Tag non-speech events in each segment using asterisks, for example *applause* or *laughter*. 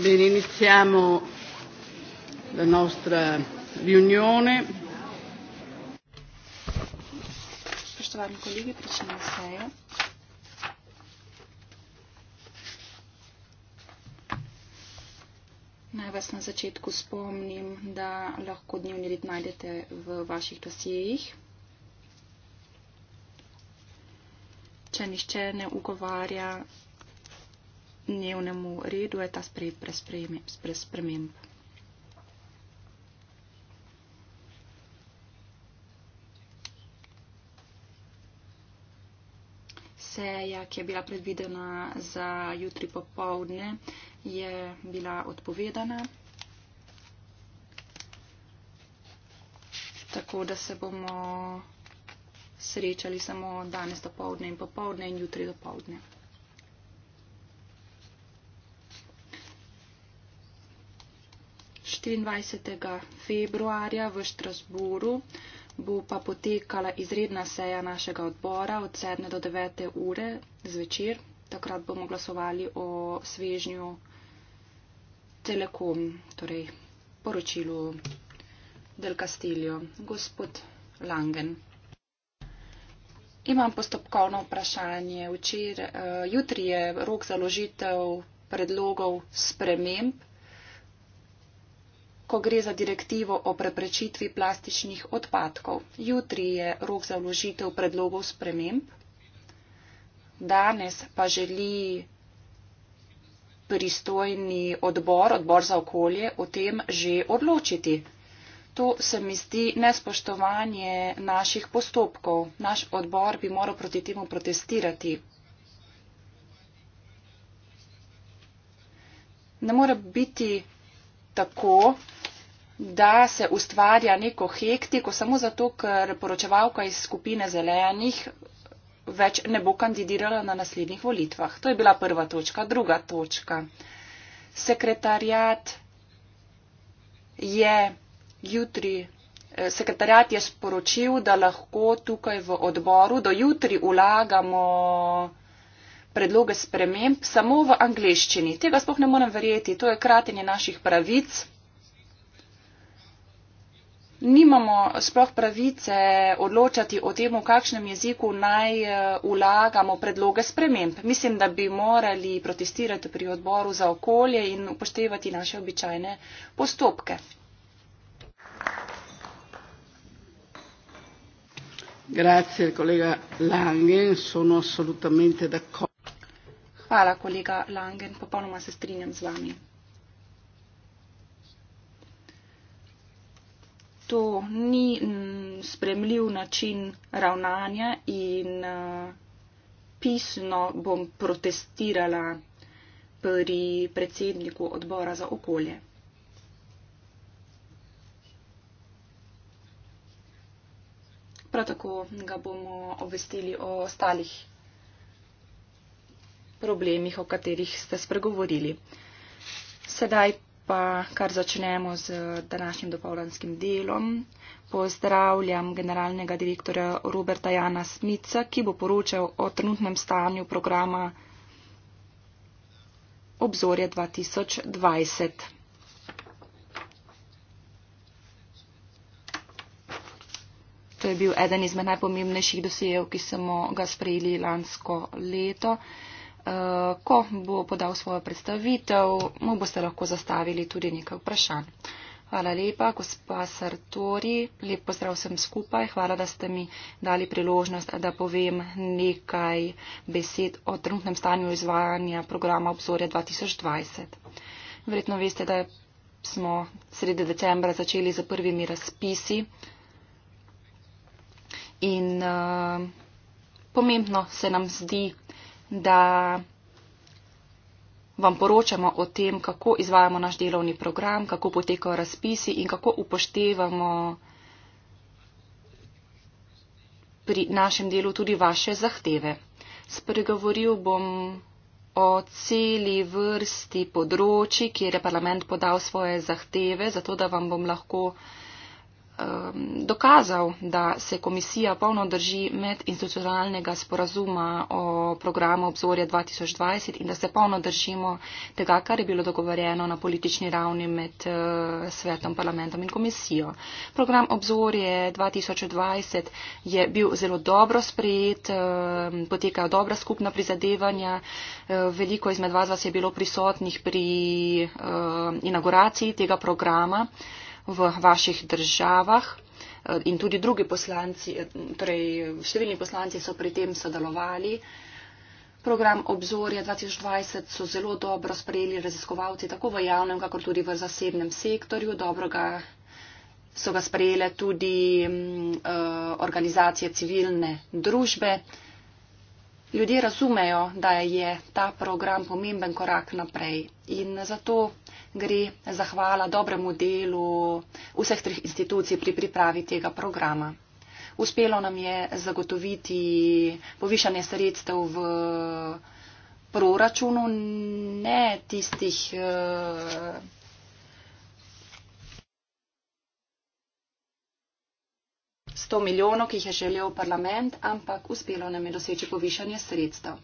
Bene, iniziamo la nostra riunione. Naj vas na začetku spomnim, da lahko dnevni red najdete v vaših dosjejih. Če nišče ne ugovarja, dnevnemu redu je ta sprejet brez sprememb. Seja, ki je bila predvidena za jutri popovdne, je bila odpovedana. Tako da se bomo srečali samo danes do povdne in popovdne in jutri do povdne. 24. februarja v Štrasburu bo pa potekala izredna seja našega odbora od 7. do 9. ure zvečer. Takrat bomo glasovali o svežnju Telekom, torej poročilu Del Castillo. Gospod Langen. Imam postopkovno vprašanje. Včer, uh, eh, jutri je rok založitev predlogov sprememb ko gre za direktivo o preprečitvi plastičnih odpadkov. Jutri je rok za vložitev predlogov sprememb, danes pa želi pristojni odbor, odbor za okolje, o tem že odločiti. To se mi zdi nespoštovanje naših postopkov. Naš odbor bi moral proti temu protestirati. Ne more biti tako, da se ustvarja neko hektiko samo zato, ker poročevalka iz skupine zelenih več ne bo kandidirala na naslednjih volitvah. To je bila prva točka. Druga točka. Sekretarjat je jutri. Eh, Sekretarjat je sporočil, da lahko tukaj v odboru do jutri ulagamo predloge sprememb samo v angleščini. Tega spoh ne morem verjeti. To je kratenje naših pravic nimamo sploh pravice odločati o tem, v kakšnem jeziku naj eh, vlagamo predloge sprememb. Mislim, da bi morali protestirati pri odboru za okolje in upoštevati naše običajne postopke. Grazie, kolega Langen, sono assolutamente d'accordo. Hvala, kolega Langen, popolnoma se strinjam z vami. to ni mm, spremljiv način ravnanja in eh, pisno bom protestirala pri predsedniku odbora za okolje. Prav tako ga bomo obvestili o ostalih problemih, o katerih ste spregovorili. Sedaj pa kar začnemo z današnjim dopolnanskim delom. Pozdravljam generalnega direktorja Roberta Jana Smica, ki bo poročal o trenutnem stanju programa Obzorje 2020. To je bil eden izmed najpomembnejših dosejev, ki smo ga sprejeli lansko leto. Eh, ko bo podal svojo predstavitev, mu boste lahko zastavili tudi nekaj vprašanj. Hvala lepa, gospa Sartori, lep pozdrav vsem skupaj. Hvala, da ste mi dali priložnost, da povem nekaj besed o trenutnem stanju izvajanja programa obzorja 2020. Verjetno veste, da smo sredi decembra začeli z prvimi razpisi in uh, pomembno se nam zdi, uh, da vam poročamo o tem, kako izvajamo naš delovni program, kako potekajo razpisi in kako upoštevamo pri našem delu tudi vaše zahteve. Spregovoril bom o celi vrsti področji, kjer je parlament podal svoje zahteve, zato da vam bom lahko um, dokazal, da se komisija polno drži medinstitucionalnega sporazuma o programu obzorja 2020 in da se polno držimo tega, kar je bilo dogovorjeno na politični ravni med uh, svetom, parlamentom in komisijo. Program obzorje 2020 je bil zelo dobro sprejet, um, potekajo dobra skupna prizadevanja, uh, veliko izmed vas, vas je bilo prisotnih pri uh, inauguraciji tega programa v vaših državah. Eh, in tudi drugi poslanci, eh, torej številni poslanci so pri tem sodelovali. Program obzorja 2020 so zelo dobro sprejeli raziskovalci, tako v javnem, kakor tudi v zasebnem sektorju. Dobro ga so ga sprejele tudi uh, organizacije civilne družbe. Ljudje razumejo, da je ta program pomemben korak naprej in zato gre zahvala dobremu delu vseh treh institucij pri pripravi tega programa. Uspelo nam je zagotoviti povišanje sredstev v proračunu, ne tistih. Eh, sto milijonov, ki jih je želel parlament, ampak uspelo nam je doseči povišanje sredstev.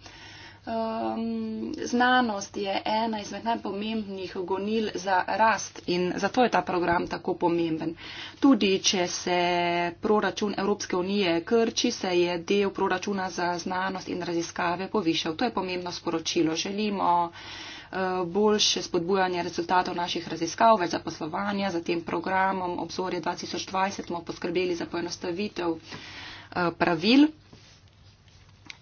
Um, znanost je ena izmed najpomembnih gonil za rast in zato je ta program tako pomemben. Tudi, če se proračun Evropske unije krči, se je del proračuna za znanost in raziskave povišal. To je pomembno sporočilo. Želimo eh, boljše spodbujanje rezultatov naših raziskav, več zaposlovanja. Za tem programom obzorje 2020 smo poskrbeli za poenostavitev eh, pravil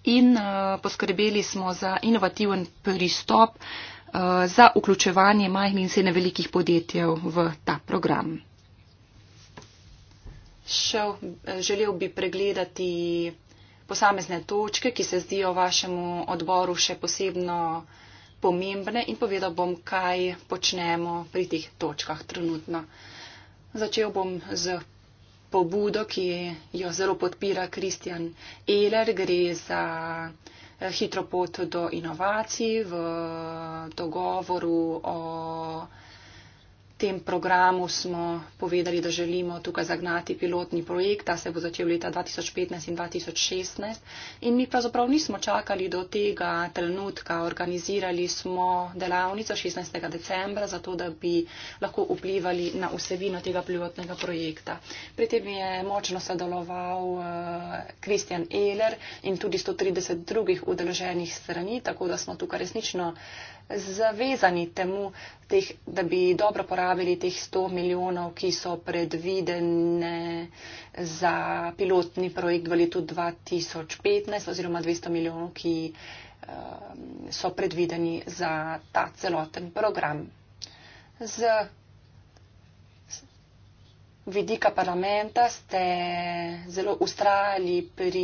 in eh, poskrbeli smo za inovativen pristop eh, za vključevanje majhnih in srednje velikih podjetij v ta program. Šel, eh, želel bi pregledati posamezne točke, ki se zdijo vašemu odboru še posebno pomembne in povedal bom, kaj počnemo pri teh točkah trenutno. Začel bom z pobudo, ki jo zelo podpira Kristjan Ehler, gre za eh, hitro pot do inovacij v dogovoru o tem programu smo povedali, da želimo tukaj zagnati pilotni projekt, ta se bo začel leta 2015 in 2016. In mi pravzaprav nismo čakali do tega trenutka. Organizirali smo delavnico 16. decembra, zato da bi lahko vplivali na vsebino tega pilotnega projekta. Pri tem je močno sodeloval eh, Kristjan uh, Ehler in tudi 130 drugih udeleženih strani, tako da smo tukaj resnično. Uh, zavezani temu, teh, da bi dobro porabili teh 100 milijonov, ki so predvidene za pilotni projekt v letu 2015 oziroma 200 milijonov, ki uh, so predvideni za ta celoten program. Z vidika parlamenta ste zelo ustrajali pri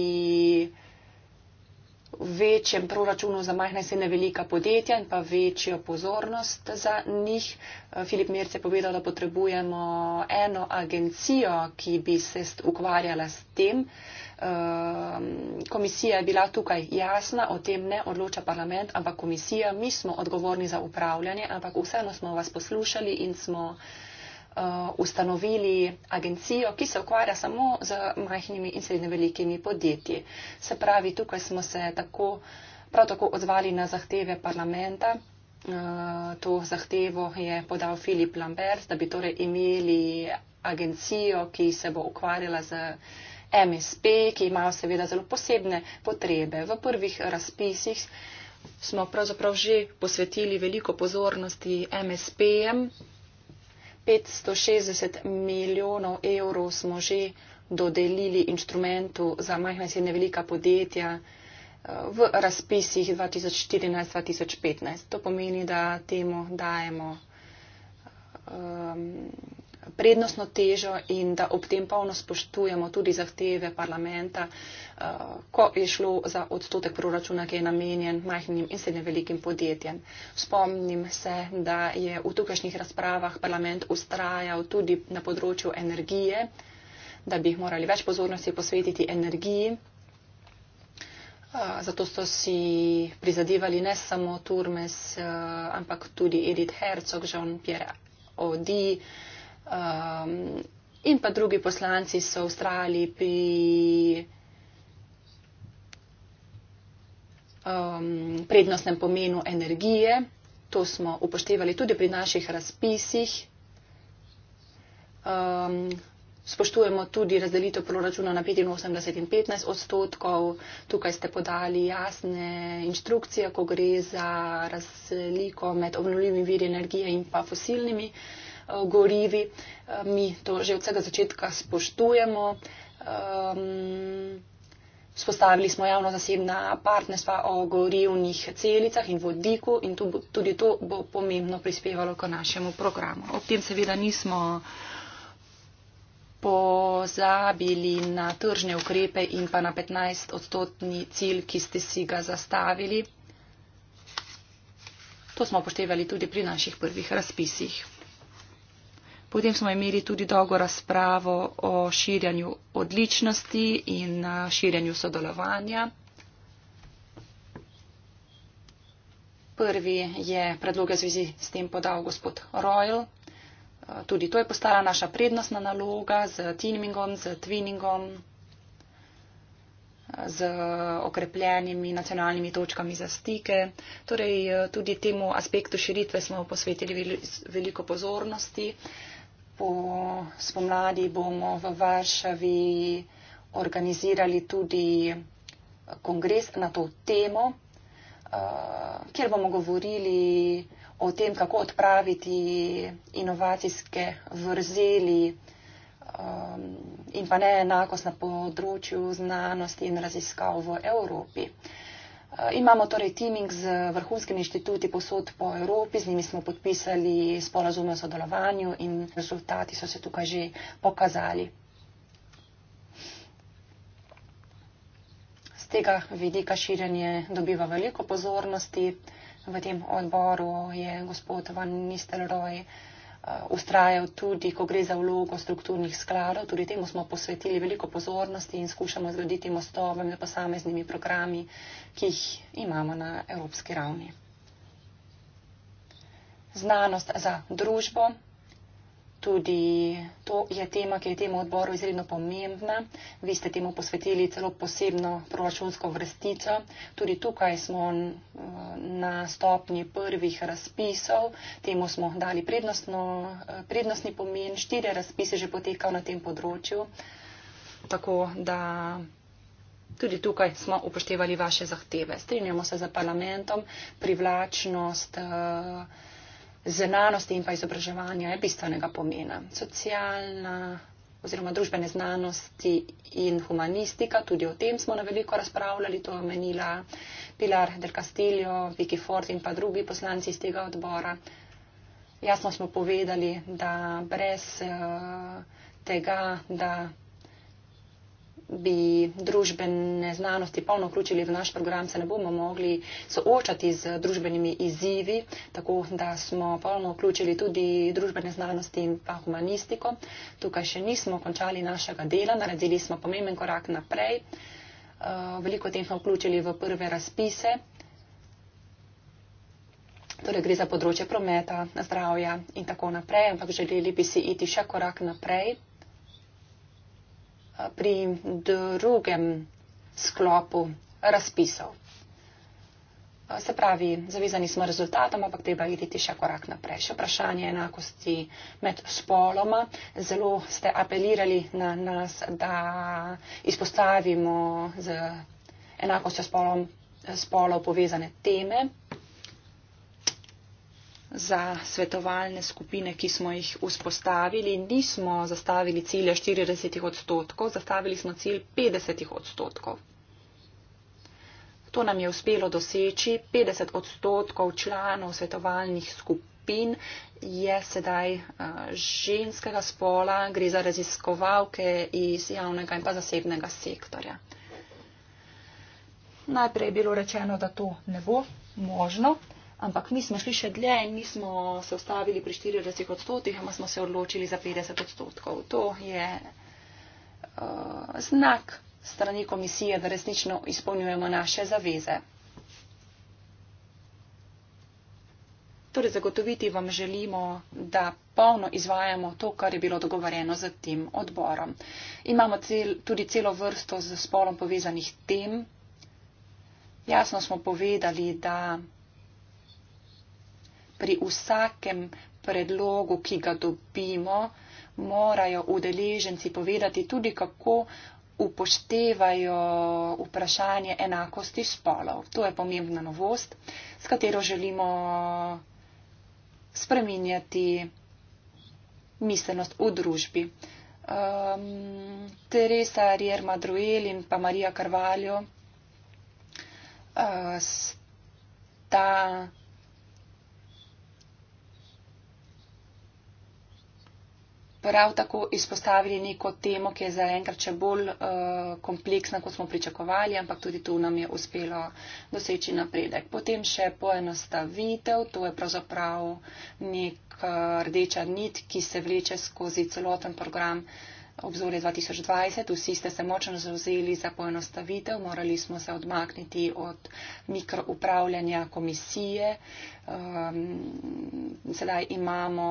večjem proračunu za majhna in velika podjetja in pa večjo pozornost za njih. Filip Merce je povedal, da potrebujemo eno agencijo, ki bi se ukvarjala s tem. Ehm, komisija je bila tukaj jasna, o tem ne odloča parlament, ampak komisija, mi smo odgovorni za upravljanje, ampak vseeno smo vas poslušali in smo uh, ustanovili agencijo, ki se ukvarja samo z majhnimi in srednje velikimi podjetji. Se pravi, tukaj smo se tako, prav tako odzvali na zahteve parlamenta. Uh, to zahtevo je podal Filip Lambert, da bi torej imeli agencijo, ki se bo ukvarjala z. MSP, ki imajo seveda zelo posebne potrebe. V prvih razpisih smo pravzaprav že posvetili veliko pozornosti MSP-jem, 560 milijonov evrov smo že dodelili inštrumentu za majhna in srednja velika podjetja eh, v razpisih 2014-2015. To pomeni, da temu dajemo. Um, prednostno težo in da ob tem polno spoštujemo tudi zahteve parlamenta, eh, ko je šlo za odstotek proračuna, ki je namenjen majhnim in srednje velikim podjetjem. Spomnim se, da je v tukajšnjih razpravah parlament ustrajal tudi na področju energije, da bi morali več pozornosti posvetiti energiji. Eh, zato so si prizadevali ne samo Turmes, eh, ampak tudi Edith Herzog, Jean-Pierre Odi, Um, in pa drugi poslanci so ustrajali pri um, prednostnem pomenu energije. To smo upoštevali tudi pri naših razpisih. Um, spoštujemo tudi razdelitev proračuna na 85 in 15 odstotkov. Tukaj ste podali jasne inštrukcije, ko gre za razliko med obnovljivimi viri energije in pa fosilnimi. Uh, gorivi. Mi to že od vsega začetka spoštujemo. Spostavili smo javno-zasebna partnerstva o gorivnih celicah in vodiku in tudi to bo pomembno prispevalo k našemu programu. Ob tem seveda nismo pozabili na tržne ukrepe in pa na 15 odstotni cilj, ki ste si ga zastavili. To smo upoštevali tudi pri naših prvih razpisih. Potem smo imeli tudi dolgo razpravo o širjanju odličnosti in eh, širjanju sodelovanja. Prvi je predloge v zvezi s tem podal gospod Royal. Eh, tudi to je postala naša prednostna naloga z teamingom, z twinningom, eh, z okrepljenimi nacionalnimi točkami za stike. Torej, tudi temu aspektu širitve smo posvetili veliko pozornosti po spomladi bomo v Varšavi organizirali tudi eh, kongres na to temo, eh, kjer bomo govorili o tem, kako odpraviti inovacijske vrzeli eh, in pa neenakost na področju znanosti in raziskav v Evropi. Eh, imamo torej teaming z vrhunskimi inštituti posod po Evropi, z njimi smo podpisali sporazume o sodelovanju in rezultati so se tukaj že pokazali. Z tega vidika širjenje dobiva veliko pozornosti. V tem odboru je gospod Van Nistelrooy. Eh, ustrajal tudi, ko gre za vlogo strukturnih skladov. Tudi temu smo posvetili veliko pozornosti in skušamo zgraditi mostove med posameznimi programi, ki jih imamo na evropski ravni. Znanost za družbo. Tudi to je tema, ki je temu odboru izredno pomembna. Vi ste temu posvetili celo posebno proračunsko vrstico. Tudi tukaj smo na stopnji prvih razpisov. Temu smo dali prednostni pomen. Štiri razpise že potekajo na tem področju. Tako da tudi tukaj smo upoštevali vaše zahteve. Strinjamo se za parlamentom. Privlačnost. Uh, znanosti in pa izobraževanja je bistvenega pomena. Socialna oziroma družbene znanosti in humanistika, tudi o tem smo na veliko razpravljali, to je omenila Pilar del Castillo, Vicky Ford in pa drugi poslanci iz tega odbora. Jasno smo povedali, da brez uh, tega, da bi družbene znanosti polno vključili v naš program, se ne bomo mogli soočati z družbenimi izzivi, tako da smo polno vključili tudi družbene znanosti in pa humanistiko. Tukaj še nismo končali našega dela, naredili smo pomemben korak naprej. Eh, veliko tem smo vključili v prve razpise. Torej gre za področje prometa, zdravja in tako naprej, ampak želeli bi si iti še korak naprej pri drugem sklopu razpisov. Se pravi, zavezani smo rezultatom, ampak treba videti še korak naprej. Še vprašanje enakosti med spoloma. Zelo ste apelirali na nas, da izpostavimo z enakostjo spolom, spolov povezane teme za svetovalne skupine, ki smo jih vzpostavili. Nismo zastavili cilja 40 odstotkov, zastavili smo cilj 50 odstotkov. To nam je uspelo doseči. 50 odstotkov članov svetovalnih skupin je sedaj eh, ženskega spola, gre za raziskovalke iz javnega in pa zasebnega sektorja. Najprej je bilo rečeno, da to ne bo možno. Ampak mi smo šli še dlje in nismo se ustavili pri 40 odstotkih, ampak smo se odločili za 50 odstotkov. To je uh, znak strani komisije, da resnično izpolnjujemo naše zaveze. Torej zagotoviti vam želimo, da polno izvajamo to, kar je bilo dogovorjeno z tem odborom. Imamo cel, tudi celo vrsto z spolom povezanih tem. Jasno smo povedali, da pri vsakem predlogu, ki ga dobimo, morajo udeleženci povedati tudi, kako upoštevajo vprašanje enakosti spolov. To je pomembna novost, s katero želimo spreminjati miselnost v družbi. Um, Teresa Rier Madruel in pa Marija Carvalho uh, sta prav tako izpostavili neko temo, ki je zaenkrat še bolj uh, kompleksna, kot smo pričakovali, ampak tudi tu nam je uspelo doseči napredek. Potem še poenostavitev, to je pravzaprav nek uh, rdeča nit, ki se vleče skozi celoten program uh, obzorje 2020. Vsi ste se močno zauzeli za poenostavitev, morali smo se odmakniti od mikroupravljanja komisije. Um, sedaj imamo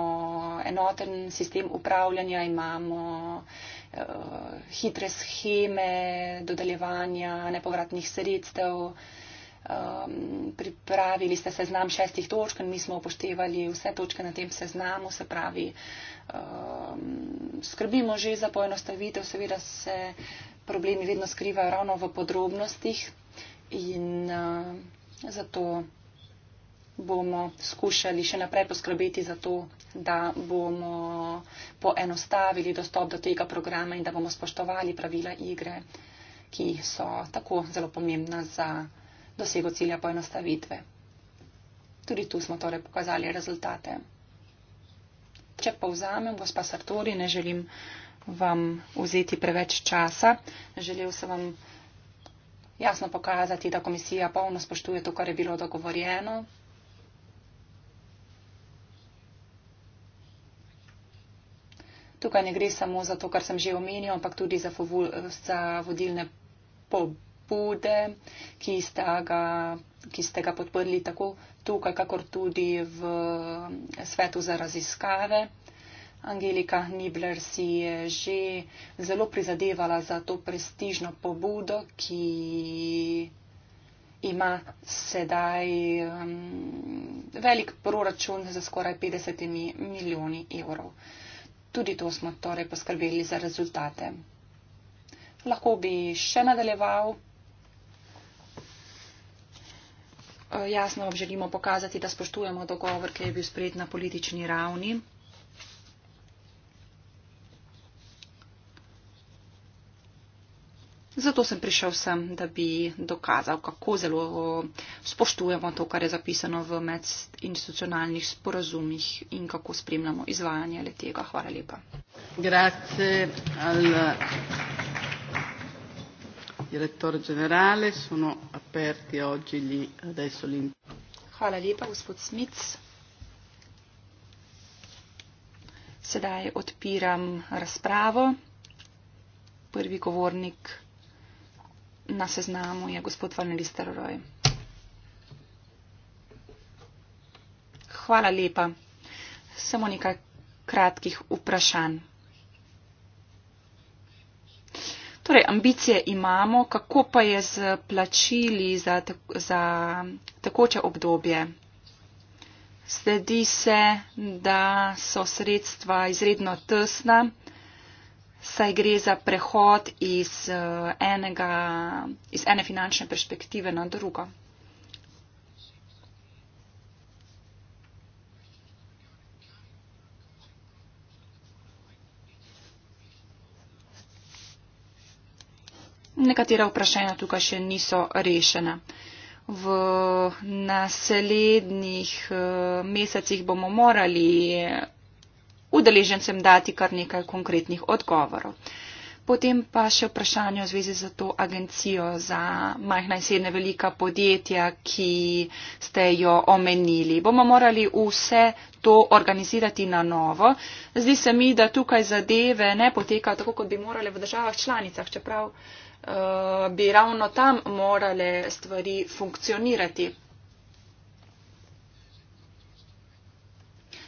enoten sistem upravljanja, imamo uh, hitre scheme dodeljevanja nepovratnih sredstev um, pripravili ste seznam šestih točk in mi smo upoštevali vse točke na tem seznamu, se pravi, um, skrbimo že za poenostavitev, seveda se problemi vedno skrivajo ravno v podrobnostih in uh, zato bomo skušali še naprej poskrbeti za to, da bomo poenostavili dostop do tega programa in da bomo spoštovali pravila igre, ki so tako zelo pomembna za dosego cilja poenostavitve. Tudi tu smo torej pokazali rezultate. Če povzamem, gospa Sartori, ne želim vam vzeti preveč časa. Želel sem vam jasno pokazati, da komisija polno spoštuje to, kar je bilo dogovorjeno. Tukaj ne gre samo za to, kar sem že omenil, ampak tudi za, fovul, za vodilne pobude pobude, ki ste, ga, ki ste ga podprli tako tukaj, kakor tudi v eh, svetu za raziskave. Angelika Nibler si je že zelo prizadevala za to prestižno pobudo, ki ima sedaj um, velik proračun za skoraj 50 milijoni evrov. Tudi to smo torej poskrbeli za rezultate. Lahko bi še nadaljeval. Eh, jasno želimo pokazati, da spoštujemo dogovor, ki je bil sprejet na politični ravni. Zato sem prišel sem, da bi dokazal, kako zelo spoštujemo to, kar je zapisano v medinstitucionalnih sporazumih in kako spremljamo izvajanje le tega. Hvala lepa. Grazie al... Direttore generale, sono aperti oggi gli, adesso gli... Hvala lepa, gospod Smits. Sedaj odpiram razpravo. Prvi govornik na seznamu je gospod Valnerister Roj. Hvala lepa. Samo nekaj kratkih vprašanj. Torej, ambicije imamo, kako pa je z plačili za, za takoče obdobje? Sledi se, da so sredstva izredno tesna, saj gre za prehod iz, eh, enega, iz ene finančne perspektive na drugo. nekatera vprašanja tukaj še niso rešena. V naslednjih eh, mesecih bomo morali udeležencem dati kar nekaj konkretnih odgovorov. Potem pa še vprašanje v zvezi z to agencijo za majhna in srednja velika podjetja, ki ste jo omenili. Bomo morali vse to organizirati na novo. Zdi se mi, da tukaj zadeve ne potekajo tako, kot bi morale v državah članicah, čeprav. Uh, Eh, bi ravno tam morale stvari funkcionirati.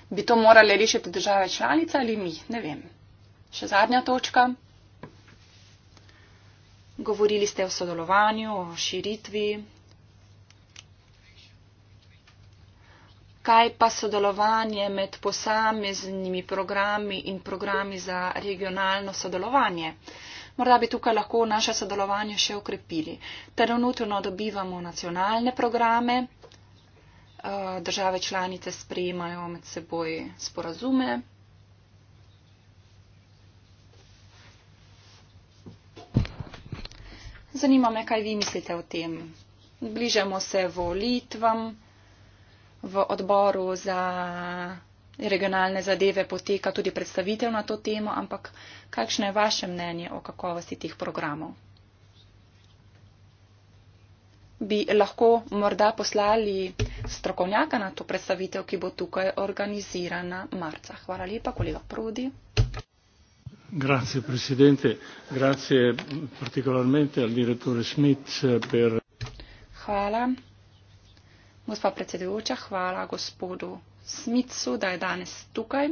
Bi to morale rešiti države članice ali mi? Ne vem. Še zadnja točka. Govorili ste o sodelovanju, o širitvi. Kaj pa sodelovanje med posameznimi programi in programi za regionalno sodelovanje? Uh, Morda bi tukaj lahko naše sodelovanje še ukrepili. Trenutno dobivamo nacionalne programe, eh, države članice sprejemajo med seboj sporazume. Zanima me, kaj vi mislite o tem. Bližamo se volitvam v odboru za regionalne zadeve poteka tudi predstavitev na to temo, ampak kakšno je vaše mnenje o kakovosti teh programov? Bi lahko morda poslali strokovnjaka na to predstavitev, ki bo tukaj organizirana marca. Hvala lepa, kolega Prudi. Grazie, presidente. Grazie particolarmente al direttore Smith eh, per. Hvala. Gospa predsedujoča, hvala gospodu Smicu, da je danes tukaj.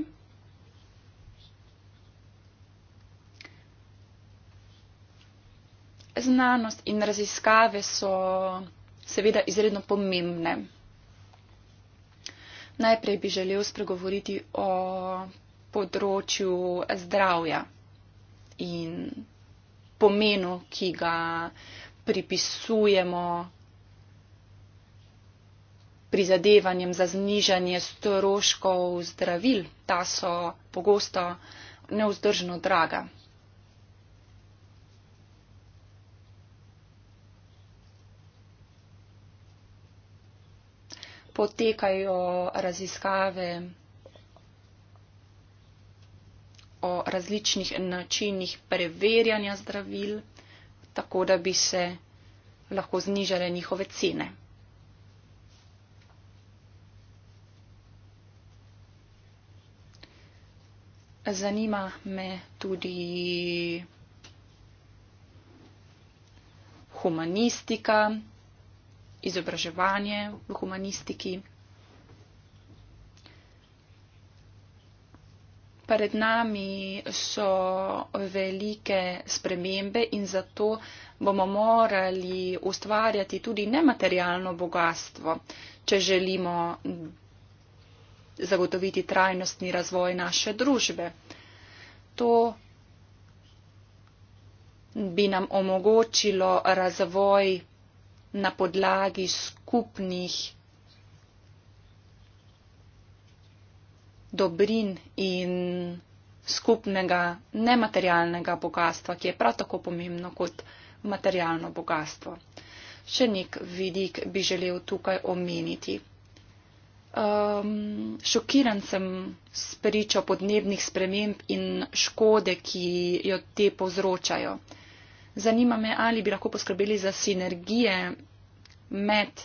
Znanost in raziskave so seveda izredno pomembne. Najprej bi želel spregovoriti o področju zdravja in pomenu, ki ga pripisujemo prizadevanjem za znižanje stroškov zdravil. Ta so pogosto neuzdržno draga. Potekajo raziskave o različnih načinih preverjanja zdravil, tako da bi se lahko znižale njihove cene. zanima me tudi humanistika, izobraževanje v humanistiki. Pred nami so velike spremembe in zato bomo morali ustvarjati tudi nematerialno bogatstvo, če želimo, zagotoviti trajnostni razvoj naše družbe. To bi nam omogočilo razvoj na podlagi skupnih dobrin in skupnega nematerialnega bogatstva, ki je prav tako pomembno kot materialno bogatstvo. Še nek vidik bi želel tukaj omeniti. Um, šokiran sem s pričo podnebnih sprememb in škode, ki jo te povzročajo. Zanima me, ali bi lahko poskrbeli za sinergije med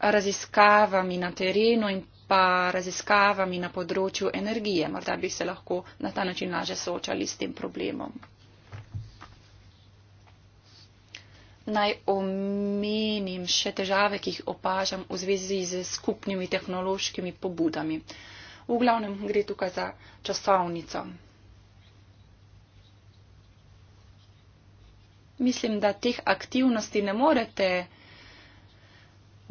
raziskavami na terenu in pa raziskavami na področju energije. Morda bi se lahko na ta način laže soočali s tem problemom. naj omenim še težave, ki jih opažam v zvezi z skupnimi tehnološkimi pobudami. V glavnem gre tukaj za časovnico. Mislim, da teh aktivnosti ne morete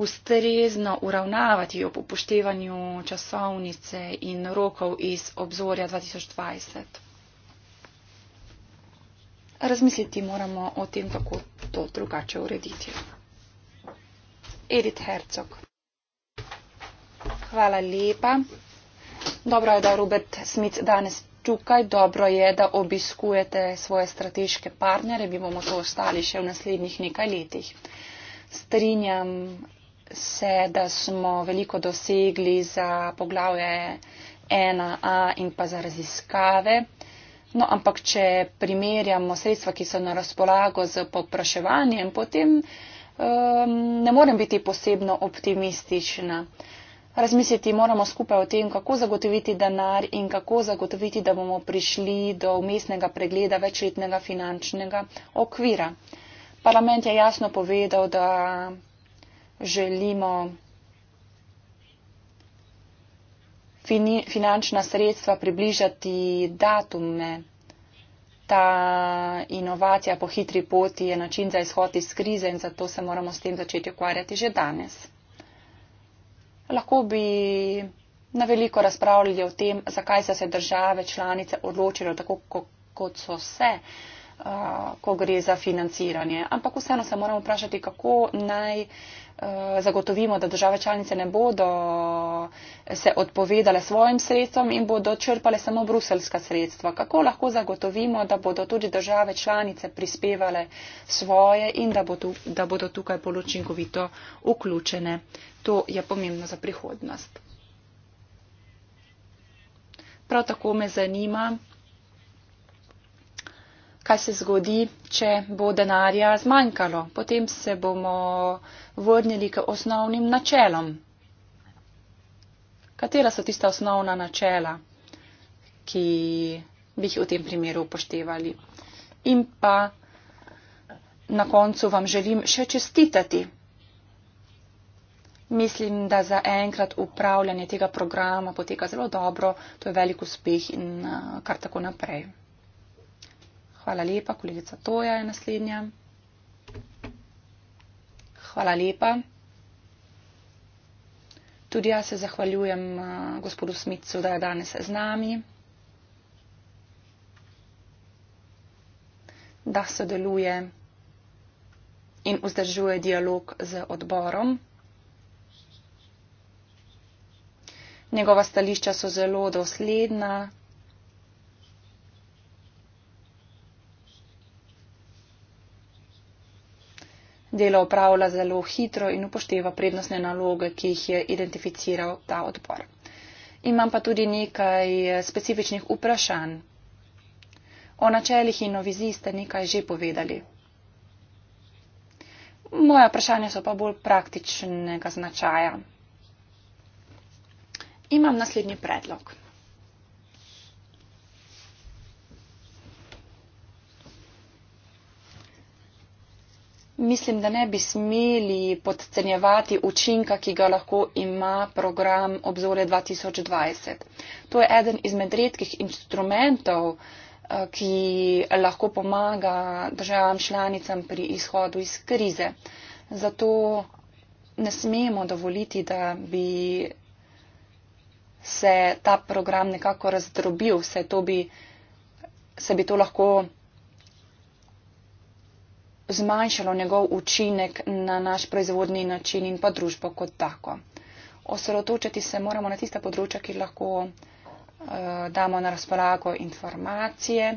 ustrezno uravnavati ob upoštevanju časovnice in rokov iz obzorja 2020 razmisliti moramo o tem, kako to drugače urediti. Edith Herzog. Hvala lepa. Dobro je, da je Robert Smith danes tukaj. Dobro je, da obiskujete svoje strateške partnere. Bi bomo to ostali še v naslednjih nekaj letih. Strinjam se, da smo veliko dosegli za poglavje 1a in pa za raziskave. No, ampak če primerjamo sredstva, ki so na razpolago z popraševanjem, potem um, ne morem biti posebno optimistična. Razmisliti moramo skupaj o tem, kako zagotoviti denar in kako zagotoviti, da bomo prišli do umestnega pregleda večletnega finančnega okvira. Parlament je jasno povedal, da želimo finančna sredstva približati datume. Ta inovacija po hitri poti je način za izhod iz krize in zato se moramo s tem začeti ukvarjati že danes. Lahko bi na veliko razpravljali o tem, zakaj so se države članice odločile tako, kot so se, uh, ko gre za financiranje. Ampak vseeno se moramo vprašati, kako naj. Eh, zagotovimo, da države članice ne bodo se odpovedale svojim sredstvom in bodo črpale samo bruselska sredstva. Kako lahko zagotovimo, da bodo tudi države članice prispevale svoje in da, bo tu, da bodo tukaj poločinkovito vključene. To je pomembno za prihodnost. Prav tako me zanima, kaj se zgodi, če bo denarja zmanjkalo. Potem se bomo vrnili k osnovnim načelom. Katera so tista osnovna načela, ki bi jih v tem primeru upoštevali? In pa na koncu vam želim še čestitati. Mislim, da za enkrat upravljanje tega programa poteka zelo dobro, to je velik uspeh in eh, kar tako naprej. Hvala lepa, kolegica Toja je naslednja. Hvala lepa. Tudi jaz se zahvaljujem uh, gospodu Smicu, da je danes z nami, da sodeluje in vzdržuje dialog z odborom. Njegova stališča so zelo dosledna, delo opravlja zelo hitro in upošteva prednostne naloge, ki jih je identificiral ta odbor. Imam pa tudi nekaj eh, specifičnih vprašanj. O načeljih in noviziji ste nekaj že povedali. Moja vprašanja so pa bolj praktičnega značaja. Imam naslednji predlog. mislim, da ne bi smeli podcenjevati učinka, ki ga lahko ima program obzore 2020. To je eden izmed redkih instrumentov, eh, ki lahko pomaga državam članicam pri izhodu iz krize. Zato ne smemo dovoliti, da bi se ta program nekako razdrobil, se, to bi, se bi to lahko zmanjšalo njegov učinek na naš proizvodni način in pa družbo kot tako. Osredotočiti se moramo na tista področja, ki lahko uh, damo na razpolago informacije.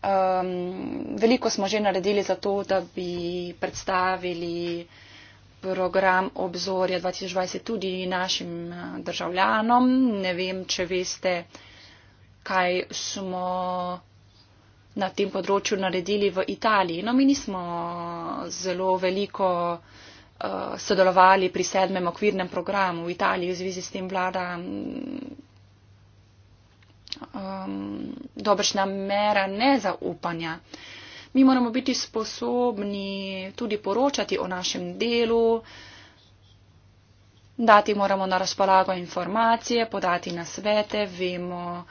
Um, veliko smo že naredili za to, da bi predstavili program obzorja 2020 tudi našim eh, državljanom. Ne vem, če veste, kaj smo na tem področju naredili v Italiji. No, mi nismo zelo veliko uh, sodelovali pri sedmem okvirnem programu v Italiji, v zvezi s tem vlada um, mm, dobrošna mera nezaupanja. Mi moramo biti sposobni tudi poročati o našem delu, dati moramo na razpolago informacije, podati nasvete, vemo,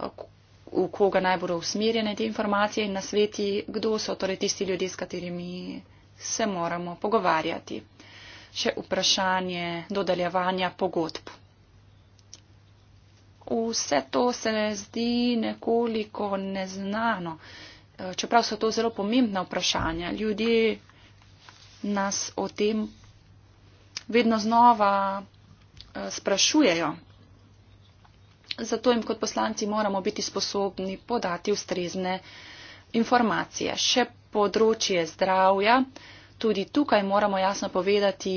uh, v koga naj bodo usmerjene te informacije in nasveti, kdo so torej tisti ljudje, s katerimi se moramo pogovarjati. Še vprašanje dodeljevanja pogodb. Vse to se zdi nekoliko neznano, čeprav so to zelo pomembna vprašanja. Ljudje nas o tem vedno znova eh, sprašujejo. Zato jim kot poslanci moramo biti sposobni podati ustrezne informacije. Še področje zdravja, tudi tukaj moramo jasno povedati,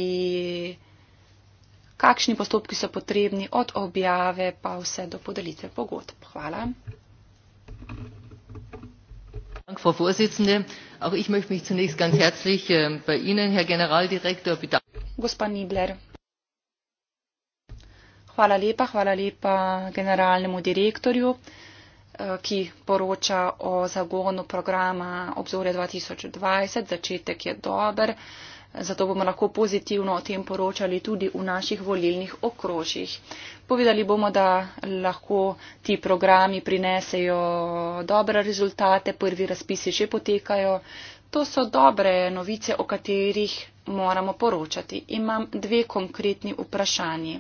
kakšni postopki so potrebni od objave pa vse do podelitve pogodb. Hvala. Ähm, Gospa Nibler. Hvala lepa, hvala lepa generalnemu direktorju, eh, ki poroča o zagonu programa obzore 2020. Začetek je dober, zato bomo lahko pozitivno o tem poročali tudi v naših volilnih okrožjih. Povedali bomo, da lahko ti programi prinesejo dobre rezultate, prvi razpisi že potekajo. To so dobre novice, o katerih moramo poročati. Imam dve konkretni vprašanje.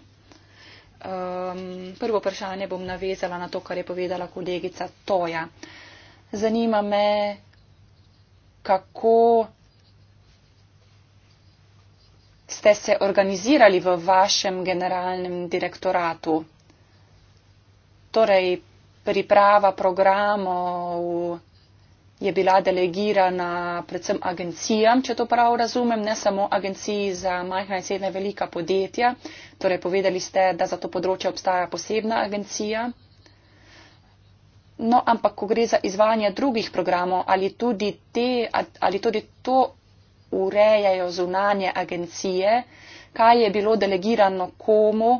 Um, prvo vprašanje bom navezala na to, kar je povedala kolegica Toja. Zanima me, kako ste se organizirali v vašem generalnem direktoratu. Torej, priprava programov, je bila delegirana predvsem agencijam, če to prav razumem, ne samo agenciji za majhna in srednja velika podjetja. Torej, povedali ste, da za to področje obstaja posebna agencija. No, ampak, ko gre za izvajanje drugih programov, ali tudi, te, ali tudi to urejajo zunanje agencije, kaj je bilo delegirano komu,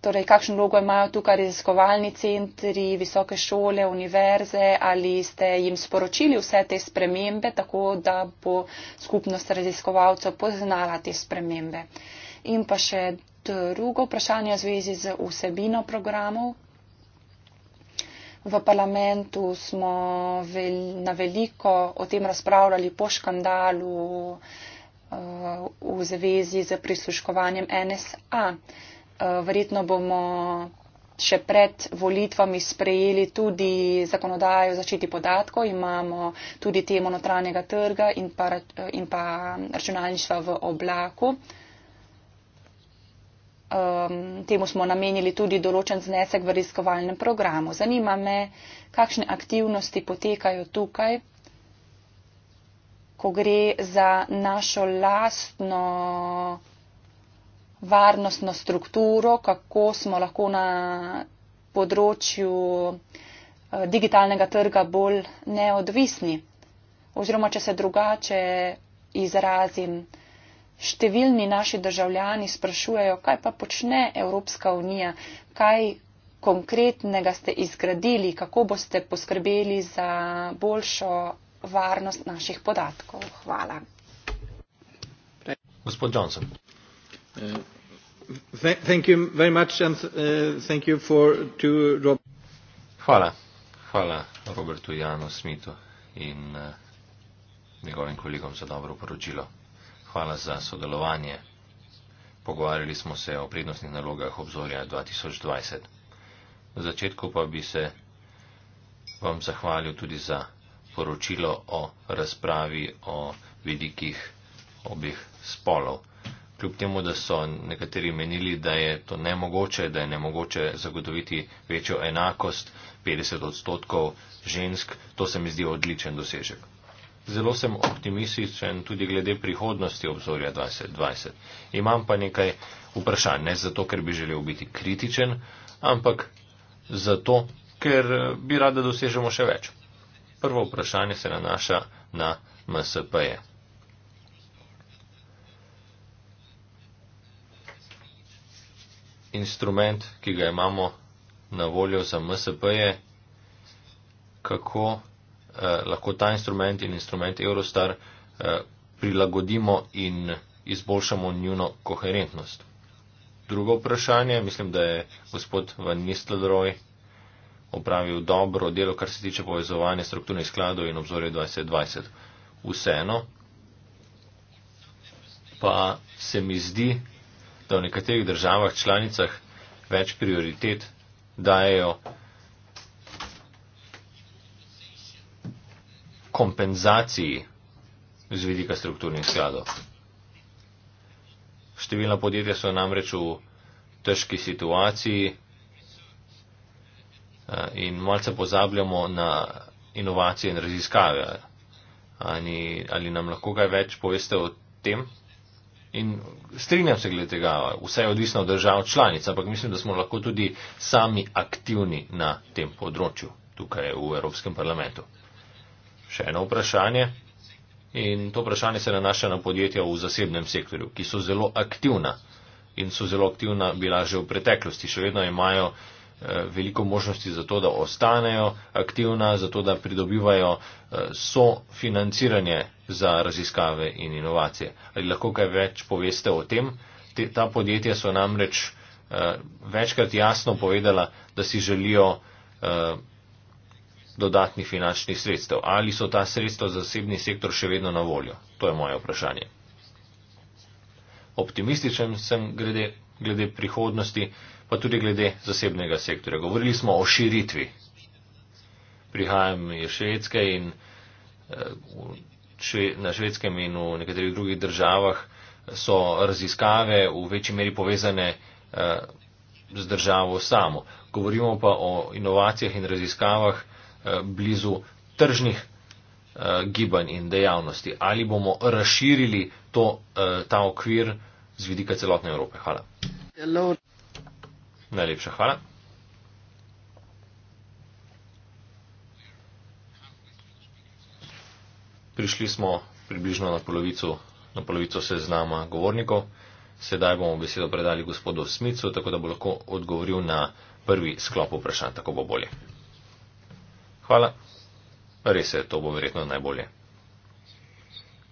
torej kakšno vlogo imajo tukaj raziskovalni centri, visoke šole, univerze, ali ste jim sporočili vse te spremembe, tako da bo skupnost raziskovalcev poznala te spremembe. In pa še drugo vprašanje v zvezi z vsebino programov. V parlamentu smo vel, na veliko o tem razpravljali po škandalu uh, v zvezi z prisluškovanjem NSA. Uh, Eh, verjetno bomo še pred volitvami sprejeli tudi zakonodajo o zaščiti podatkov, imamo tudi temo notranjega trga in pa, eh, in pa računalništva v oblaku. Um, temu smo namenili tudi določen znesek v raziskovalnem programu. Zanima me, kakšne aktivnosti potekajo tukaj, ko gre za našo lastno varnostno strukturo, kako smo lahko na področju eh, digitalnega trga bolj neodvisni. Oziroma, če se drugače izrazim, številni naši državljani sprašujejo, kaj pa počne Evropska unija, kaj konkretnega ste izgradili, kako boste poskrbeli za boljšo varnost naših podatkov. Hvala. Gospod Johnson. Uh, uh, Hvala. Hvala Robertu Janu Smitu in uh, njegovim kolegom za dobro poročilo. Hvala za sodelovanje. Pogovarjali smo se o prednostnih nalogah obzorja 2020. Na začetku pa bi se vam zahvalil tudi za poročilo o razpravi o vidikih obih spolov kljub temu, da so nekateri menili, da je to nemogoče, da je nemogoče zagotoviti večjo enakost 50 odstotkov žensk, to se mi zdi odličen dosežek. Zelo sem optimističen tudi glede prihodnosti obzorja 2020. Imam pa nekaj vprašanj, ne zato, ker bi želel biti kritičen, ampak zato, ker eh, bi rada dosežemo še več. Prvo vprašanje se nanaša na MSP-je. instrument, ki ga imamo na voljo za MSP, je, kako eh, lahko ta instrument in instrument Eurostar eh, prilagodimo in izboljšamo njuno koherentnost. Drugo vprašanje, mislim, da je gospod Van Nistelrooy opravil dobro delo, kar se tiče povezovanja strukturnih skladov in obzorja 2020. Vseeno pa se mi zdi, da v nekaterih državah članicah več prioritet dajejo kompenzaciji z vidika strukturnih skladov. Številna podjetja so namreč v težki situaciji eh, in malce pozabljamo na inovacije in raziskave. Ali, ali nam lahko kaj več poveste o tem? In strinjam se glede tega, vse je odvisno od držav članic, ampak mislim, da smo lahko tudi sami aktivni na tem področju tukaj v Evropskem parlamentu. Še eno vprašanje. In to vprašanje se nanaša na podjetja v zasebnem sektorju, ki so zelo aktivna in so zelo aktivna bila že v preteklosti. Še vedno imajo Eh, veliko možnosti za to, da ostanejo aktivna, za to, da pridobivajo eh, sofinanciranje za raziskave in inovacije. Ali lahko kaj več poveste o tem? Te, ta podjetja so namreč uh, večkrat jasno povedala, da si želijo uh, dodatnih finančnih sredstev. Ali so ta sredstva za zasebni sektor še vedno na voljo? To je moje vprašanje. Optimističen sem glede, glede prihodnosti. Uh, pa tudi glede zasebnega sektorja. Govorili smo o širitvi. Prihajam iz Švedske in eh, na Švedskem in v nekaterih drugih državah so raziskave v večji meri povezane eh, z državo samo. Govorimo pa o inovacijah in raziskavah eh, blizu tržnih gibanj in dejavnosti. Ali bomo razširili to, ta okvir z vidika celotne Evrope? Hvala. Hello. Najlepša hvala. Prišli smo približno na polovico, na polovico seznama govornikov. Sedaj bomo besedo predali gospodu Smicu, tako da bo lahko odgovoril na prvi sklop vprašanj, tako bo bolje. Hvala. Res je, to bo verjetno najbolje.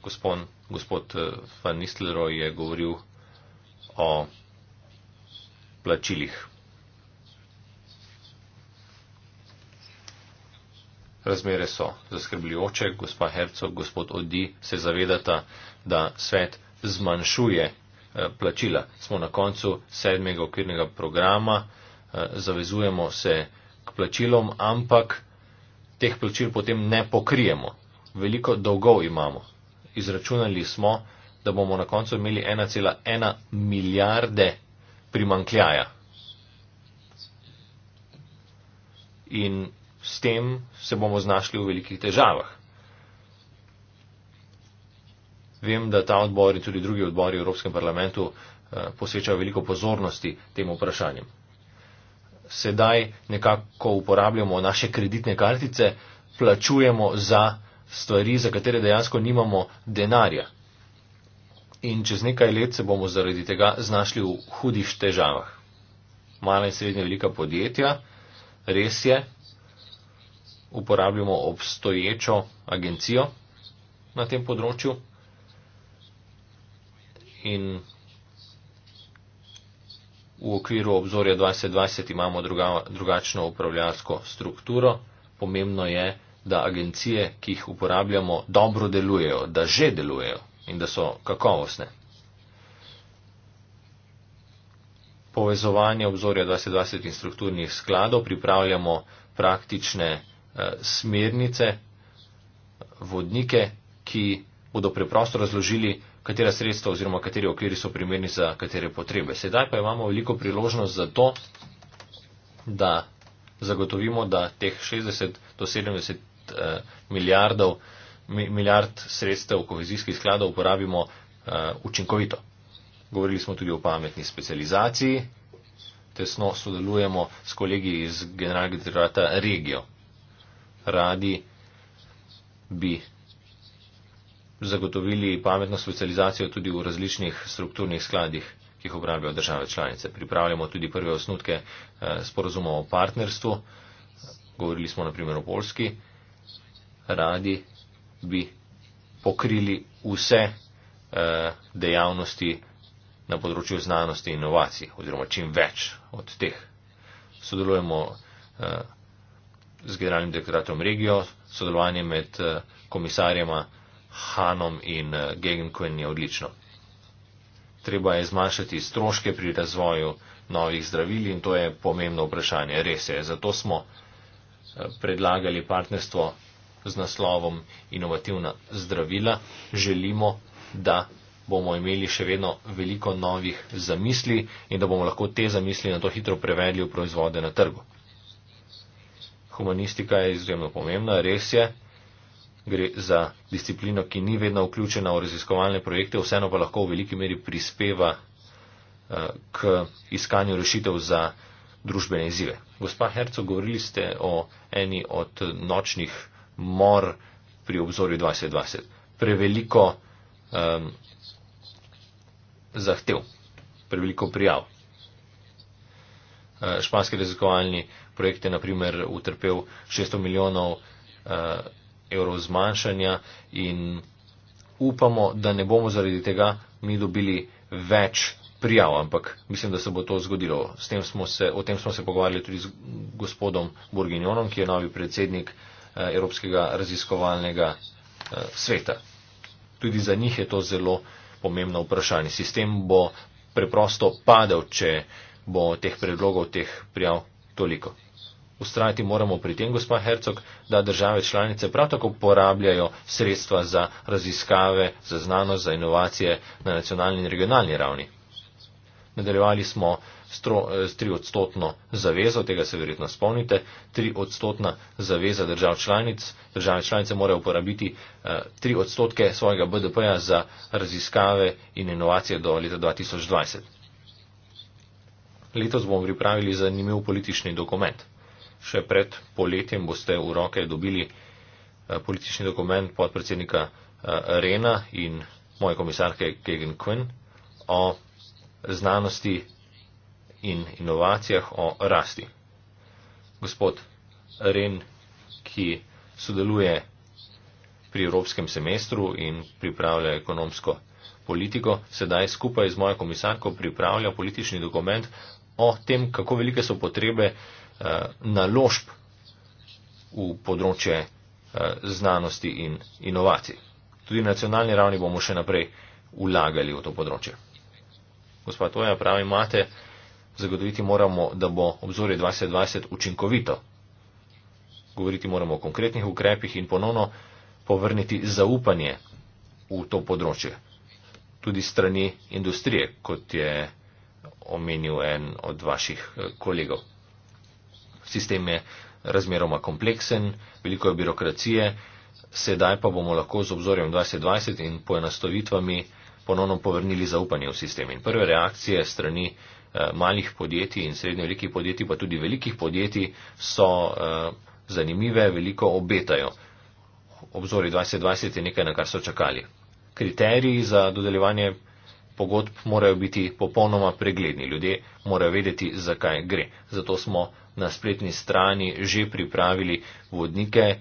Gospod, gospod eh, Van Nistelrooy je govoril o plačilih. Razmere so zaskrbljujoče, gospa Herco, gospod Odi se zavedata, da svet zmanjšuje eh, plačila. Smo na koncu sedmega okvirnega programa, eh, zavezujemo se k plačilom, ampak teh plačil potem ne pokrijemo. Veliko dolgov imamo. Izračunali smo, da bomo na koncu imeli 1,1 milijarde primankljaja. In s tem se bomo znašli v velikih težavah. Vem, da ta odbor in tudi drugi odbori v Evropskem parlamentu eh, posvečajo veliko pozornosti tem vprašanjem. Sedaj nekako uporabljamo naše kreditne kartice, plačujemo za stvari, za katere dejansko nimamo denarja in čez nekaj let se bomo zaradi tega znašli v hudih težavah. Mala in srednja velika podjetja, res je, uporabljamo obstoječo agencijo na tem področju in v okviru obzorja 2020 imamo druga, drugačno upravljarsko strukturo. Pomembno je, da agencije, ki jih uporabljamo, dobro delujejo, da že delujejo in da so kakovostne. Povezovanje obzorja 2020 in strukturnih skladov pripravljamo praktične eh, smernice, vodnike, ki bodo preprosto razložili, katera sredstva oziroma kateri okviri so primerni za katere potrebe. Sedaj pa imamo veliko priložnost za to, da zagotovimo, da teh 60 do 70 eh, milijardov eh, milijard sredstev kohezijskih skladov uporabimo uh, učinkovito. Govorili smo tudi o pametni specializaciji. Tesno sodelujemo s kolegi iz generalnega direktorata Regio. Radi bi zagotovili pametno specializacijo tudi v različnih strukturnih skladih, ki jih obrabijo države članice. Pripravljamo tudi prve osnutke eh, sporozumov o partnerstvu. Govorili smo naprimer o Polski. Radi bi pokrili vse eh, dejavnosti na področju znanosti in inovacij, oziroma čim več od teh. Sodelujemo eh, z generalnim direktoratom regijo, sodelovanje med eh, komisarjema Hanom in eh, Gegenkojen je odlično. Treba je zmanjšati stroške pri razvoju novih zdravil in to je pomembno vprašanje. Res je, zato smo eh, predlagali partnerstvo z naslovom Inovativna zdravila, želimo, da bomo imeli še vedno veliko novih zamisli in da bomo lahko te zamisli na to hitro prevedli v proizvode na trgu. Humanistika je izjemno pomembna, res je. Gre za disciplino, ki ni vedno vključena v raziskovalne projekte, vseeno pa lahko v veliki meri prispeva eh, k iskanju rešitev za družbene izzive. Gospa Herco, govorili ste o eni od nočnih mor pri obzorju 2020. Preveliko um, zahtev, preveliko prijav. E, španski raziskovalni projekt je naprimer utrpel 600 milijonov uh, evrov zmanjšanja in upamo, da ne bomo zaradi tega mi dobili več prijav, ampak mislim, da se bo to zgodilo. Smo se, o tem smo se pogovarjali tudi z gospodom Burginjonom, ki je novi predsednik uh, Eh, evropskega raziskovalnega eh, sveta. Tudi za njih je to zelo pomembno vprašanje. Sistem bo preprosto padel, če bo teh predlogov, teh prijav toliko. Ustrajati moramo pri tem, gospa Hercog, da države članice prav tako porabljajo sredstva za raziskave, za znanost, za inovacije na nacionalni in regionalni ravni. Nadaljevali smo Eh, s tri odstotno zavezo, tega se verjetno spomnite, tri odstotna zaveza držav članic. Države članice morajo uporabiti eh, tri odstotke svojega BDP-ja za raziskave in inovacije do leta 2020. Letos bomo pripravili zanimiv politični dokument. Še pred poletjem boste v roke dobili eh, politični dokument podpredsednika Rena in moje komisarke Kegan Quinn o znanosti in inovacijah o rasti. Gospod Ren, ki sodeluje pri Evropskem semestru in pripravlja ekonomsko politiko, sedaj skupaj z mojo komisarko pripravlja politični dokument o tem, kako velike so potrebe eh, naložb v področje eh, znanosti in inovacij. Tudi na nacionalni ravni bomo še naprej vlagali v to področje. Gospod Toja, pravi, imate eh, zagotoviti moramo, da bo obzorje 2020 učinkovito. Govoriti moramo o konkretnih ukrepih in ponovno povrniti zaupanje v to področje. Tudi strani industrije, kot je omenil en od vaših eh, kolegov. Sistem je razmeroma kompleksen, veliko je birokracije, sedaj pa bomo lahko z obzorjem 2020 in poenostavitvami ponovno povrnili zaupanje v sistem. In prve reakcije strani Eh, malih podjetij in srednje velikih podjetij, pa tudi velikih podjetij, so eh, zanimive, veliko obetajo. Obzori 2020 je nekaj, na kar so čakali. Kriteriji za dodeljevanje pogodb morajo biti popolnoma pregledni. Ljudje morajo vedeti, zakaj gre. Zato smo na spletni strani že pripravili vodnike, eh,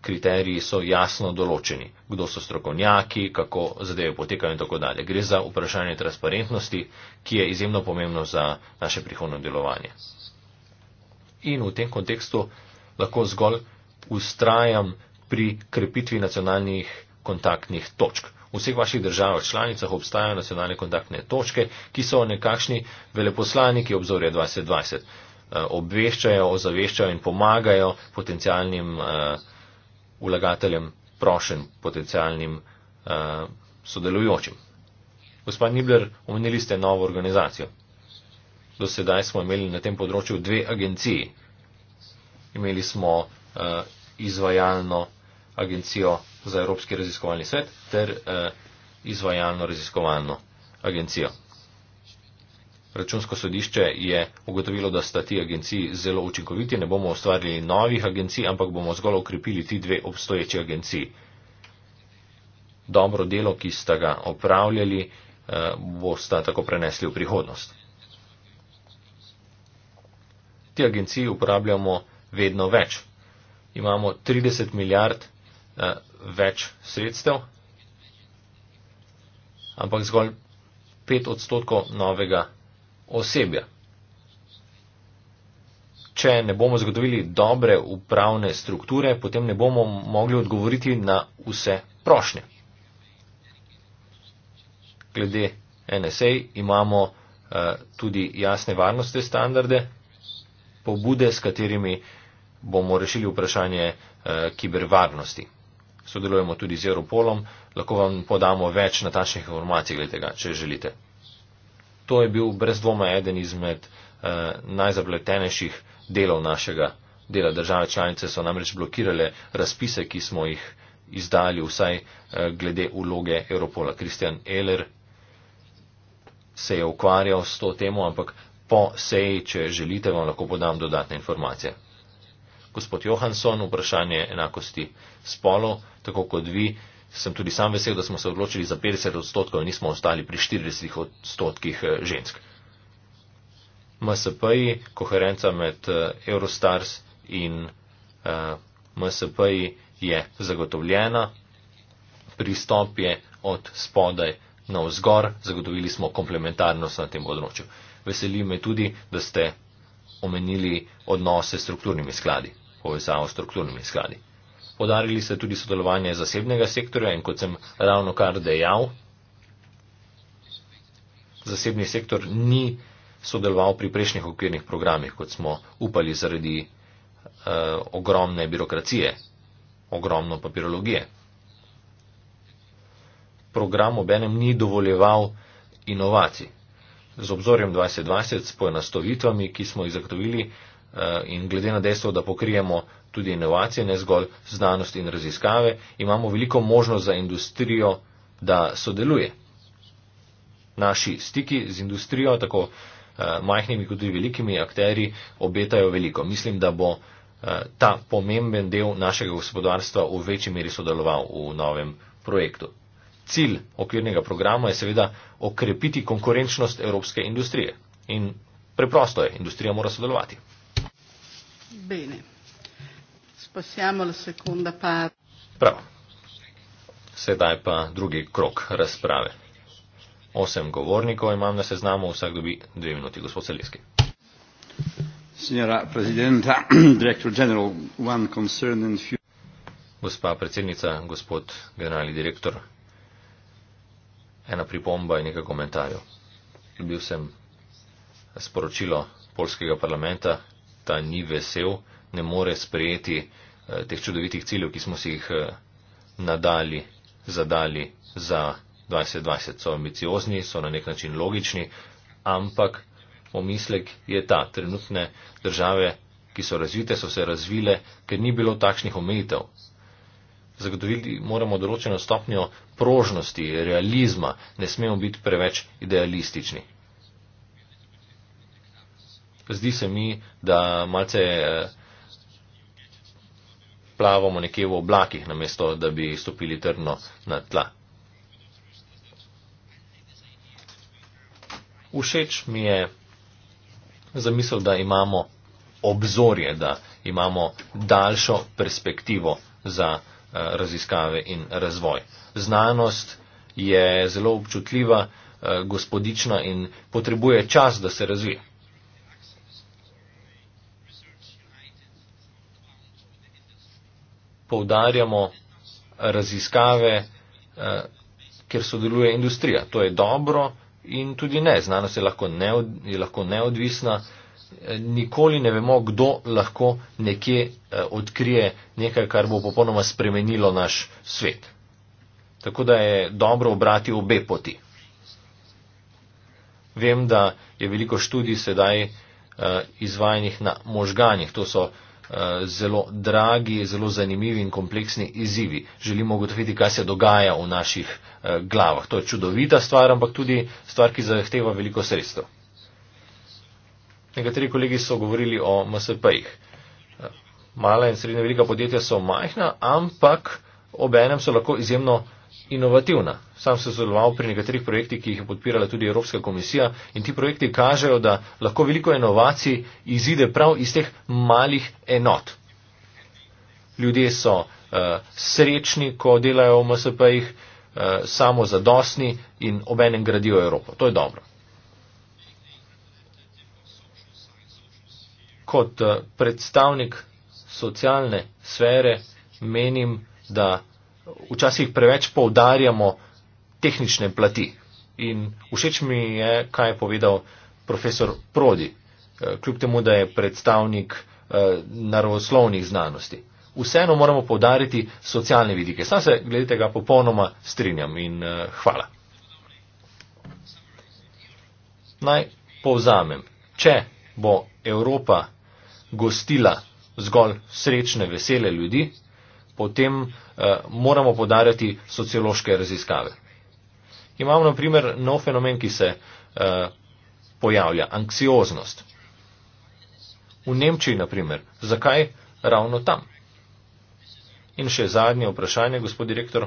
kriteriji so jasno določeni, kdo so strokovnjaki, kako zadeve potekajo in tako dalje. Gre za vprašanje transparentnosti, ki je izjemno pomembno za naše prihodno delovanje. In v tem kontekstu lahko zgolj ustrajam pri krepitvi nacionalnih kontaktnih točk. V vseh vaših državah članicah obstajajo nacionalne kontaktne točke, ki so nekakšni veleposlaniki obzorja 2020. Eh, obveščajo, ozaveščajo in pomagajo potencialnim uh, vlagateljem prošen potencijalnim uh, eh, sodelujočim. Gospod Nibler, omenili ste novo organizacijo. Do sedaj smo imeli na tem področju dve agenciji. Imeli smo uh, izvajalno agencijo za Evropski raziskovalni svet ter uh, izvajalno raziskovalno agencijo. Računsko sodišče je ugotovilo, da sta ti agenciji zelo učinkoviti, ne bomo ustvarili novih agencij, ampak bomo zgolj ukrepili ti dve obstoječi agenciji. Dobro delo, ki sta ga opravljali, eh, boste tako prenesli v prihodnost. Ti agenciji uporabljamo vedno več. Imamo 30 milijard eh, več sredstev, ampak zgolj 5 odstotkov novega osebja. Če ne bomo zagotovili dobre upravne strukture, potem ne bomo mogli odgovoriti na vse prošnje. Glede NSA imamo uh, tudi jasne varnostne standarde, pobude, s katerimi bomo rešili vprašanje uh, kibervarnosti. Sodelujemo tudi z Europolom, lahko vam podamo več natačnih informacij glede tega, če želite to je bil brez dvoma eden izmed eh, najzapletenejših delov našega dela. Države članice so namreč blokirale razpise, ki smo jih izdali vsaj eh, glede uloge Europola. Kristjan Eler se je ukvarjal s to temo, ampak po seji, če želite, vam lahko podam dodatne informacije. Gospod Johansson, vprašanje enakosti spolov, tako kot vi sem tudi sam vesel, da smo se odločili za 50 odstotkov in nismo ostali pri 40 odstotkih eh, žensk. MSP-ji, koherenca med eh, Eurostars in uh, eh, MSP-ji je zagotovljena, pristop je od spodaj na vzgor, zagotovili smo komplementarnost na tem področju. Veseli me tudi, da ste omenili odnose s strukturnimi skladi, povezavo s strukturnimi skladi podarili ste tudi sodelovanje zasebnega sektorja in kot sem ravno kar dejal, zasebni sektor ni sodeloval pri prejšnjih okvirnih programih, kot smo upali zaradi eh, ogromne birokracije, ogromno papirologije. Program obenem ni dovoljeval inovacij. Z obzorjem 2020, s poenostavitvami, ki smo jih zagotovili eh, in glede na dejstvo, da pokrijemo tudi inovacije, ne zgolj znanost in raziskave, imamo veliko možnost za industrijo, da sodeluje. Naši stiki z industrijo, tako eh, majhnimi kot tudi velikimi akteri, obetajo veliko. Mislim, da bo eh, ta pomemben del našega gospodarstva v večji meri sodeloval v novem projektu. Cilj okvirnega programa je seveda okrepiti konkurenčnost evropske industrije. In preprosto je, industrija mora sodelovati. Bene. Spasiamo la seconda parte. Prav. Sedaj pa drugi krok razprave. Osem govornikov imam na seznamu, vsak dobi dve minuti. Gospod Selijski. *clears throat* Gospa predsednica, gospod generalni direktor, ena pripomba in nekaj komentarjev. Dobil sem sporočilo polskega parlamenta, da ni vesel, ne more sprejeti eh, teh čudovitih ciljev, ki smo si jih eh, nadali, zadali za 2020. So ambiciozni, so na nek način logični, ampak omislek je ta. Trenutne države, ki so razvite, so se razvile, ker ni bilo takšnih omejitev. Zagotovili moramo določeno stopnjo prožnosti, realizma, ne smemo biti preveč idealistični. Zdi se mi, da malce. Eh, plavamo nekje v oblakih, namesto da bi stopili trdno na tla. Všeč mi je zamisel, da imamo obzorje, da imamo daljšo perspektivo za eh, raziskave in razvoj. Znanost je zelo občutljiva, eh, gospodična in potrebuje čas, da se razvije. poudarjamo raziskave, eh, kjer sodeluje industrija. To je dobro in tudi ne. Znanost je lahko, neod, je lahko neodvisna. Eh, nikoli ne vemo, kdo lahko nekje eh, odkrije nekaj, kar bo popolnoma spremenilo naš svet. Tako da je dobro obrati obe poti. Vem, da je veliko študij sedaj izvajanih na možganjih. To so Eh, zelo dragi, zelo zanimivi in kompleksni izzivi. Želimo ugotoviti, kaj se dogaja v naših eh, glavah. To je čudovita stvar, ampak tudi stvar, ki zahteva veliko sredstev. Nekateri kolegi so govorili o MSP-jih. Eh, mala in srednja velika podjetja so majhna, ampak ob enem so lahko izjemno inovativna. Sam sem sodeloval pri nekaterih projektih, ki jih je podpirala tudi Evropska komisija in ti projekti kažejo, da lahko veliko inovacij izide prav iz teh malih enot. Ljudje so uh, srečni, ko delajo v MSP-jih, uh, eh, samo zadosni in obenem gradijo Evropo. To je dobro. Kot uh, predstavnik socialne sfere menim, da včasih preveč poudarjamo tehnične plati. In všeč mi je, kaj je povedal profesor Prodi, eh, kljub temu, da je predstavnik eh, naravoslovnih znanosti. Vseeno moramo povdariti socialne vidike. Sam se glede tega popolnoma strinjam in eh, hvala. Naj povzamem, če bo Evropa gostila zgolj srečne, vesele ljudi, potem uh, Eh, moramo podarjati sociološke raziskave. Imamo na primer nov fenomen, ki se eh, pojavlja, anksioznost. V Nemčiji, na primer, zakaj ravno tam? In še zadnje vprašanje, gospod direktor,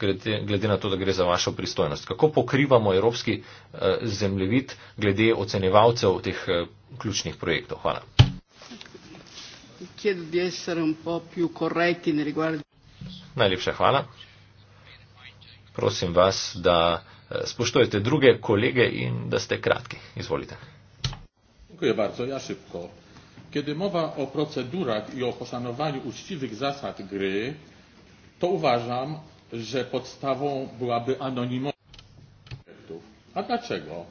glede, glede na to, da gre za vašo pristojnost. Kako pokrivamo evropski eh, zemljevid glede ocenevalcev teh eh, ključnih projektov? Hvala chiedo di essere un po' più corretti nei riguardi. Najlepša hvala. Prosim vas, da eh, spoštujete druge kolege in da ste kratki. Izvolite. Dziękuję bardzo. Ja szybko. Kiedy mowa o procedurach i o poszanowaniu uczciwych zasad gry, to uważam, że podstawą byłaby anonimowość. A dlaczego?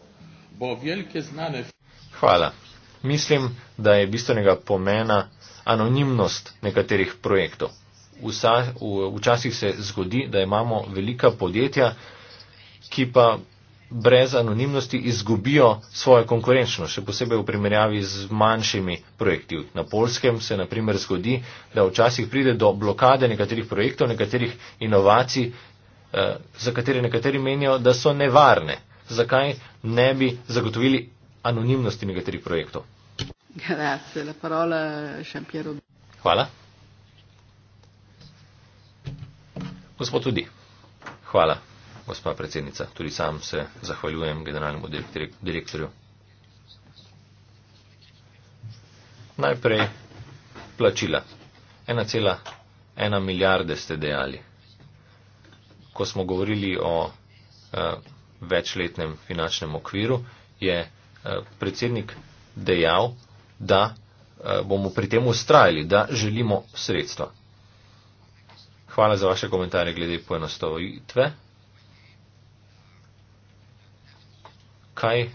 Bo wielkie znane. Chwala. Myślę, że jest istotnego pomena anonimnost nekaterih projektov. Vsa, v, včasih se zgodi, da imamo velika podjetja, ki pa brez anonimnosti izgubijo svojo konkurenčnost, še posebej v primerjavi z manjšimi projekti. Na Polskem se naprimer zgodi, da včasih pride do blokade nekaterih projektov, nekaterih inovacij, eh, za katere nekateri menijo, da so nevarne. Zakaj ne bi zagotovili anonimnosti nekaterih projektov? Grazie, la parola eh, Jean Pierre Audi. Hvala. Gospod Udi, hvala, gospa predsednica. Tudi sam se zahvaljujem generalnemu direktorju. Najprej plačila. 1,1 milijarde ste dejali. Ko smo govorili o eh, večletnem finančnem okviru, je eh, predsednik dejal, da eh, bomo pri tem ustrajali, da želimo sredstva. Hvala za vaše komentarje glede poenostavitve. Kaj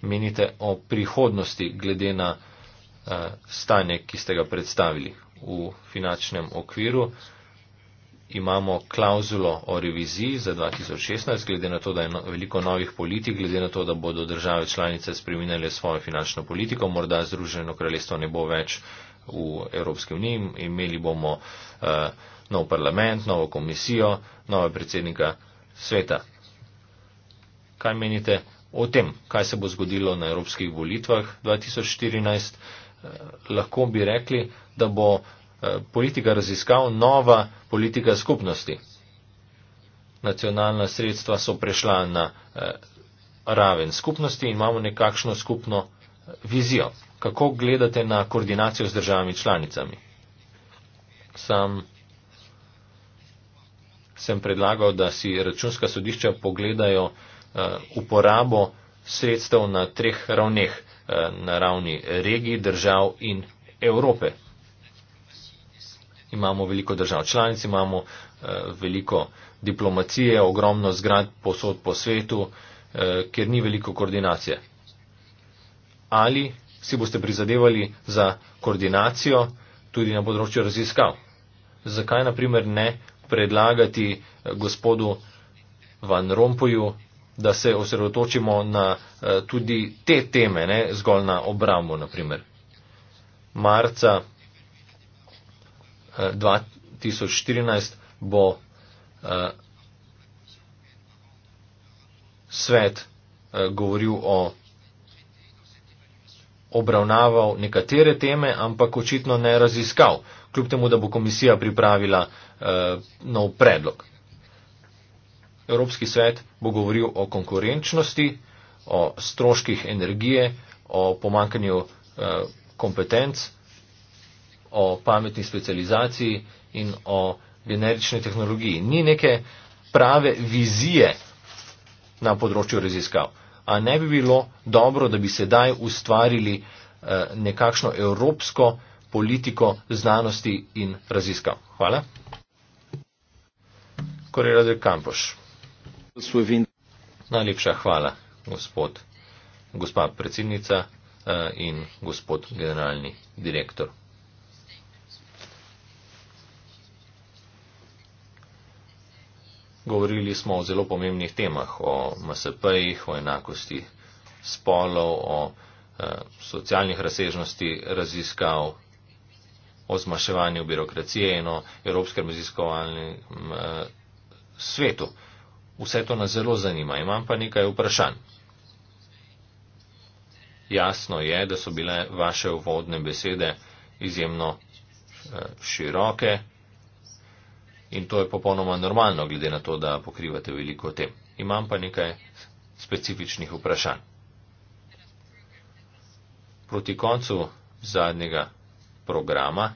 menite o prihodnosti glede na eh, stanje, ki ste ga predstavili v finančnem okviru? imamo klauzulo o reviziji za 2016, glede na to, da je no, veliko novih politik, glede na to, da bodo države članice spreminjale svojo finančno politiko, morda Združeno kraljestvo ne bo več v Evropski uniji, imeli bomo uh, nov parlament, novo komisijo, nove predsednika sveta. Kaj menite o tem, kaj se bo zgodilo na evropskih volitvah 2014? Uh, eh, lahko bi rekli, da bo Eh, politika raziskav nova politika skupnosti. Nacionalna sredstva so prešla na eh, raven skupnosti in imamo nekakšno skupno eh, vizijo. Kako gledate na koordinacijo z državami članicami? Sam sem predlagal, da si računska sodišča pogledajo uporabo sredstev na treh ravneh, na ravni regij, držav in Evrope imamo veliko držav članic, imamo eh, veliko diplomacije, ogromno zgrad posod po svetu, eh, kjer ni veliko koordinacije. Ali si boste prizadevali za koordinacijo tudi na področju raziskav? Zakaj naprimer ne predlagati eh, gospodu Van Rompuju, da se osredotočimo na eh, tudi te teme, ne zgolj na obrambo naprimer? Marca 2014 eh, bo eh, svet eh, govoril o obravnaval nekatere teme, ampak očitno ne raziskal, kljub temu, da bo komisija pripravila eh, nov predlog. Evropski svet bo govoril o konkurenčnosti, o stroških energije, o pomankanju eh, kompetenc eh, o pametni specializaciji in o generični tehnologiji. Ni neke prave vizije na področju raziskav. A ne bi bilo dobro, da bi sedaj ustvarili eh, nekakšno evropsko politiko znanosti in raziskav. Hvala. Korela de Kampoš. Najlepša hvala, gospod, gospa predsednica eh, in gospod generalni direktor. Govorili smo o zelo pomembnih temah, o MSP-jih, o enakosti spolov, o eh, socialnih razsežnosti raziskav, o zmaševanju birokracije in o evropskem raziskovalnem eh, svetu. Vse to nas zelo zanima. Imam pa nekaj vprašanj. Jasno je, da so bile vaše uvodne besede izjemno eh, široke in to je popolnoma normalno, glede na to, da pokrivate veliko tem. Imam pa nekaj specifičnih vprašanj. Proti koncu zadnjega programa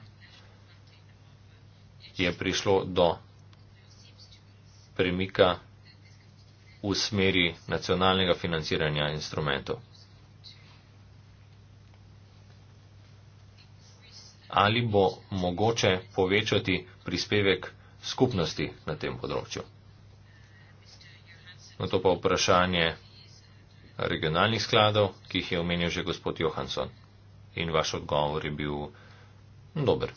je prišlo do premika v smeri nacionalnega financiranja instrumentov. Ali bo mogoče povečati prispevek skupnosti na tem področju. No to pa vprašanje regionalnih skladov, ki jih je omenil že gospod Johansson. In vaš odgovor je bil hm, dober.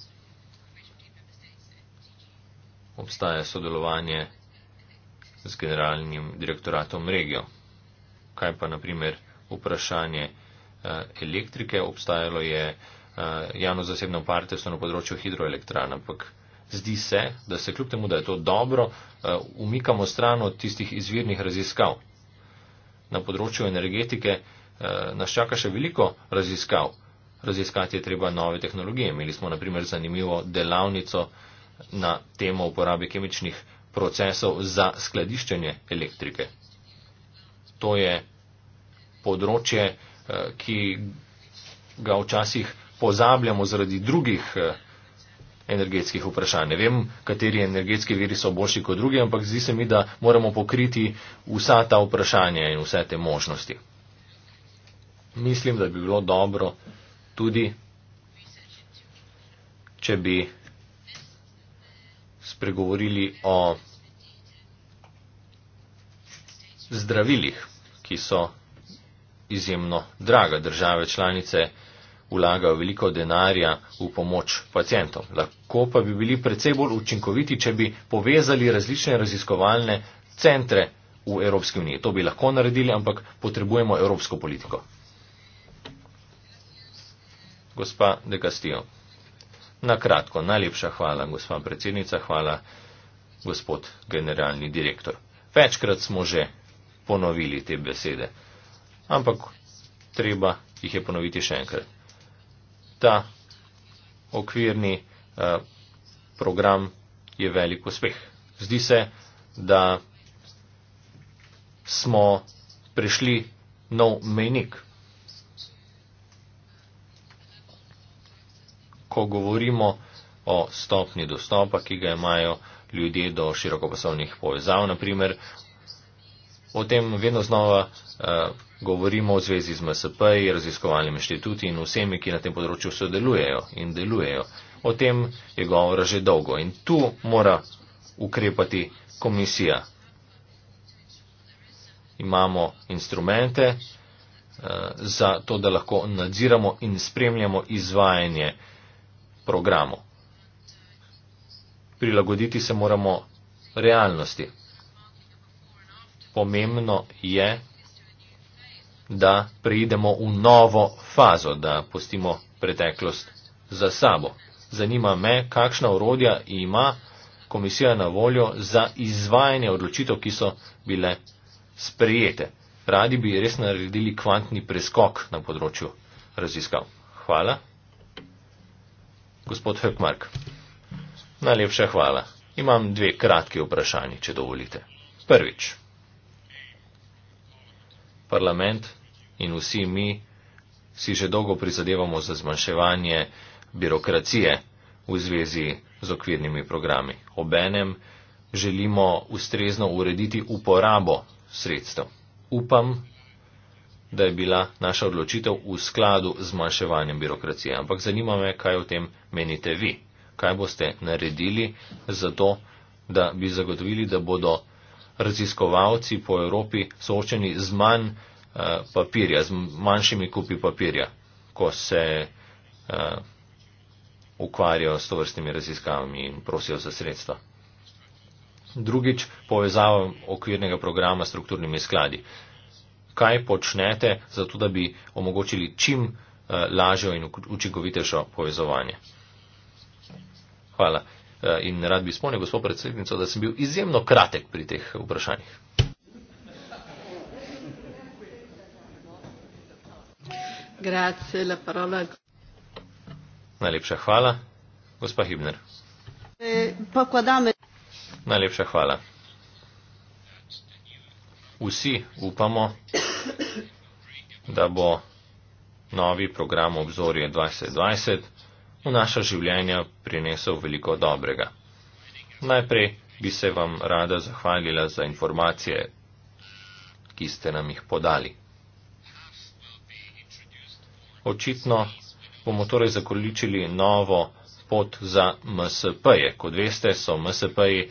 Obstaja sodelovanje z generalnim direktoratom regijo. Kaj pa naprimer vprašanje eh, elektrike? Obstajalo je eh, javno-zasebno partnerstvo na področju hidroelektran, ampak zdi se, da se kljub temu, da je to dobro, eh, umikamo stran od tistih izvirnih raziskav. Na področju energetike eh, nas čaka še veliko raziskav. Raziskati je treba nove tehnologije. Imeli smo, na primer, zanimivo delavnico na temo uporabe kemičnih procesov za skladiščenje elektrike. To je področje, eh, ki ga včasih pozabljamo zaradi drugih energetskih vprašanj. Ne vem, kateri energetski viri so boljši kot drugi, ampak zdi se mi, da moramo pokriti vsa ta vprašanja in vse te možnosti. Mislim, da bi bilo dobro tudi, če bi spregovorili o zdravilih, ki so izjemno draga. Države članice vlagajo veliko denarja v pomoč pacijentom. Lahko pa bi bili predvsej bolj učinkoviti, če bi povezali različne raziskovalne centre v Evropski uniji. To bi lahko naredili, ampak potrebujemo evropsko politiko. Gospa De Castillo. Na kratko, najlepša hvala, gospa predsednica, hvala, gospod generalni direktor. Večkrat smo že ponovili te besede, ampak treba jih je ponoviti še enkrat ta okvirni eh, program je velik uspeh. Zdi se, da smo prišli nov menik. Ko govorimo o stopni dostopa, ki ga imajo ljudje do širokopasovnih povezav, naprimer, o tem vedno znova Eh, govorimo v zvezi z MSP-ji, raziskovalnimi inštituti in vsemi, ki na tem področju sodelujejo in delujejo. O tem je govora že dolgo in tu mora ukrepati komisija. Imamo instrumente eh, za to, da lahko nadziramo in spremljamo izvajanje programov. Prilagoditi se moramo realnosti. Pomembno je, da preidemo v novo fazo, da pustimo preteklost za sabo. Zanima me, kakšna urodja ima komisija na voljo za izvajanje odločitev, ki so bile sprejete. Radi bi res naredili kvantni preskok na področju raziskav. Hvala. Gospod Hökmark, najlepša hvala. Imam dve kratki vprašanji, če dovolite. Prvič. Parlament in vsi mi si že dolgo prizadevamo za zmanjševanje birokracije v zvezi z okvirnimi programi. Obenem želimo ustrezno urediti uporabo sredstev. Upam, da je bila naša odločitev v skladu z zmanjševanjem birokracije. Ampak zanima me, kaj o tem menite vi. Kaj boste naredili za to, da bi zagotovili, da bodo raziskovalci po Evropi soočeni z manj Eh, papirja, z manjšimi kupi papirja, ko se uh, ukvarjajo s tovrstnimi raziskavami in prosijo za sredstva. Drugič, povezava okvirnega programa s strukturnimi skladi. Kaj počnete, zato da bi omogočili čim uh, lažjo in učinkovitejšo povezovanje? Hvala. Uh, in rad bi spomnil gospod predsednico, da sem bil izjemno kratek pri teh vprašanjih. Grazie, la parola. Najlepša hvala, gospa Hibner. Eh, Najlepša hvala. Vsi upamo, da bo novi program obzorje 2020 v naša življenja prinesel veliko dobrega. Najprej bi se vam rada zahvalila za informacije, ki ste nam jih podali očitno bomo torej zakoličili novo pot za MSP-je. Kot veste, so MSP-ji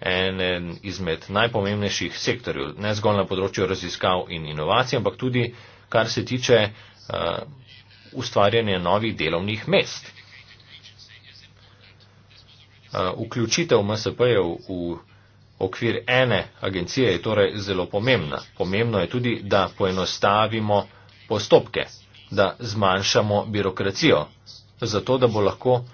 enen izmed najpomembnejših sektorjev, ne zgolj na področju raziskav in inovacij, ampak tudi kar se tiče uh, ustvarjanja novih delovnih mest. Uh, vključitev MSP-jev v okvir ene agencije je torej zelo pomembna. Pomembno je tudi, da poenostavimo postopke da zmanjšamo birokracijo, zato da bo lahko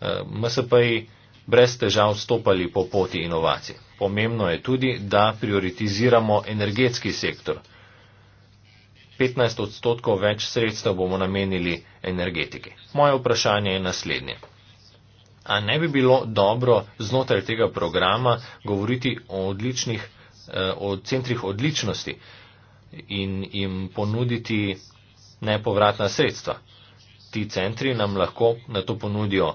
eh, MSP-ji brez težav stopali po poti inovacij. Pomembno je tudi, da prioritiziramo energetski sektor. 15 odstotkov več sredstev bomo namenili energetiki. Moje vprašanje je naslednje. A ne bi bilo dobro znotraj tega programa govoriti o, odličnih, eh, o centrih odličnosti in jim ponuditi nepovratna sredstva. Ti centri nam lahko na to ponudijo uh,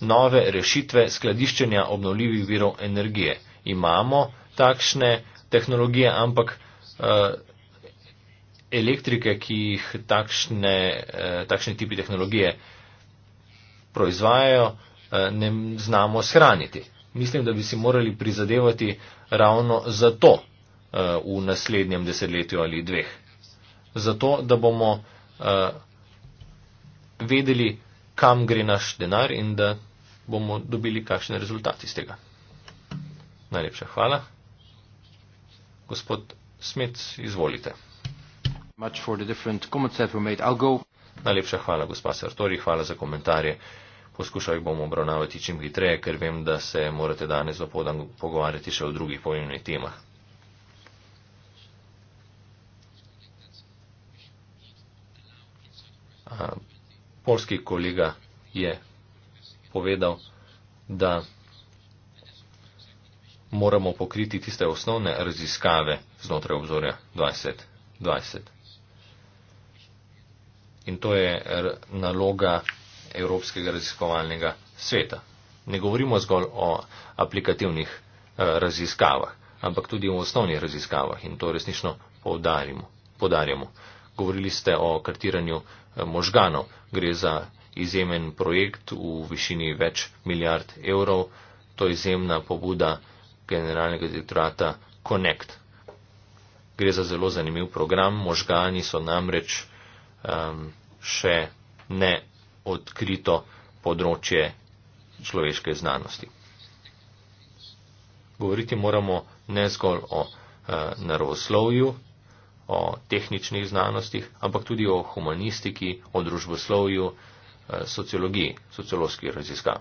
nove rešitve skladiščenja obnovljivih virov energije. Imamo takšne tehnologije, ampak uh, elektrike, ki jih takšne, uh, eh, takšne tipi tehnologije proizvajajo, uh, ne znamo shraniti. Mislim, da bi si morali prizadevati ravno za to uh, v naslednjem desetletju ali dveh zato, da bomo uh, vedeli, kam gre naš denar in da bomo dobili kakšen rezultat iz tega. Najlepša hvala. Gospod Smet, izvolite. Najlepša hvala, gospa Sartori, hvala za komentarje. Poskušal jih bomo obravnavati čim hitreje, ker vem, da se morate danes dopoldan pogovarjati še o drugih pomembnih temah. a, polski kolega je povedal, da moramo pokriti tiste osnovne raziskave znotraj obzorja 2020. In to je naloga Evropskega raziskovalnega sveta. Ne govorimo zgolj o aplikativnih e, raziskavah, ampak tudi o osnovnih raziskavah in to resnično poudarjamo govorili ste o kartiranju eh, možganov. Gre za izjemen projekt v višini več milijard evrov. To je izjemna pobuda generalnega direktorata Connect. Gre za zelo zanimiv program. Možgani so namreč um, še neodkrito področje človeške znanosti. Govoriti moramo ne zgolj o uh, naravoslovju, o tehničnih znanostih, ampak tudi o humanistiki, o družboslovju, eh, sociologiji, socioloških raziskav.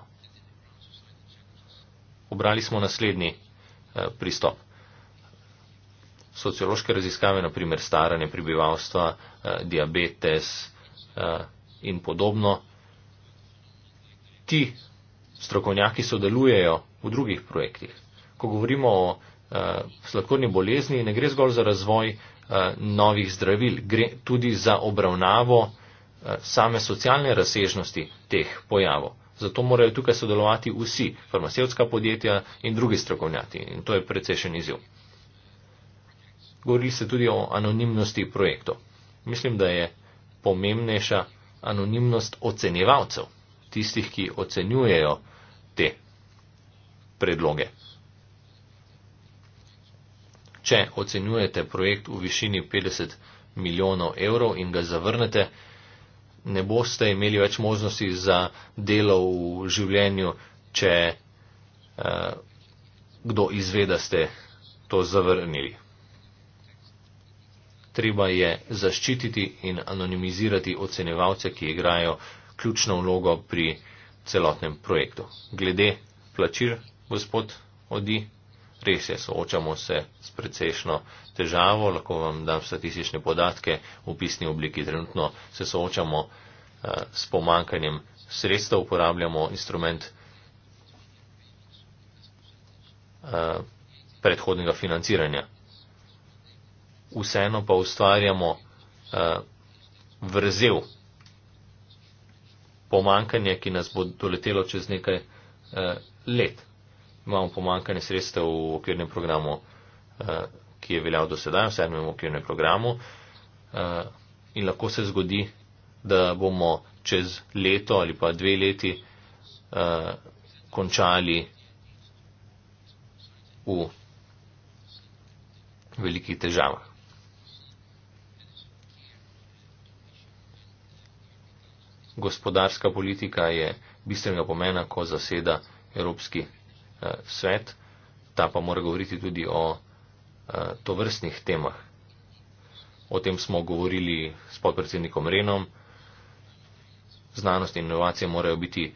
Obrali smo naslednji eh, pristop. Sociološke raziskave, naprimer staranje prebivalstva, eh, diabetes in podobno, ti strokovnjaki sodelujejo v drugih projektih. Ko govorimo o Eh, sladkorni bolezni ne gre zgolj za razvoj eh, novih zdravil, gre tudi za obravnavo eh, same socialne razsežnosti teh pojavov. Zato morajo tukaj sodelovati vsi, farmacevska podjetja in drugi strokovnjaki. In to je precejšen izjiv. Govorili ste tudi o anonimnosti projektov. Mislim, da je pomembnejša anonimnost ocenjevalcev, tistih, ki ocenjujejo te predloge. Če ocenjujete projekt v višini 50 milijonov evrov in ga zavrnete, ne boste imeli več možnosti za delo v življenju, če eh, kdo izve, da ste to zavrnili. Treba je zaščititi in anonimizirati ocenevalce, ki igrajo ključno vlogo pri celotnem projektu. Glede plačil, gospod, odi. Res je, soočamo se s precejšno težavo, lahko vam dam statistične podatke v pisni obliki. Trenutno se soočamo eh, s pomankanjem sredstev, uporabljamo instrument eh, predhodnega financiranja. Vseeno pa ustvarjamo eh, vrzel pomankanja, ki nas bo doletelo čez nekaj let imamo pomankanje sredstev v okvirnem programu, eh, ki je veljal do sedaj, v sedmem okvirnem programu. Eh, in lahko se zgodi, da bomo čez leto ali pa dve leti eh, končali v velikih težavah. Gospodarska politika je bistvenega pomena, ko zaseda Evropski Eh, svet, ta pa mora govoriti tudi o eh, tovrstnih temah. O tem smo govorili s podpredsednikom Renom. Znanost in inovacije morajo biti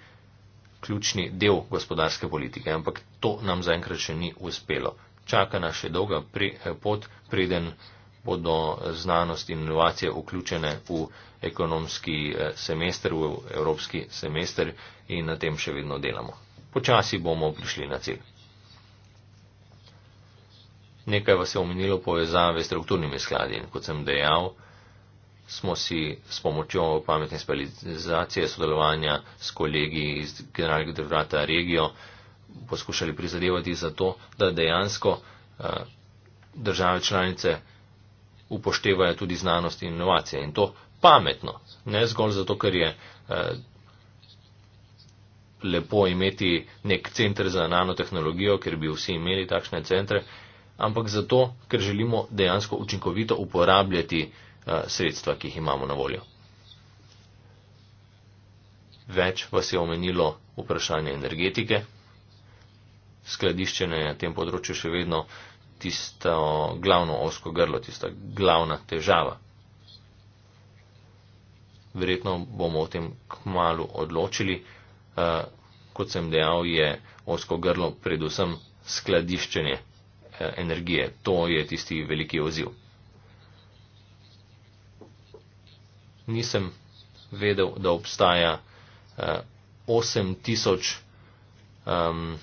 ključni del gospodarske politike, ampak to nam zaenkrat še ni uspelo. Čaka nas še dolga pre, eh, pot, preden bodo znanost in inovacije vključene v ekonomski semester, v evropski semester in na tem še vedno delamo počasi bomo prišli na cilj. Nekaj vas je omenilo povezave s strukturnimi skladi in kot sem dejal, smo si s pomočjo pametne specializacije sodelovanja s kolegi iz generalnega državljata regijo poskušali prizadevati za to, da dejansko eh, države članice upoštevajo tudi znanost in inovacije in to pametno, ne zgolj zato, ker je eh, lepo imeti nek center za nanotehnologijo, ker bi vsi imeli takšne centre, ampak zato, ker želimo dejansko učinkovito uporabljati eh, sredstva, ki jih imamo na voljo. Več vas je omenilo vprašanje energetike. Skladiščenje je na tem področju še vedno tisto glavno osko grlo, tista glavna težava. Verjetno bomo o tem kmalo odločili. Eh, kot sem dejal, je osko grlo predvsem skladiščenje eh, energije. To je tisti veliki oziv. Nisem vedel, da obstaja 8000 eh, um,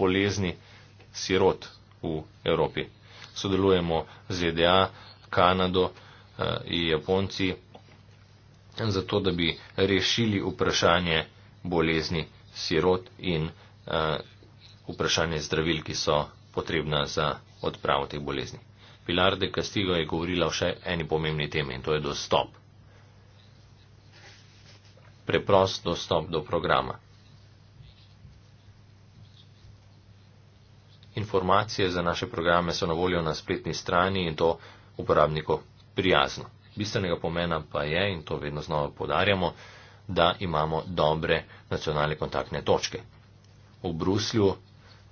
bolezni sirot v Evropi. Sodelujemo z ZDA, Kanado in Japonci zato da bi rešili vprašanje bolezni sirot in uh, vprašanje zdravil, ki so potrebna za odpravo teh bolezni. Pilar de Castillo je govorila o še eni pomembni temi in to je dostop. Preprost dostop do programa. Informacije za naše programe so na voljo na spletni strani in to uporabniku prijazno. Bistvenega pomena pa je, in to vedno znova podarjamo, da imamo dobre nacionalne kontaktne točke. V Bruslju,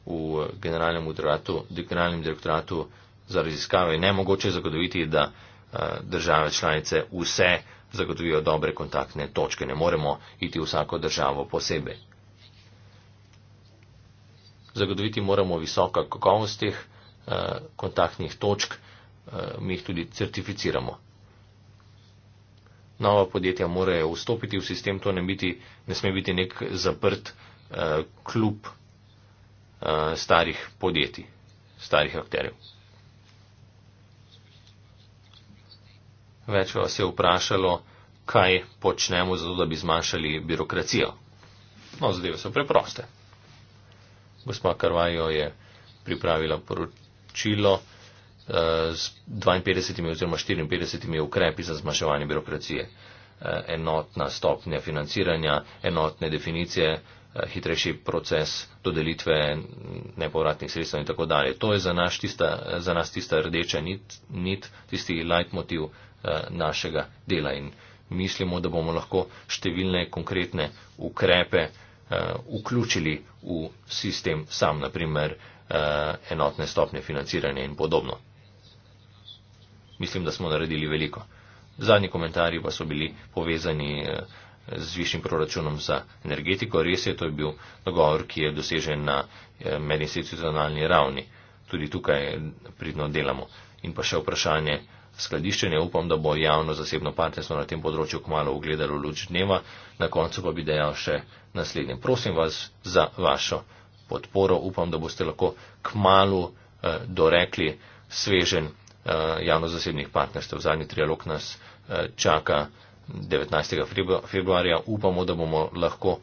v generalnem, udratu, generalnem direktoratu za raziskave je nemogoče zagotoviti, da eh, države članice vse zagotovijo dobre kontaktne točke. Ne moremo iti vsako državo posebej. Zagotoviti moramo visoka kakovost teh eh, kontaktnih točk, eh, mi jih tudi certificiramo nova podjetja morajo vstopiti v sistem, to ne, biti, ne sme biti nek zaprt uh, klub uh, starih podjetij, starih akterjev. Več vas je vprašalo, kaj počnemo zato, da bi zmanjšali birokracijo. No, zadeve so preproste. Gospa Karvajo je pripravila poročilo z 52 oziroma 54 ukrepi za zmaševanje birokracije. Eh, enotna stopnja financiranja, enotne definicije, eh, hitrejši proces dodelitve nepovratnih sredstev in tako dalje. To je za, naš tista, eh, za nas tista rdeča nit, nit tisti leitmotiv našega dela in mislimo, da bomo lahko številne konkretne ukrepe vključili v sistem sam, naprimer enotne stopnje financiranja in podobno mislim, da smo naredili veliko. Zadnji komentarji pa so bili povezani eh, z višjim proračunom za energetiko. Res je, to je bil dogovor, ki je dosežen na eh, medinstitucionalni ravni. Tudi tukaj pridno delamo. In pa še vprašanje skladiščenja. Upam, da bo javno-zasebno partnerstvo na tem področju kmalo ugledalo luč dneva. Na koncu pa bi dejal še naslednje. Prosim vas za vašo podporo. Upam, da boste lahko kmalo eh, dorekli svežen. Eh, javno-zasebnih partnerstv. Zadnji trialog nas eh, čaka 19. februarja. Upamo, da bomo lahko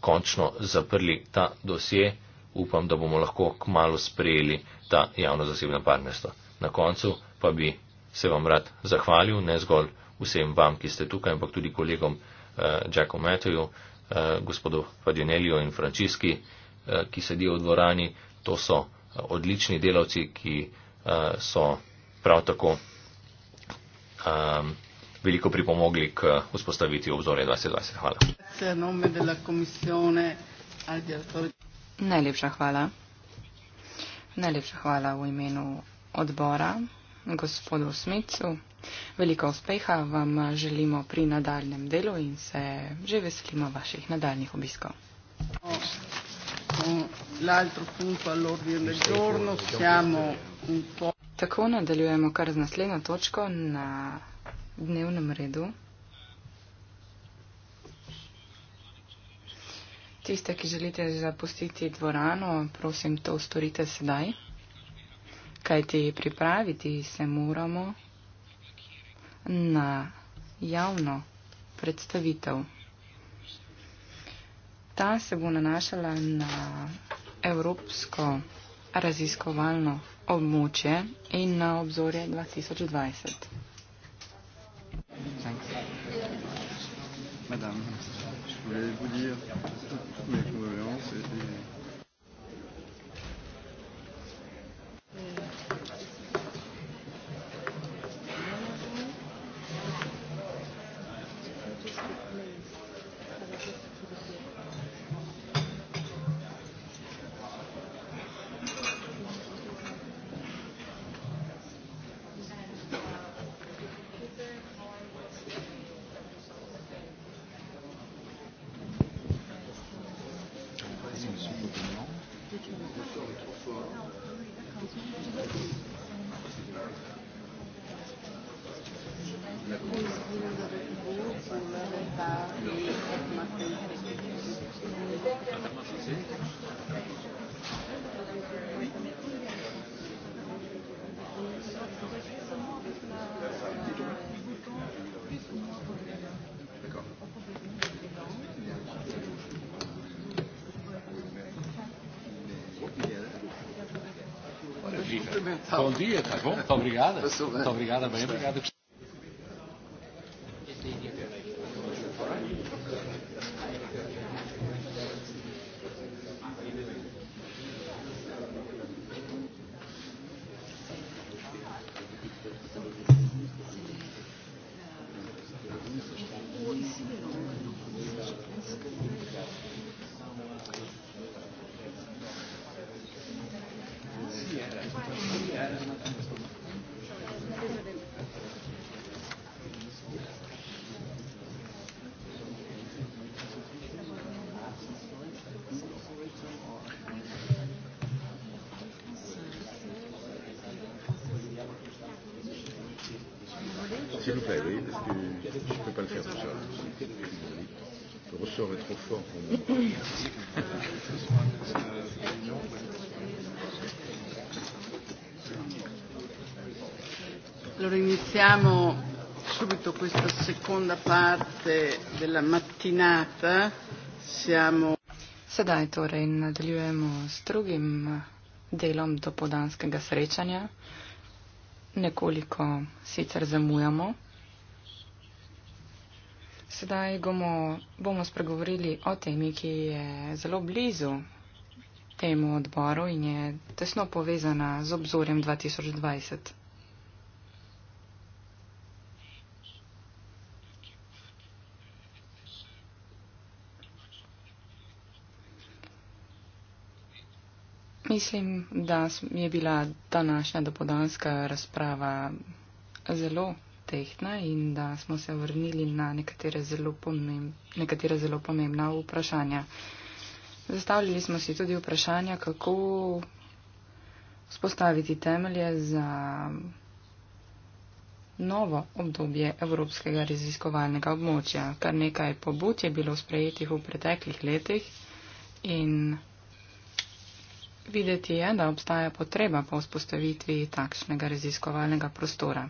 končno zaprli ta dosje. Upam, da bomo lahko kmalo sprejeli ta javno-zasebna partnerstva. Na koncu pa bi se vam rad zahvalil, ne zgolj vsem vam, ki ste tukaj, ampak tudi kolegom eh, Jacku Metoju, eh, gospodu Fadjoneliju in Frančiski, eh, ki sedijo v dvorani. To so eh, odlični delavci, ki eh, so prav tako um, veliko pripomogli k vzpostavitvi obzorja 2020. Hvala. Najlepša hvala. Najlepša hvala v imenu odbora gospodu Smicu. Veliko uspeha vam želimo pri nadaljem delu in se že veselimo vaših nadaljnih obiskov. No, no, l'altro punto all'ordine del giorno siamo un po'. Tako nadaljujemo kar z naslednjo točko na dnevnem redu. Tiste, ki želite zapustiti dvorano, prosim, to storite sedaj, kajti pripraviti se moramo na javno predstavitev. Ta se bo nanašala na evropsko raziskovalno območje in na obzorje 2020. Thanks. Madame, je voulais vous dire toutes mes convaincances et bom dia, está bom? Muito obrigado. Muito obrigado, bem obrigado. seconda parte della mattinata siamo. Sedaj torej nadaljujemo s drugim delom dopodanskega srečanja. Nekoliko sicer zamujamo. Sedaj bomo, bomo spregovorili o temi, ki je zelo blizu temu odboru in je tesno povezana z obzorjem 2020. Mislim, da je bila današnja dopodanska razprava zelo tehtna in da smo se vrnili na nekatere zelo, pomemb nekatere zelo pomembna vprašanja. Zastavljali smo si tudi vprašanja, kako spostaviti temelje za novo obdobje Evropskega raziskovalnega območja. Kar nekaj pobud je bilo sprejetih v preteklih letih in Videti je, da obstaja potreba po vzpostavitvi takšnega raziskovalnega prostora.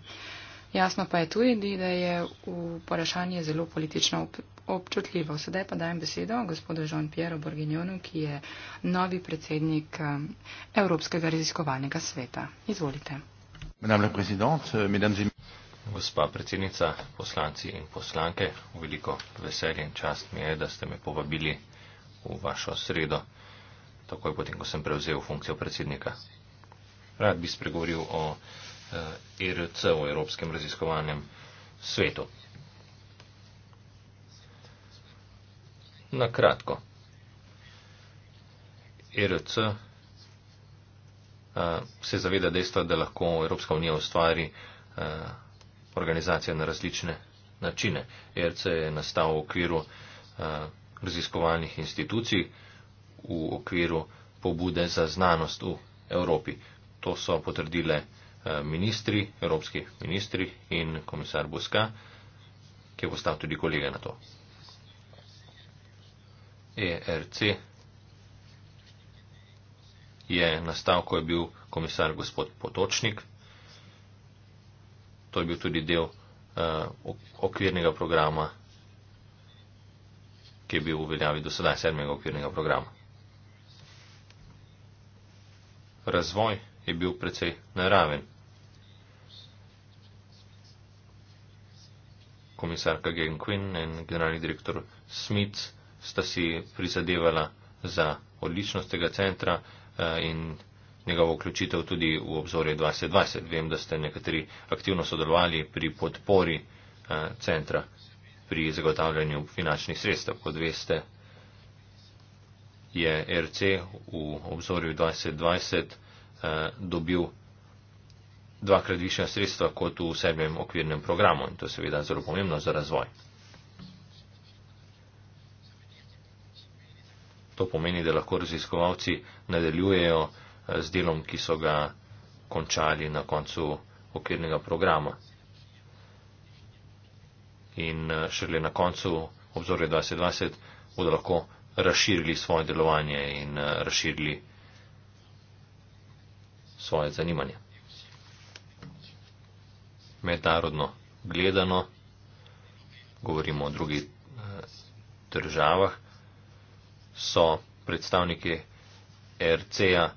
Jasno pa je tudi, da je vprašanje zelo politično občutljivo. Sedaj pa dajem besedo gospodu Jean-Pierre Borginjonu, ki je novi predsednik um, Evropskega raziskovalnega sveta. Izvolite. Gospa predsednica, poslanci in poslanke, veliko veselje in čast mi je, da ste me povabili v vašo sredo takoj potem, ko sem prevzel funkcijo predsednika. Rad bi spregovoril o ERC, eh, o Evropskem raziskovalnem svetu. Na kratko. ERC eh, se zaveda dejstva, da lahko Evropska unija ustvari eh, organizacije na različne načine. ERC je nastal v okviru raziskovalnih institucij, v okviru pobude za znanost v Evropi. To so potrdile eh, ministri, evropski ministri in komisar Buska, ki je postal tudi kolega na to. ERC je nastal, ko je bil komisar gospod Potočnik. To je bil tudi del uh, okvirnega programa, ki je bil v veljavi do sedaj sedmega okvirnega programa. razvoj je bil precej naraven. Komisarka Genquin in generalni direktor Smith sta si prizadevala za odličnost tega centra eh, in njegovo vključitev tudi v obzorje 2020. Vem, da ste nekateri aktivno sodelovali pri podpori eh, centra pri zagotavljanju finančnih sredstev. Kot veste, je RC v obzorju 2020 eh, dobil dvakrat više sredstva kot v sedmem okvirnem programu in to seveda zelo pomembno za razvoj. To pomeni, da lahko raziskovalci nadaljujejo eh, z delom, ki so ga končali na koncu okvirnega programa. In eh, šele na koncu obzorja 2020 bodo lahko razširili svoje delovanje in eh, razširili svoje zanimanje. Mednarodno gledano, govorimo o drugih eh, državah, so predstavniki RC-ja,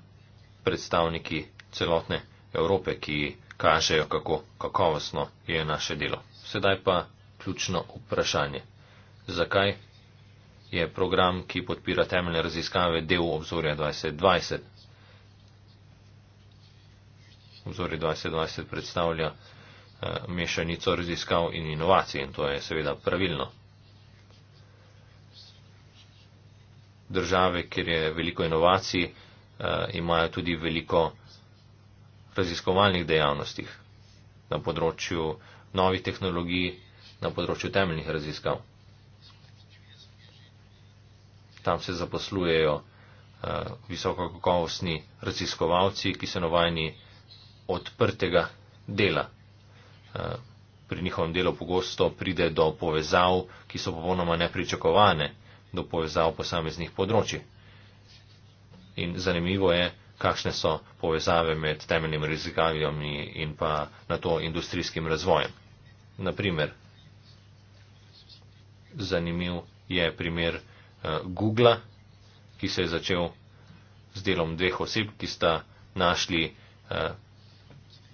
predstavniki celotne Evrope, ki kažejo, kako kakovostno je naše delo. Sedaj pa ključno vprašanje. Zakaj je program, ki podpira temeljne raziskave del obzorja 2020. Obzorje 2020 predstavlja uh, mešanico raziskav in inovacij in to je seveda pravilno. Države, kjer je veliko inovacij, uh, imajo tudi veliko raziskovalnih dejavnostih na področju novih tehnologij, na področju temeljnih raziskav tam se zaposlujejo uh, visokokakovostni raziskovalci, ki so navajeni odprtega dela. Uh, pri njihovem delu pogosto pride do povezav, ki so popolnoma nepričakovane, do povezav posameznih področji. In zanimivo je, kakšne so povezave med temeljnim rizikavljom in pa na to industrijskim razvojem. Naprimer, zanimiv je primer Eh, Google, ki se je začel z delom dveh oseb, ki sta našli eh,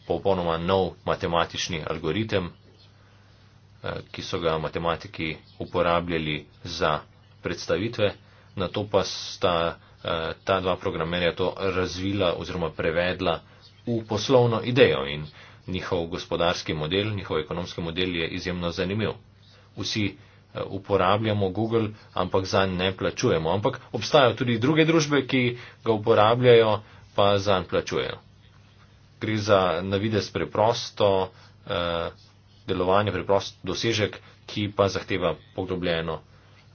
popolnoma nov matematični algoritem, eh, ki so ga matematiki uporabljali za predstavitve, na to pa sta ta dva programerja to razvila oziroma prevedla v poslovno idejo in njihov gospodarski model, njihov ekonomski model je izjemno zanimiv. Vsi uporabljamo Google, ampak za njega ne plačujemo. Ampak obstajajo tudi druge družbe, ki ga uporabljajo, pa za njega plačujejo. Gre za navidez preprosto eh, delovanje, preprost dosežek, ki pa zahteva poglobljeno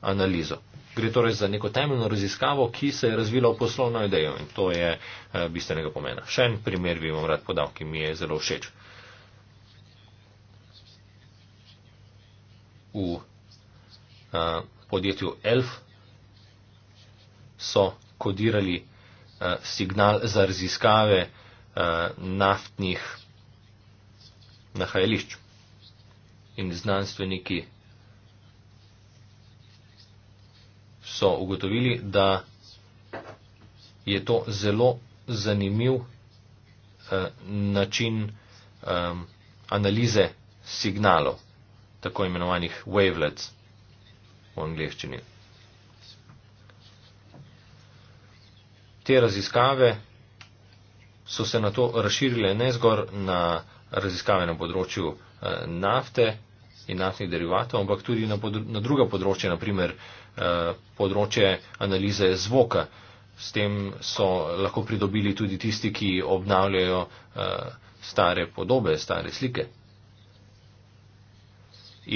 analizo. Gre torej za neko temeljno raziskavo, ki se je razvila v poslovno idejo in to je eh, bistvenega pomena. Še en primer bi vam rad podal, ki mi je zelo všeč. Eh, podjetju ELF so kodirali eh, signal za raziskave eh, naftnih nahajališč in znanstveniki so ugotovili, da je to zelo zanimiv način analize signalov, tako imenovanih wavelets angleščini. Te raziskave so se na to razširile ne zgolj na raziskave na področju eh, nafte in naftnih derivatov, ampak tudi na, na druga področja, naprimer eh, področje analize zvoka. S tem so lahko pridobili tudi tisti, ki obnavljajo eh, stare podobe, stare slike.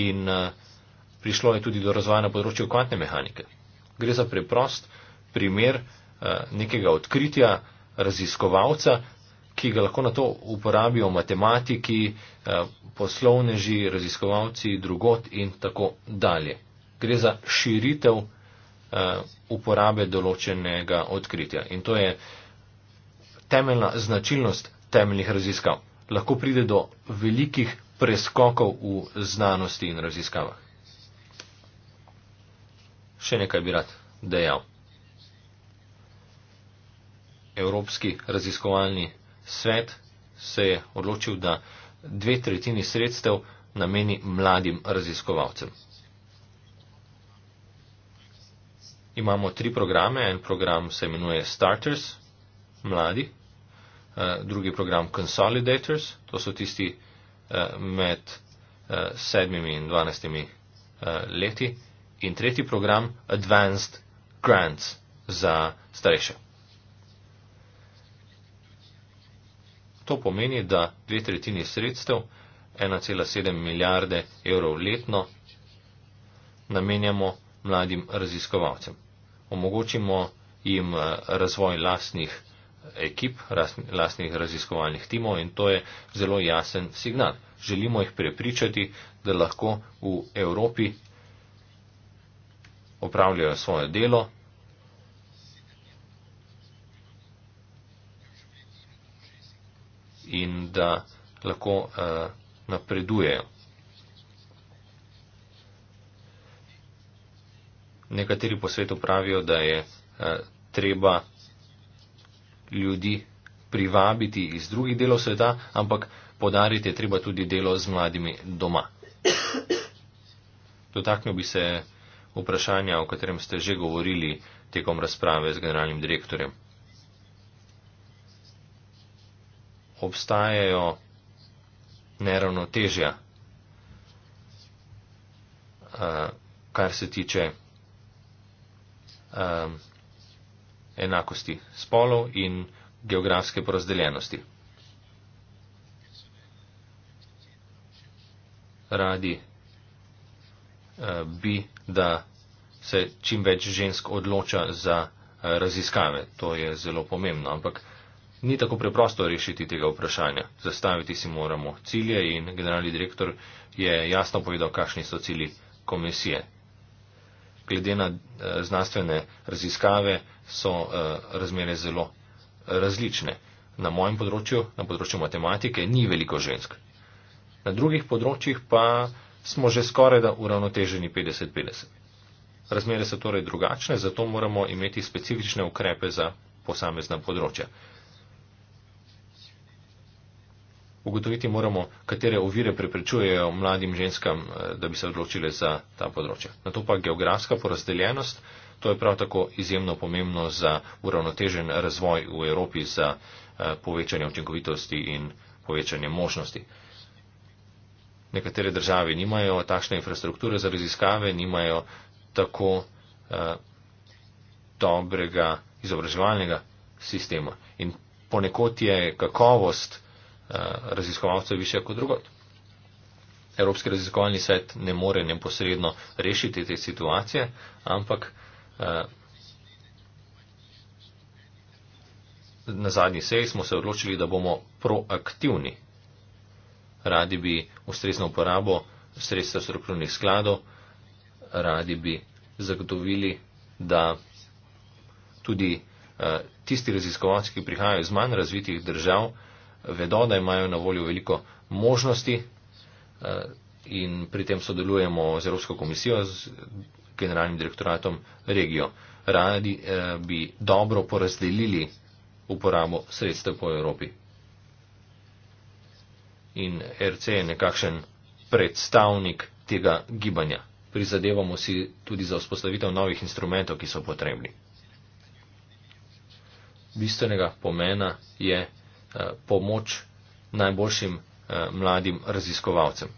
In uh, prišlo je tudi do razvoja na področju kvantne mehanike. Gre za preprost primer eh, nekega odkritja raziskovalca, ki ga lahko na to uporabijo matematiki, eh, poslovneži, raziskovalci, drugot in tako dalje. Gre za širitev eh, uporabe določenega odkritja. In to je temeljna značilnost temeljnih raziskav. Lahko pride do velikih preskokov v znanosti in raziskavah. Še nekaj bi rad dejal. Evropski raziskovalni svet se je odločil, da dve tretjini sredstev nameni mladim raziskovalcem. Imamo tri programe. En program se imenuje Starters, mladi, eh, drugi program Consolidators, to so tisti eh, med eh, sedmimi in dvanajstimi leti, in tretji program Advanced Grants za starejše. To pomeni, da dve tretjini sredstev, 1,7 milijarde evrov letno, namenjamo mladim raziskovalcem. Omogočimo jim eh, razvoj lastnih ekip, lastnih raziskovalnih timov in to je zelo jasen signal. Želimo jih prepričati, da lahko v Evropi opravljajo svoje delo. In da lahko uh, napredujejo. Nekateri po svetu pravijo, da je uh, treba ljudi privabiti iz drugih delov sveta, ampak podariti je treba tudi delo z mladimi doma. Dotaknil bi se vprašanja, o katerem ste že govorili tekom razprave z generalnim direktorjem. Obstajajo neravnotežja, eh, kar se tiče eh, enakosti spolov in geografske porazdeljenosti. Radi eh, bi da se čim več žensk odloča za eh, raziskave. To je zelo pomembno, ampak ni tako preprosto rešiti tega vprašanja. Zastaviti si moramo cilje in generalni direktor je jasno povedal, kakšni so cilji komisije. Glede na eh, znanstvene raziskave so eh, razmere zelo različne. Na mojem področju, na področju matematike, ni veliko žensk. Na drugih področjih pa smo že skoraj da uravnoteženi 50-50. Razmere so torej drugačne, zato moramo imeti specifične ukrepe za posamezna področja. Ugotoviti moramo, katere ovire preprečujejo mladim ženskam, eh, da bi se odločile za ta področja. Na to pa geografska porazdeljenost, to je prav tako izjemno pomembno za uravnotežen razvoj v Evropi, za eh, povečanje učinkovitosti in povečanje možnosti nekatere države nimajo takšne infrastrukture za raziskave, nimajo tako eh, dobrega izobraževalnega sistema. In ponekod je kakovost eh, raziskovalcev više kot drugot. Evropski raziskovalni svet ne more neposredno rešiti te situacije, ampak eh, na zadnji seji smo se odločili, da bomo proaktivni. Radi bi ustrezno uporabo sredstva strokovnih skladov, radi bi zagotovili, da tudi eh, tisti raziskovalci, ki prihajajo iz manj razvitih držav, vedo, da imajo na voljo veliko možnosti eh, in pri tem sodelujemo z Evropsko komisijo, z generalnim direktoratom regijo. Radi eh, bi dobro porazdelili uporabo sredstev po Evropi in RC je nekakšen predstavnik tega gibanja. Prizadevamo si tudi za vzpostavitev novih instrumentov, ki so potrebni. Bistvenega pomena je eh, pomoč najboljšim eh, mladim raziskovalcem,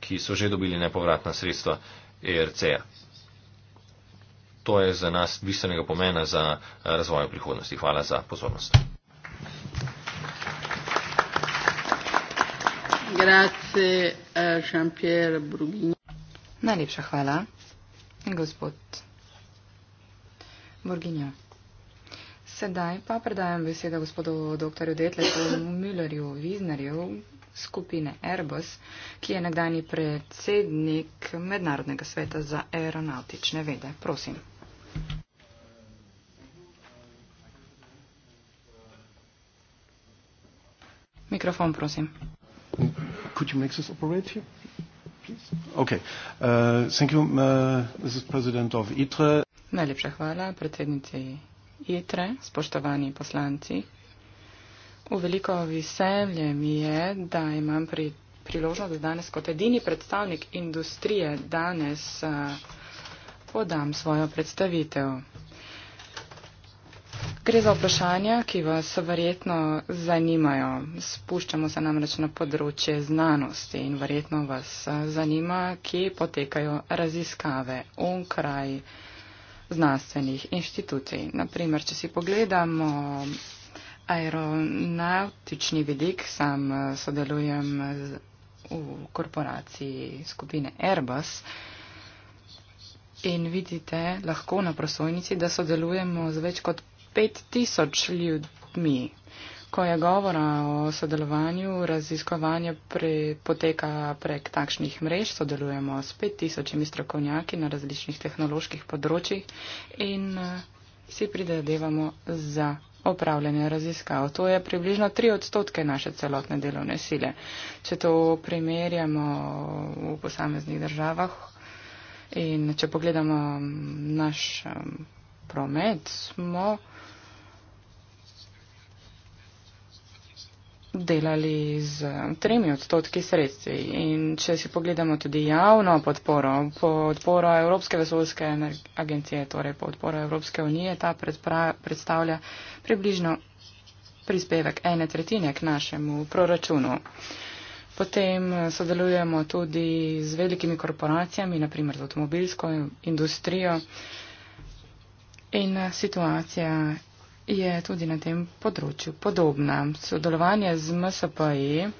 ki so že dobili nepovratna sredstva ERC-ja. To je za nas bistvenega pomena za eh, razvoj prihodnosti. Hvala za pozornost. Eh, Najlepša hvala, gospod Borginja. Sedaj pa predajam besedo gospodu dr. Detlecu Müllerju Wiesnerju skupine Airbus, ki je nekdani predsednik Mednarodnega sveta za aeronautične vede. Prosim. Mikrofon, prosim. Could you make this operate here, please? Okay. Uh, thank you, uh, Mrs. President of ITRE. Najlepša hvala, predsednici ITRE, spoštovani poslanci. V veliko veselje mi je, da imam pri, priložnost, da danes kot edini predstavnik industrije danes uh, podam svojo predstavitev. Gre za vprašanja, ki vas verjetno zanimajo. Spuščamo se namreč na področje znanosti in verjetno vas eh, zanima, kje potekajo raziskave onkraj znanstvenih inštitucij. Naprimer, če si pogledamo aeronautični vidik, sam eh, sodelujem v korporaciji skupine Airbus. In vidite lahko na prosojnici, da sodelujemo z več kot 5000 ljudmi. Ko je govora o sodelovanju, raziskovanje pre, poteka prek takšnih mrež, sodelujemo s 5000 strokovnjaki na različnih tehnoloških področjih in uh, si pridedevamo za opravljanje raziskav. To je približno 3 odstotke naše celotne delovne sile. Če to primerjamo v posameznih državah in če pogledamo mm, naš um, promet, smo. delali z tremi odstotki sredstvi. In če si pogledamo tudi javno podporo, podpora Evropske vesoljske agencije, torej podpora Evropske unije, ta predstavlja približno prispevek ene tretjine k našemu proračunu. Potem eh, sodelujemo tudi z velikimi korporacijami, naprimer z avtomobilsko industrijo. In eh, situacija je tudi na tem področju podobna. Sodelovanje z MSPI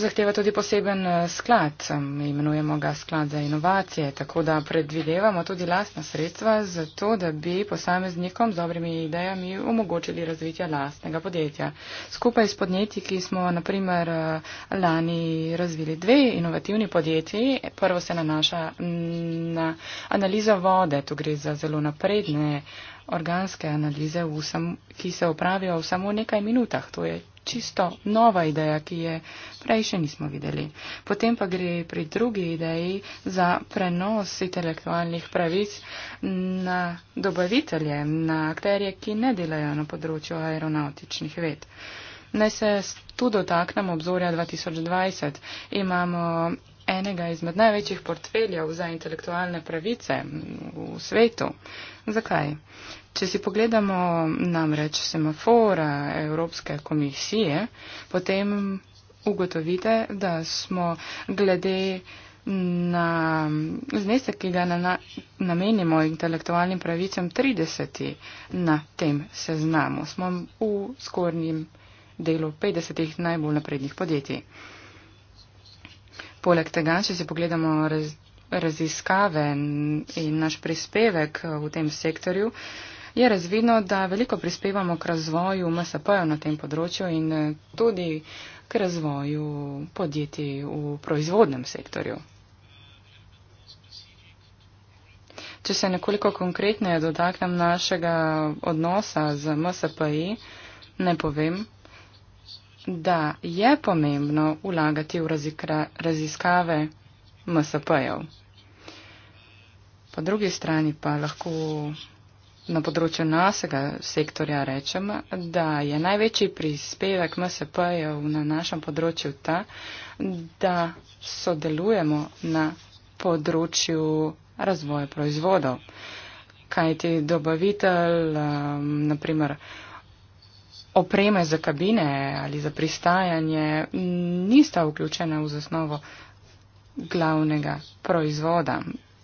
zahteva tudi poseben eh, sklad, imenujemo ga sklad za inovacije, tako da predvidevamo tudi lastna sredstva za to, da bi posameznikom z dobrimi idejami omogočili razvitje lastnega podjetja. Skupaj s podjetniki smo naprimer eh, lani razvili dve inovativni podjetji. Prvo se nanaša mm, na analizo vode, tu gre za zelo napredne organske analize, vsem, ki se opravijo v samo nekaj minutah. To je čisto nova ideja, ki je prej še nismo videli. Potem pa gre pri drugi ideji za prenos intelektualnih pravic na dobavitelje, na akterje, ki ne delajo na področju aeronautičnih ved. Naj se tu dotaknem obzorja 2020. Imamo enega izmed največjih portfeljev za intelektualne pravice v svetu. Zakaj? Če si pogledamo namreč semafora Evropske komisije, potem ugotovite, da smo glede na znesek, ki ga na, namenimo intelektualnim pravicam, 30. na tem seznamu. Smo v skornjem delu 50 najbolj naprednih podjetij. Poleg tega, če se pogledamo raz, raziskave in naš prispevek v tem sektorju, je razvidno, da veliko prispevamo k razvoju MSP-ja na tem področju in eh, tudi k razvoju podjetij v proizvodnem sektorju. Če se nekoliko konkretneje dotaknem našega odnosa z MSPI, ne povem, da je pomembno vlagati v raziskave MSP-jev. Po drugi strani pa lahko na področju nasega sektorja rečem, da je največji prispevek MSP-jev na našem področju ta, da sodelujemo na področju razvoja proizvodov. Kajti dobavitelj, um, ehm, naprimer, opreme za kabine ali za pristajanje nista vključena v zasnovo glavnega proizvoda.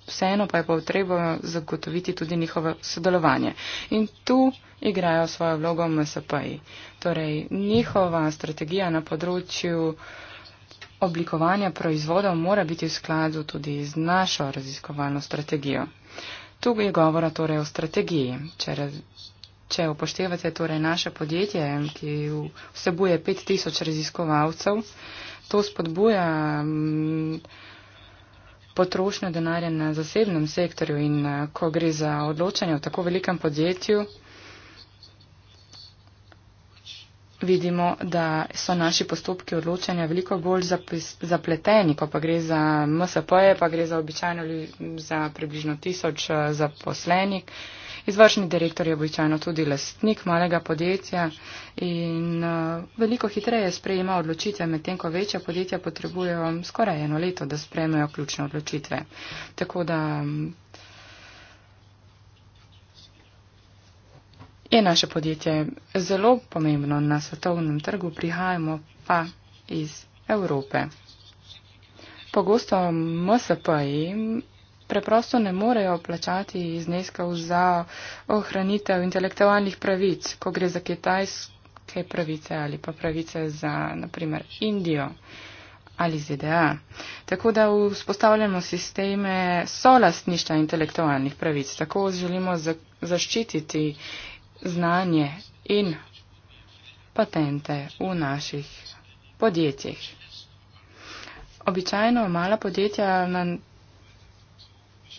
Vseeno pa je potrebno zagotoviti tudi njihovo sodelovanje. In tu igrajo svojo vlogo MSP-ji. Torej, njihova strategija na področju oblikovanja proizvodov mora biti v skladu tudi z našo raziskovalno strategijo. Tu je govora torej o strategiji. Če Če upoštevate torej naše podjetje, ki vsebuje 5000 raziskovalcev, to spodbuja mm, potrošnjo denarja na zasebnem sektorju in eh, ko gre za odločanje v tako velikem podjetju, vidimo, da so naši postopki odločanja veliko bolj zapleteni, ko pa gre za MSP-je, pa gre za običajno za približno tisoč eh, zaposlenih. Izvršni direktor je običajno tudi lastnik malega podjetja in uh, veliko hitreje sprejema odločitve, medtem ko večja podjetja potrebujejo skoraj eno leto, da sprejmejo ključne odločitve. Tako da mm, je naše podjetje zelo pomembno na svetovnem trgu, prihajamo pa iz Evrope. Pogosto MSP preprosto ne morejo plačati izneskov za ohranitev intelektualnih pravic, ko gre za kitajske pravice ali pa pravice za, naprimer, Indijo ali ZDA. Tako da vzpostavljamo sisteme solastništva intelektualnih pravic, tako želimo zaščititi znanje in patente v naših podjetjih. Običajno mala podjetja na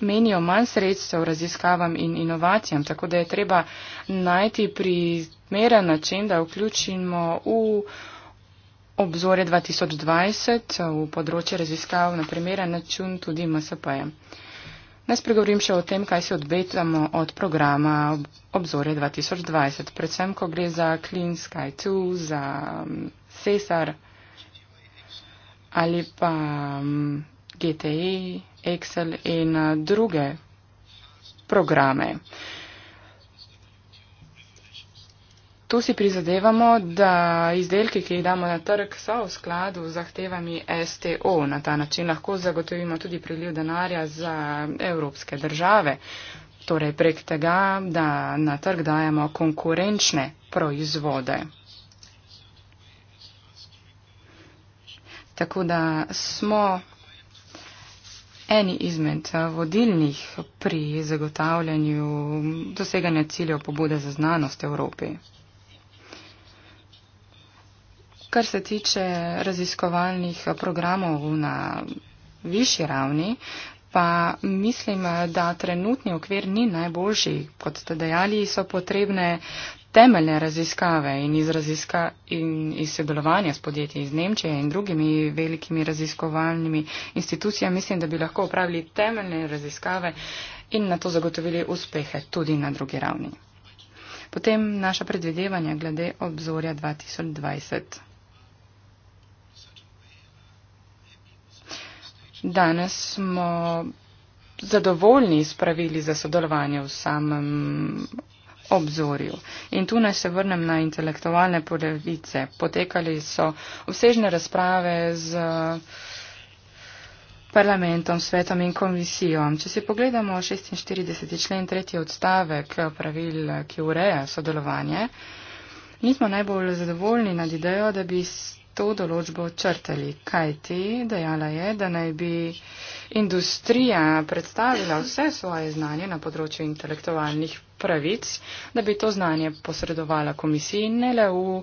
menijo manj sredstev raziskavam in inovacijam, tako da je treba najti primeren način, da vključimo v obzore 2020 v področje raziskav na primeren način tudi MSP-je. Naj spregovorim še o tem, kaj se odbetamo od programa obzore 2020, predvsem, ko gre za Clean Sky 2, za Cesar ali pa GTI e, Excel in eh, druge programe. Tu si prizadevamo, da izdelki, ki jih damo na trg, so v skladu z zahtevami STO. Na ta način lahko zagotovimo tudi priliv denarja za evropske države. Torej prek tega, da na trg dajemo konkurenčne proizvode. Tako da smo eni izmed eh, vodilnih pri zagotavljanju doseganja ciljev pobude za znanost Evropi. Kar se tiče raziskovalnih eh, programov na višji ravni, pa mislim, eh, da trenutni okvir ni najboljši. Kot ste dejali, so potrebne temeljne raziskave in iz, raziska in iz sodelovanja s podjetji iz Nemčije in drugimi velikimi raziskovalnimi institucijami, mislim, da bi lahko upravili temeljne raziskave in na to zagotovili uspehe tudi na drugi ravni. Potem naša predvidevanja glede obzorja 2020. Danes smo zadovoljni s pravili za sodelovanje v samem obzorju. In tu naj se vrnem na intelektualne podelice. Potekali so obsežne razprave z eh, parlamentom, svetom in komisijo. Če si pogledamo 46. člen, tretji odstavek eh, pravil, eh, ki ureja sodelovanje, nismo najbolj zadovoljni nad idejo, da bi to določbo črtali. Kaj ti dejala je, da naj bi industrija predstavila vse svoje znanje na področju intelektualnih pravic, da bi to znanje posredovala komisiji ne le v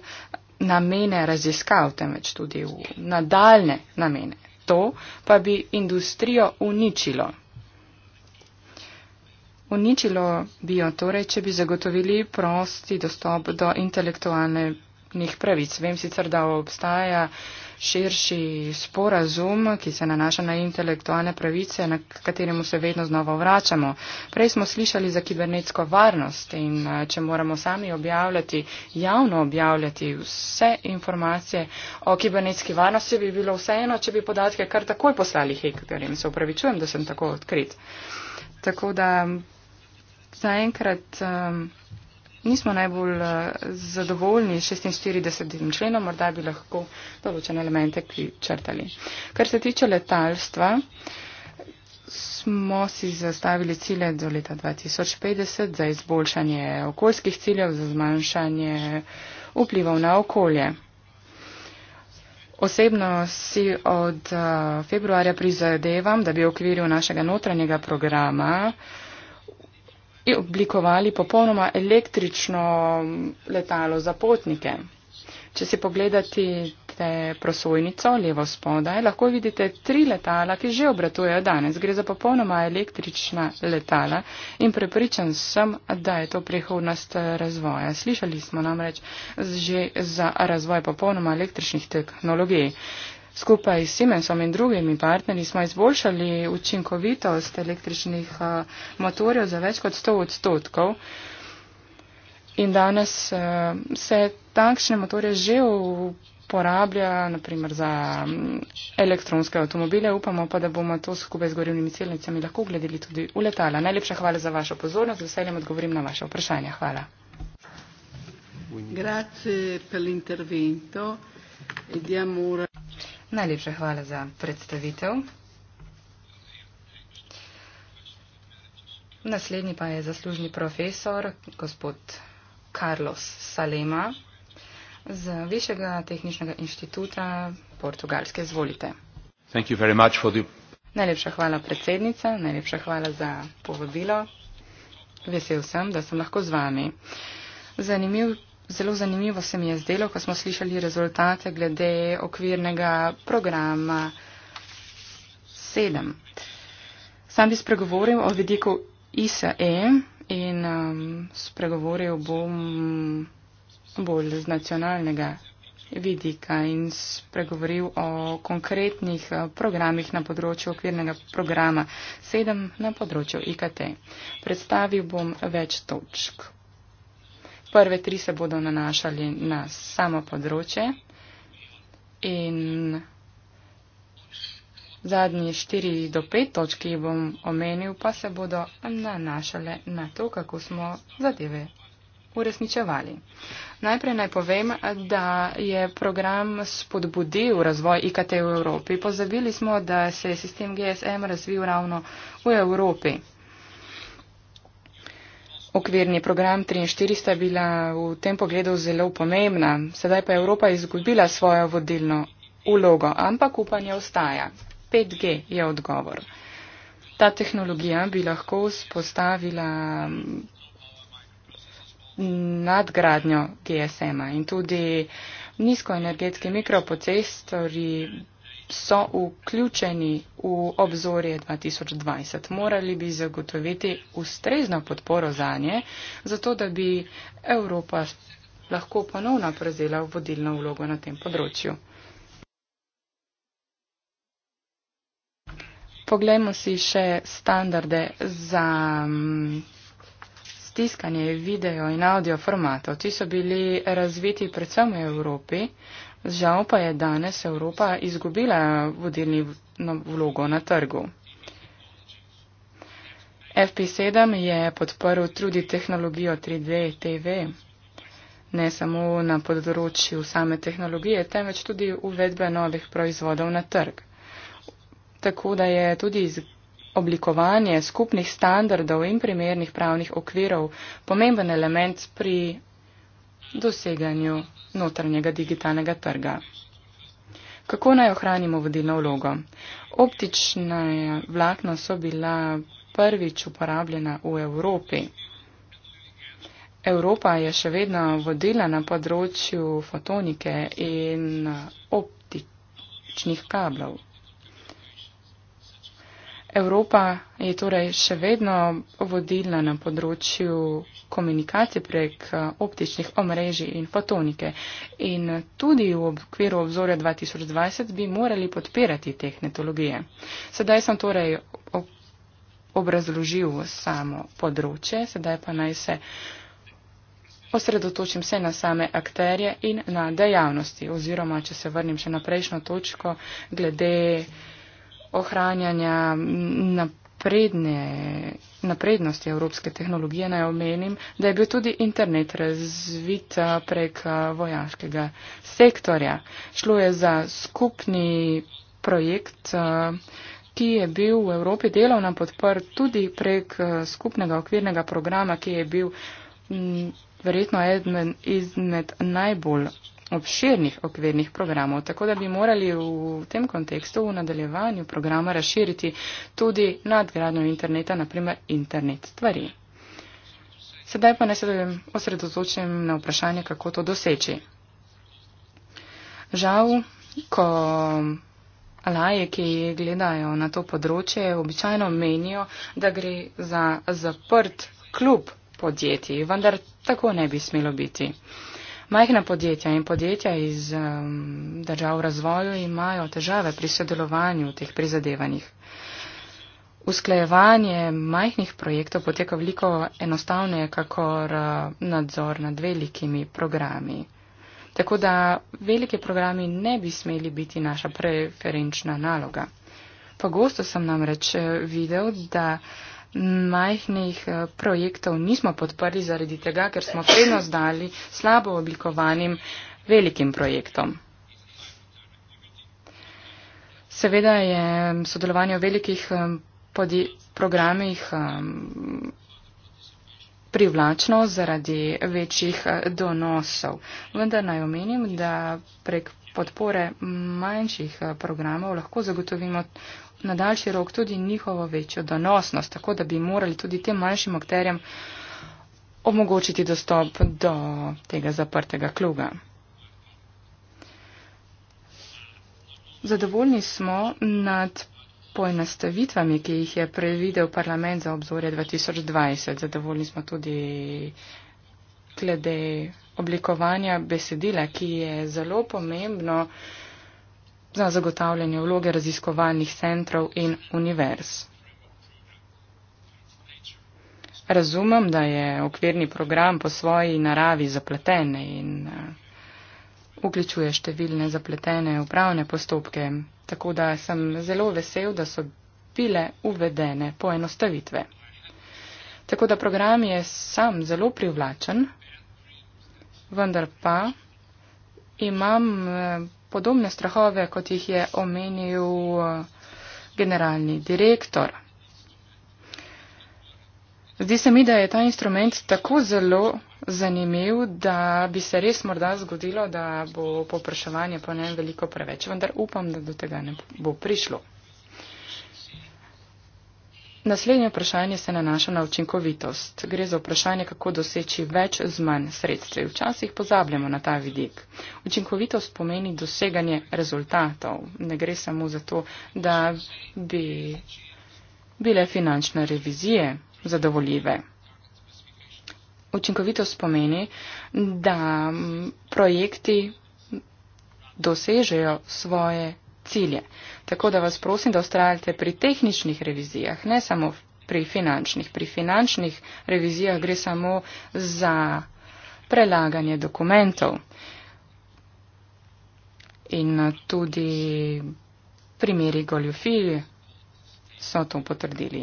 namene raziskav, temveč tudi v nadaljne namene. To pa bi industrijo uničilo. Uničilo bi jo torej, če bi zagotovili prosti dostop do intelektualne človeških pravic. Vem sicer, da obstaja širši sporazum, ki se nanaša na intelektualne pravice, na kateremu se vedno znova vračamo. Prej smo slišali za kibernetsko varnost in eh, če moramo sami objavljati, javno objavljati vse informacije o kibernetski varnosti, bi bilo vseeno, če bi podatke kar takoj poslali hekerjem. Se upravičujem, da sem tako odkrit. Tako da zaenkrat. Um, nismo najbolj eh, zadovoljni s 46. členom, morda bi lahko določene elemente črtali. Kar se tiče letalstva, smo si zastavili cilje do leta 2050 za izboljšanje okoljskih ciljev, za zmanjšanje vplivov na okolje. Osebno si od eh, februarja prizadevam, da bi v okviru našega notranjega programa uh, oblikovali popolnoma električno letalo za potnike. Če si pogledati te prosojnico levo spodaj, lahko vidite tri letala, ki že obratujejo danes. Gre za popolnoma električna letala in prepričan sem, da je to prihodnost razvoja. Slišali smo namreč že za razvoj popolnoma električnih tehnologij skupaj s Siemensom in drugimi partnerji smo izboljšali učinkovitost električnih eh, motorjev za več kot 100 odstotkov. In danes eh, se takšne motorje že uporablja, naprimer za mm, elektronske avtomobile. Upamo pa, da bomo to skupaj z gorivnimi celnicami lahko gledali tudi v letala. Najlepša hvala za vašo pozornost. Z veseljem odgovorim na vaše vprašanje. Hvala. Grazie per l'intervento e diamo ora. Najlepša hvala za predstavitev. Naslednji pa je zaslužni profesor, gospod Carlos Salema z Višjega tehničnega inštituta Portugalske. Zvolite. Najlepša hvala predsednica, najlepša hvala za povabilo. Vesel sem, da sem lahko z vami. Zanimiv Zelo zanimivo se mi je zdelo, ko smo slišali rezultate glede okvirnega programa 7. Sam bi spregovoril o vidiku ISE in um, spregovoril bom bolj z nacionalnega vidika in spregovoril o konkretnih uh, programih na področju okvirnega programa 7 na področju IKT. Predstavil bom več točk prve tri se bodo nanašali na samo področje in zadnji štiri do pet točk, ki jih bom omenil, pa se bodo nanašale na to, kako smo zadeve uresničevali. Najprej naj povem, da je program spodbudil razvoj IKT v Evropi. Pozabili smo, da se je sistem GSM razvil ravno v Evropi. Okvirni program 43 je bila v tem pogledu zelo pomembna, sedaj pa je Evropa izgubila svojo vodilno ulogo, ampak upanje ostaja. 5G je odgovor. Ta tehnologija bi lahko spostavila mm, nadgradnjo GSM-a in tudi nizkoenergetski mikroprocesori so vključeni v obzorje 2020. Morali bi zagotoviti ustrezno podporo za nje, zato da bi Evropa lahko ponovno prevzela vodilno vlogo na tem področju. Poglejmo si še standarde za mm, stiskanje video in audio formatov. Ti so bili razviti predvsem v Evropi. Žal pa je danes Evropa izgubila vodilni no, vlogo na trgu. FP7 je podprl tudi tehnologijo 3D TV, ne samo na področju same tehnologije, temveč tudi uvedbe novih proizvodov na trg. Tako da je tudi oblikovanje skupnih standardov in primernih pravnih okvirov pomemben element pri doseganju notranjega digitalnega trga. Kako naj ohranimo vodilno vlogo? Optična vlakna so bila prvič uporabljena v Evropi. Evropa je še vedno vodila na področju fotonike in optičnih kablov. Evropa je torej še vedno vodila na področju komunikacije prek eh, optičnih omrežij in fotonike. In tudi v okviru obzorja 2020 bi morali podpirati tehnologije. Sedaj sem torej obrazložil samo področje, sedaj pa naj se osredotočim se na same akterje in na dejavnosti. Oziroma, če se vrnim še na prejšnjo točko glede ohranjanja napredne, naprednosti evropske tehnologije, naj omenim, da je bil tudi internet razvit prek vojaškega sektorja. Šlo je za skupni projekt, ki je bil v Evropi delovno podprt tudi prek skupnega okvirnega programa, ki je bil verjetno eden izmed najbolj obširnih okvirnih programov, tako da bi morali v tem kontekstu v nadaljevanju programa razširiti tudi nadgradno interneta, naprimer internet stvari. Sedaj pa naj se osredotočim na vprašanje, kako to doseči. Žal, ko laje, ki gledajo na to področje, običajno menijo, da gre za zaprt klub podjetij, vendar tako ne bi smelo biti. Uh, Majhna podjetja in podjetja iz um, držav v razvoju imajo težave pri sodelovanju v teh prizadevanjih. Usklajevanje majhnih projektov poteka veliko enostavneje, kakor uh, nadzor nad velikimi programi. Tako da velike programi ne bi smeli biti naša preferenčna naloga. Pogosto sem namreč eh, videl, da majhnih eh, projektov nismo podprli zaradi tega, ker smo prednost dali slabo oblikovanim velikim projektom. Seveda je sodelovanje v velikih eh, podi, programih eh, privlačno zaradi večjih donosov. Vendar naj omenim, da prek podpore manjših programov lahko zagotovimo na daljši rok tudi njihovo večjo donosnost, tako da bi morali tudi tem manjšim akterjem omogočiti dostop do tega zaprtega kluga. Zadovoljni smo nad poenostavitvami, ki jih je predvidel parlament za obzorje 2020. Zadovoljni smo tudi glede oblikovanja besedila, ki je zelo pomembno za zagotavljanje vloge raziskovalnih centrov in univerz. Razumem, da je okvirni program po svoji naravi zapleten in eh, vključuje številne zapletene upravne postopke, tako da sem zelo vesel, da so bile uvedene poenostavitve. Tako da program je sam zelo privlačen, vendar pa imam eh, podobne strahove, kot jih je omenil eh, generalni direktor. Zdi se mi, da je ta instrument tako zelo zanimiv, da bi se res morda zgodilo, da bo popraševanje po njem veliko preveč, vendar upam, da do tega ne bo prišlo. Naslednje vprašanje se nanaša na učinkovitost. Gre za vprašanje, kako doseči več z manj sredstvi. Včasih pozabljamo na ta vidik. Učinkovitost pomeni doseganje rezultatov. Ne gre samo za to, da bi bile finančne revizije zadovoljive. Učinkovitost pomeni, da projekti dosežejo svoje cilje. Tako da vas prosim, da ustrajate pri tehničnih revizijah, ne samo pri finančnih. Pri finančnih revizijah gre samo za prelaganje dokumentov in eh, tudi primeri goljofil so to potrdili.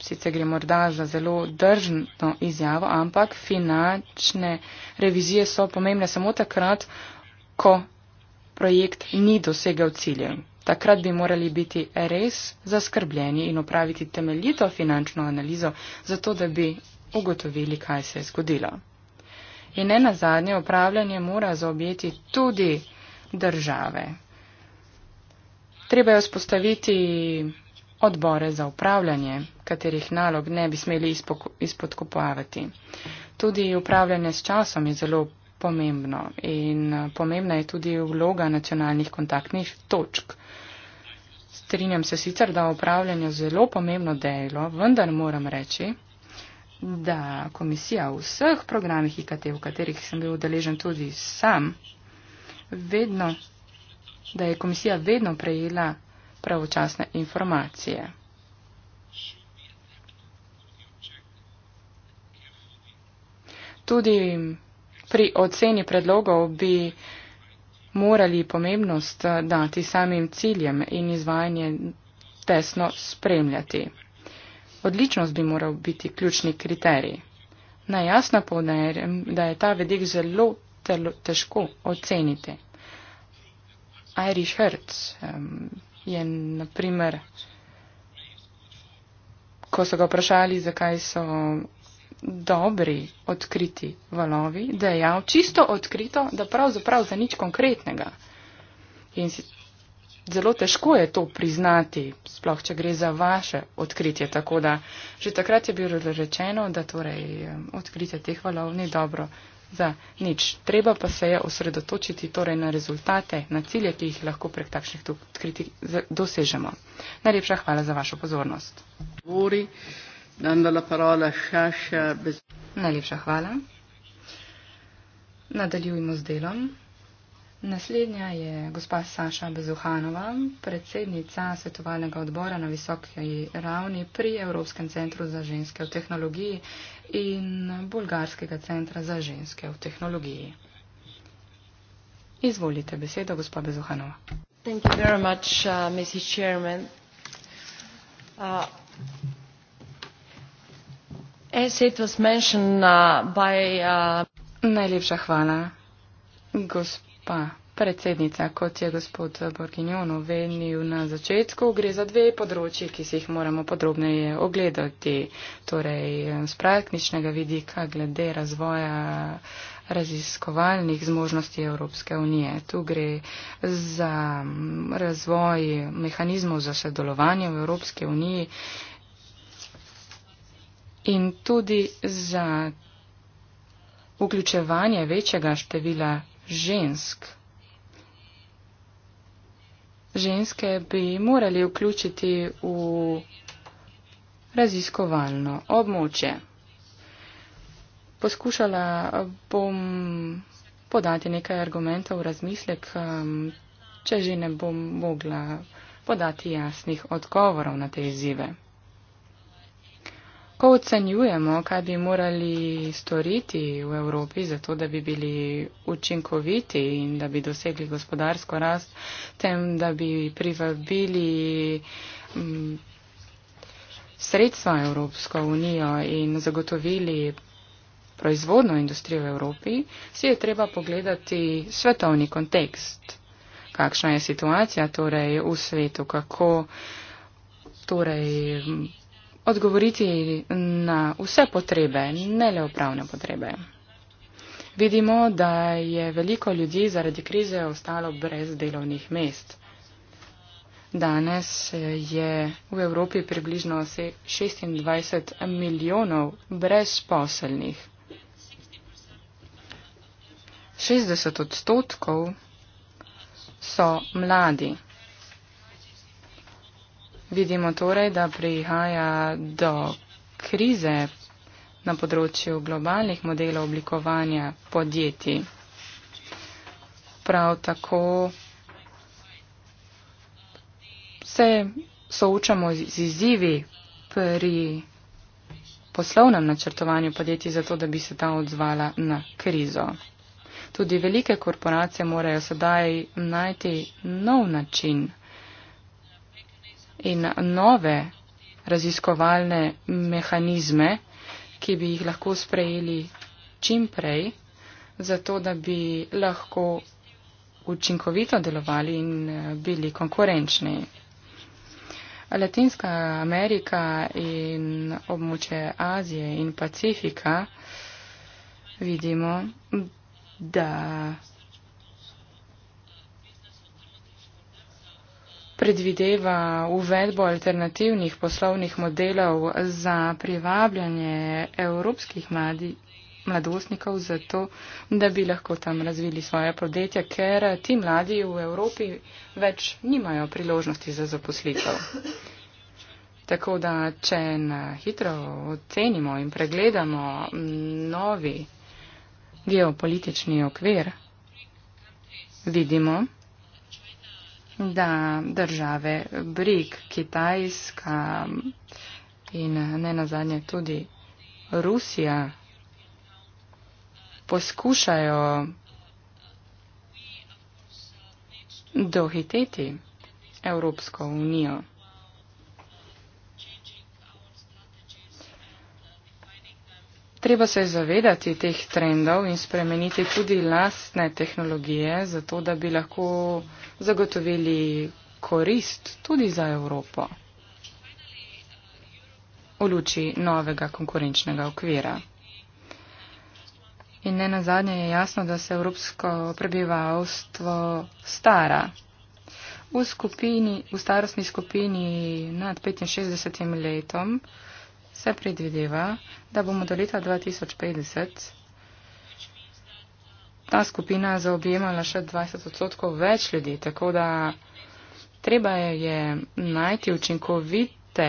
Sicer gre morda za zelo držno izjavo, ampak finančne revizije so pomembne samo takrat, ko projekt ni dosegel ciljev. Takrat bi morali biti res zaskrbljeni in opraviti temeljito finančno analizo, zato da bi ugotovili, kaj se je zgodilo. In ne na zadnje, upravljanje mora zaobjeti tudi države. Treba je vzpostaviti odbore za upravljanje, katerih nalog ne bi smeli izpodkopavati. Tudi upravljanje s časom je zelo pomembno. In eh, pomembna je tudi vloga nacionalnih kontaktnih točk. Strinjam se sicer, da upravljanje zelo pomembno delo, vendar moram reči, da komisija v vseh programih IKT, v katerih sem bil udeležen tudi sam, vedno, da je komisija vedno prejela pravočasne informacije. Tudi pri oceni predlogov bi morali pomembnost eh, dati samim ciljem in izvajanje tesno spremljati. Odličnost bi moral biti ključni kriterij. Najjasno povdarjam, da je ta vedik zelo težko oceniti. Irish Hertz je naprimer, ko so ga vprašali, zakaj so dobri odkriti valovi dejal čisto odkrito, da pravzaprav za nič konkretnega. In si, zelo težko je to priznati, sploh če gre za vaše odkritje. Tako da že takrat je bilo rečeno, da torej odkritje teh valov ni dobro za nič. Treba pa se je osredotočiti torej na rezultate, na cilje, ki jih lahko prek takšnih odkritij dosežemo. Najlepša hvala za vašo pozornost. Vori. Najlepša hvala. Nadaljujmo z delom. Naslednja je gospa Saša Bezuhanova, predsednica svetovalnega odbora na visoki ravni pri Evropskem centru za ženske v tehnologiji in Bolgarskega centra za ženske v tehnologiji. Izvolite besedo, gospa Bezuhanova. Thank you very much, uh, Mrs. Chairman. Uh, Uh, uh, Najlepša hvala, gospa predsednica. Kot je gospod Borginjon ovenil na začetku, gre za dve področji, ki si jih moramo podrobneje ogledati. Torej, z praktičnega vidika glede razvoja raziskovalnih zmožnosti Evropske unije. Tu gre za mm, razvoj mehanizmov za sodelovanje v Evropske uniji in tudi za vključevanje večjega števila žensk. Ženske bi morali vključiti v raziskovalno območje. Poskušala bom podati nekaj argumentov v razmislek, um, če že ne bom mogla podati jasnih odgovorov na te izzive. Ko ocenjujemo, kaj bi morali storiti v Evropi, zato da bi bili učinkoviti in da bi dosegli gospodarsko rast, tem, da bi privabili m, mm, sredstva Evropsko unijo in zagotovili proizvodno industrijo v Evropi, si je treba pogledati svetovni kontekst. Kakšna je situacija torej v svetu, kako torej. M, odgovoriti na vse potrebe, ne le upravne potrebe. Vidimo, da je veliko ljudi zaradi krize ostalo brez delovnih mest. Danes je v Evropi približno 26 milijonov brezposelnih. 60 odstotkov so mladi. Vidimo torej, da prihaja do krize na področju globalnih modelov oblikovanja podjetij. Prav tako se soočamo z izzivi pri poslovnem načrtovanju podjetij zato, da bi se ta odzvala na krizo. Tudi velike korporacije morajo sedaj najti nov način in nove raziskovalne mehanizme, ki bi jih lahko sprejeli čim prej, zato da bi lahko učinkovito delovali in eh, bili konkurenčni. Latinska Amerika in območje Azije in Pacifika vidimo, da predvideva uvedbo alternativnih poslovnih modelov za privabljanje evropskih mladi, mladostnikov za to, da bi lahko tam razvili svoje podjetja, ker ti mladi v Evropi več nimajo priložnosti za zaposlitev. Tako da, če na hitro ocenimo in pregledamo novi geopolitični okvir, vidimo, da države Brik, Kitajska in ne nazadnje tudi Rusija poskušajo dohiteti Evropsko unijo. Treba se zavedati teh trendov in spremeniti tudi lastne tehnologije, zato da bi lahko zagotovili korist tudi za Evropo v luči novega konkurenčnega okvira. In ne nazadnje je jasno, da se evropsko prebivalstvo stara. V, skupini, v starostni skupini nad 65 letom se predvideva, da bomo do leta 2050 ta skupina zaobjemala še 20 odstotkov več ljudi, tako da treba je najti učinkovite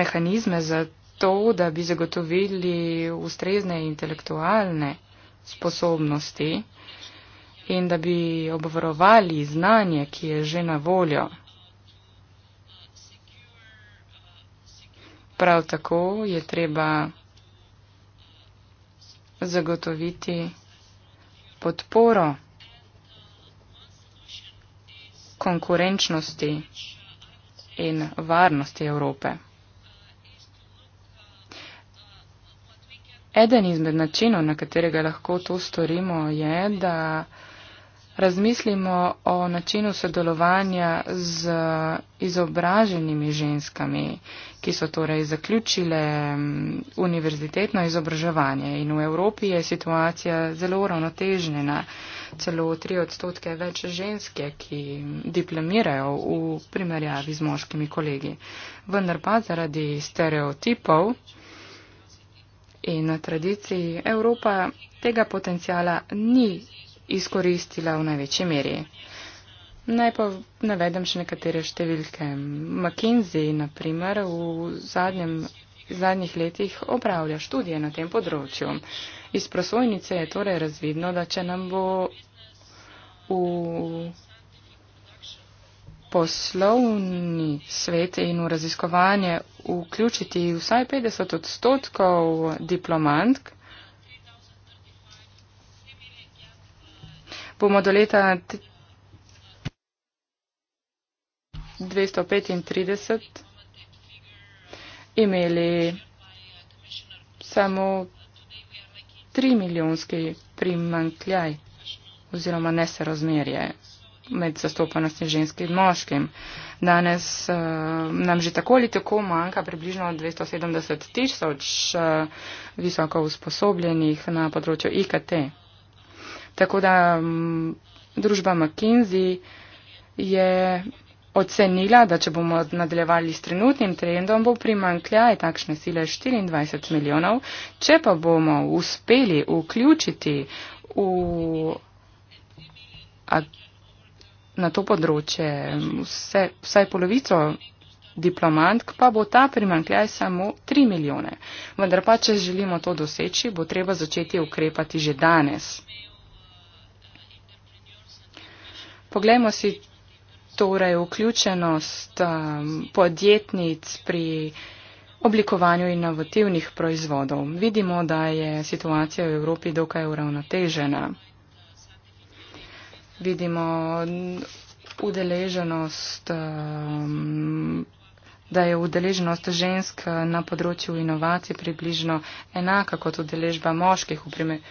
mehanizme za to, da bi zagotovili ustrezne intelektualne sposobnosti in da bi obvarovali znanje, ki je že na voljo. Prav tako je treba zagotoviti podporo konkurenčnosti in varnosti Evrope. Eden izmed načinov, na katerega lahko to storimo, je, da razmislimo o načinu sodelovanja z izobraženimi ženskami, ki so torej zaključile mm, univerzitetno izobraževanje. In v Evropi je situacija zelo ravnotežnjena. Celo tri odstotke več ženske, ki diplomirajo v primerjavi z moškimi kolegi. Vendar pa zaradi stereotipov in tradicij Evropa tega potencijala ni izkoristila v največji meri. Naj pa navedem še nekatere številke. McKinsey, na primer, v zadnjem, zadnjih letih opravlja študije na tem področju. Iz prosojnice je torej razvidno, da če nam bo v poslovni svet in v raziskovanje vključiti vsaj 50 odstotkov diplomantk, bomo do leta 235 imeli samo 3 milijonski primankljaj oziroma neserozmerje med zastopanostjo ženskim in moškim. Danes uh, nam že tako ali tako manjka približno 270 tisoč uh, visoko usposobljenih na področju IKT. Tako da mm, družba McKinsey je ocenila, da če bomo nadaljevali s trenutnim trendom, bo primankljaj takšne sile 24 milijonov. Če pa bomo uspeli vključiti v na to področje vse, vsaj polovico diplomantk, pa bo ta primankljaj samo 3 milijone. Vendar pa, če želimo to doseči, bo treba začeti ukrepati že danes. Poglejmo si torej vključenost um, podjetnic pri oblikovanju inovativnih proizvodov. Vidimo, da je situacija v Evropi dokaj uravnotežena. Vidimo udeleženost, um, da je udeleženost žensk na področju inovacij približno enaka kot udeležba moških v primeru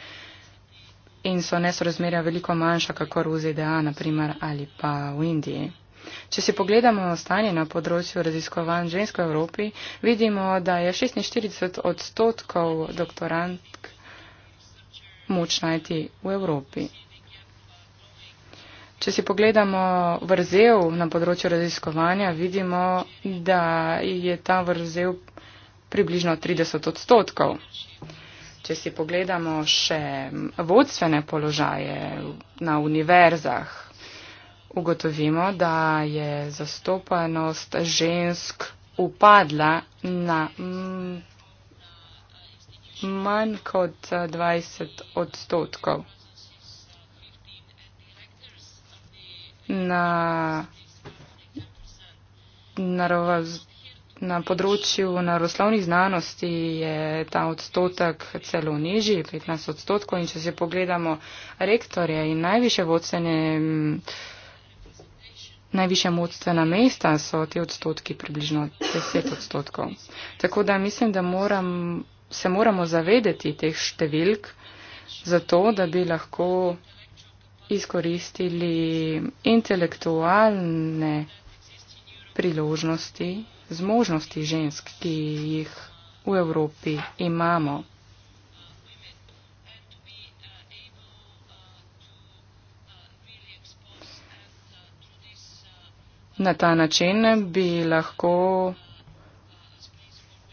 in so nesorazmerja veliko manjša, kakor v ZDA, naprimer, ali pa v Indiji. Če si pogledamo stanje na področju raziskovanj žensk v Evropi, vidimo, da je 46 odstotkov doktorantk moč najti v Evropi. Če si pogledamo vrzel na področju raziskovanja, vidimo, da je ta vrzel približno 30 odstotkov če si pogledamo še vodstvene položaje na univerzah, ugotovimo, da je zastopanost žensk upadla na mm, manj kot 20 eh, odstotkov. Na, na rovaz, na področju naroslovnih znanosti je ta odstotek celo nižji, 15 odstotkov. In če se pogledamo rektorje in najviše vodstvene. Najviše modstvena mesta so ti odstotki približno 10 odstotkov. Tako da mislim, da moram, se moramo zavedeti teh številk za to, da bi lahko izkoristili intelektualne priložnosti zmožnosti žensk, ki jih v Evropi imamo. Na ta način bi lahko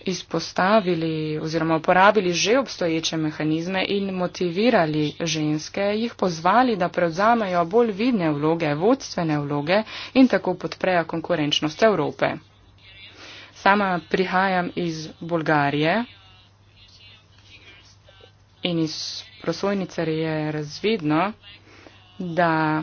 izpostavili oziroma uporabili že obstoječe mehanizme in motivirali ženske, jih pozvali, da prevzamejo bolj vidne vloge, vodstvene vloge in tako podprejo konkurenčnost Evrope. Sama prihajam iz Bolgarije in iz prosojnice je razvidno, da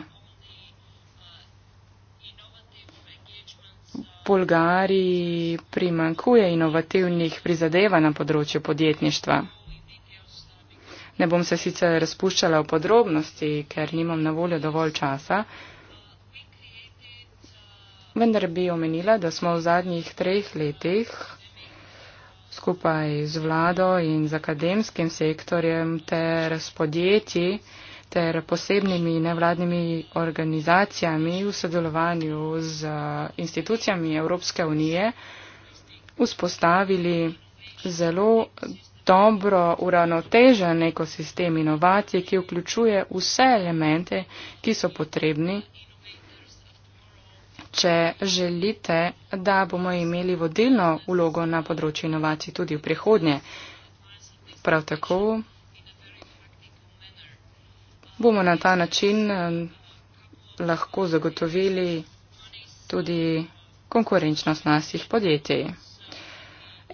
Bolgariji primankuje inovativnih prizadeva na področju podjetništva. Ne bom se sicer razpuščala v podrobnosti, ker nimam na voljo dovolj časa vendar bi omenila, da smo v zadnjih treh letih skupaj z vlado in z akademskim sektorjem ter s podjetji ter posebnimi nevladnimi organizacijami v sodelovanju z institucijami Evropske unije vzpostavili zelo dobro uravnotežen ekosistem inovacij, ki vključuje vse elemente, ki so potrebni če želite, da bomo imeli vodilno vlogo na področju inovacij tudi v prihodnje. Prav tako bomo na ta način lahko zagotovili tudi konkurenčnost naših podjetij.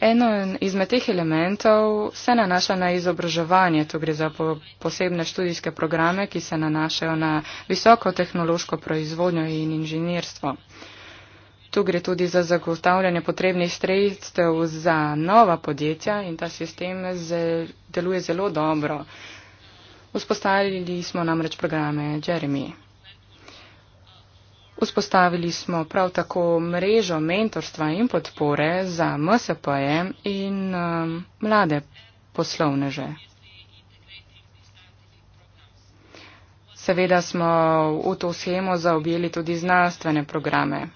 Eno izmed teh elementov se nanaša na izobraževanje. Tu gre za po, posebne študijske programe, ki se nanašajo na visoko tehnološko proizvodnjo in inženirstvo. Tu gre tudi za zagotavljanje potrebnih sredstev za nova podjetja in ta sistem zel, deluje zelo dobro. Vzpostavili smo namreč programe Jeremy. Vzpostavili smo prav tako mrežo mentorstva in podpore za MSP-je in um, mlade poslovneže. Seveda smo v to schemo zaobjeli tudi znanstvene programe.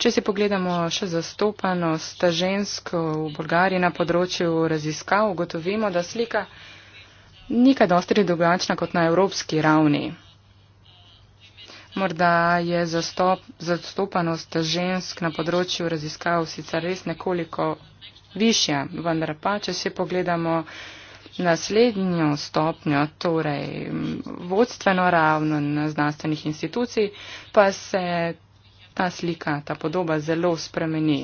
Če si pogledamo še zastopanost žensk v Bolgariji na področju raziskav, ugotovimo, da slika nikaj dosti drugačna kot na evropski ravni. Morda je zastop, zastopanost žensk na področju raziskav sicer res nekoliko višja, vendar pa, če si pogledamo naslednjo stopnjo, torej vodstveno ravno na znanstvenih institucij, pa se ta slika, ta podoba zelo spremeni.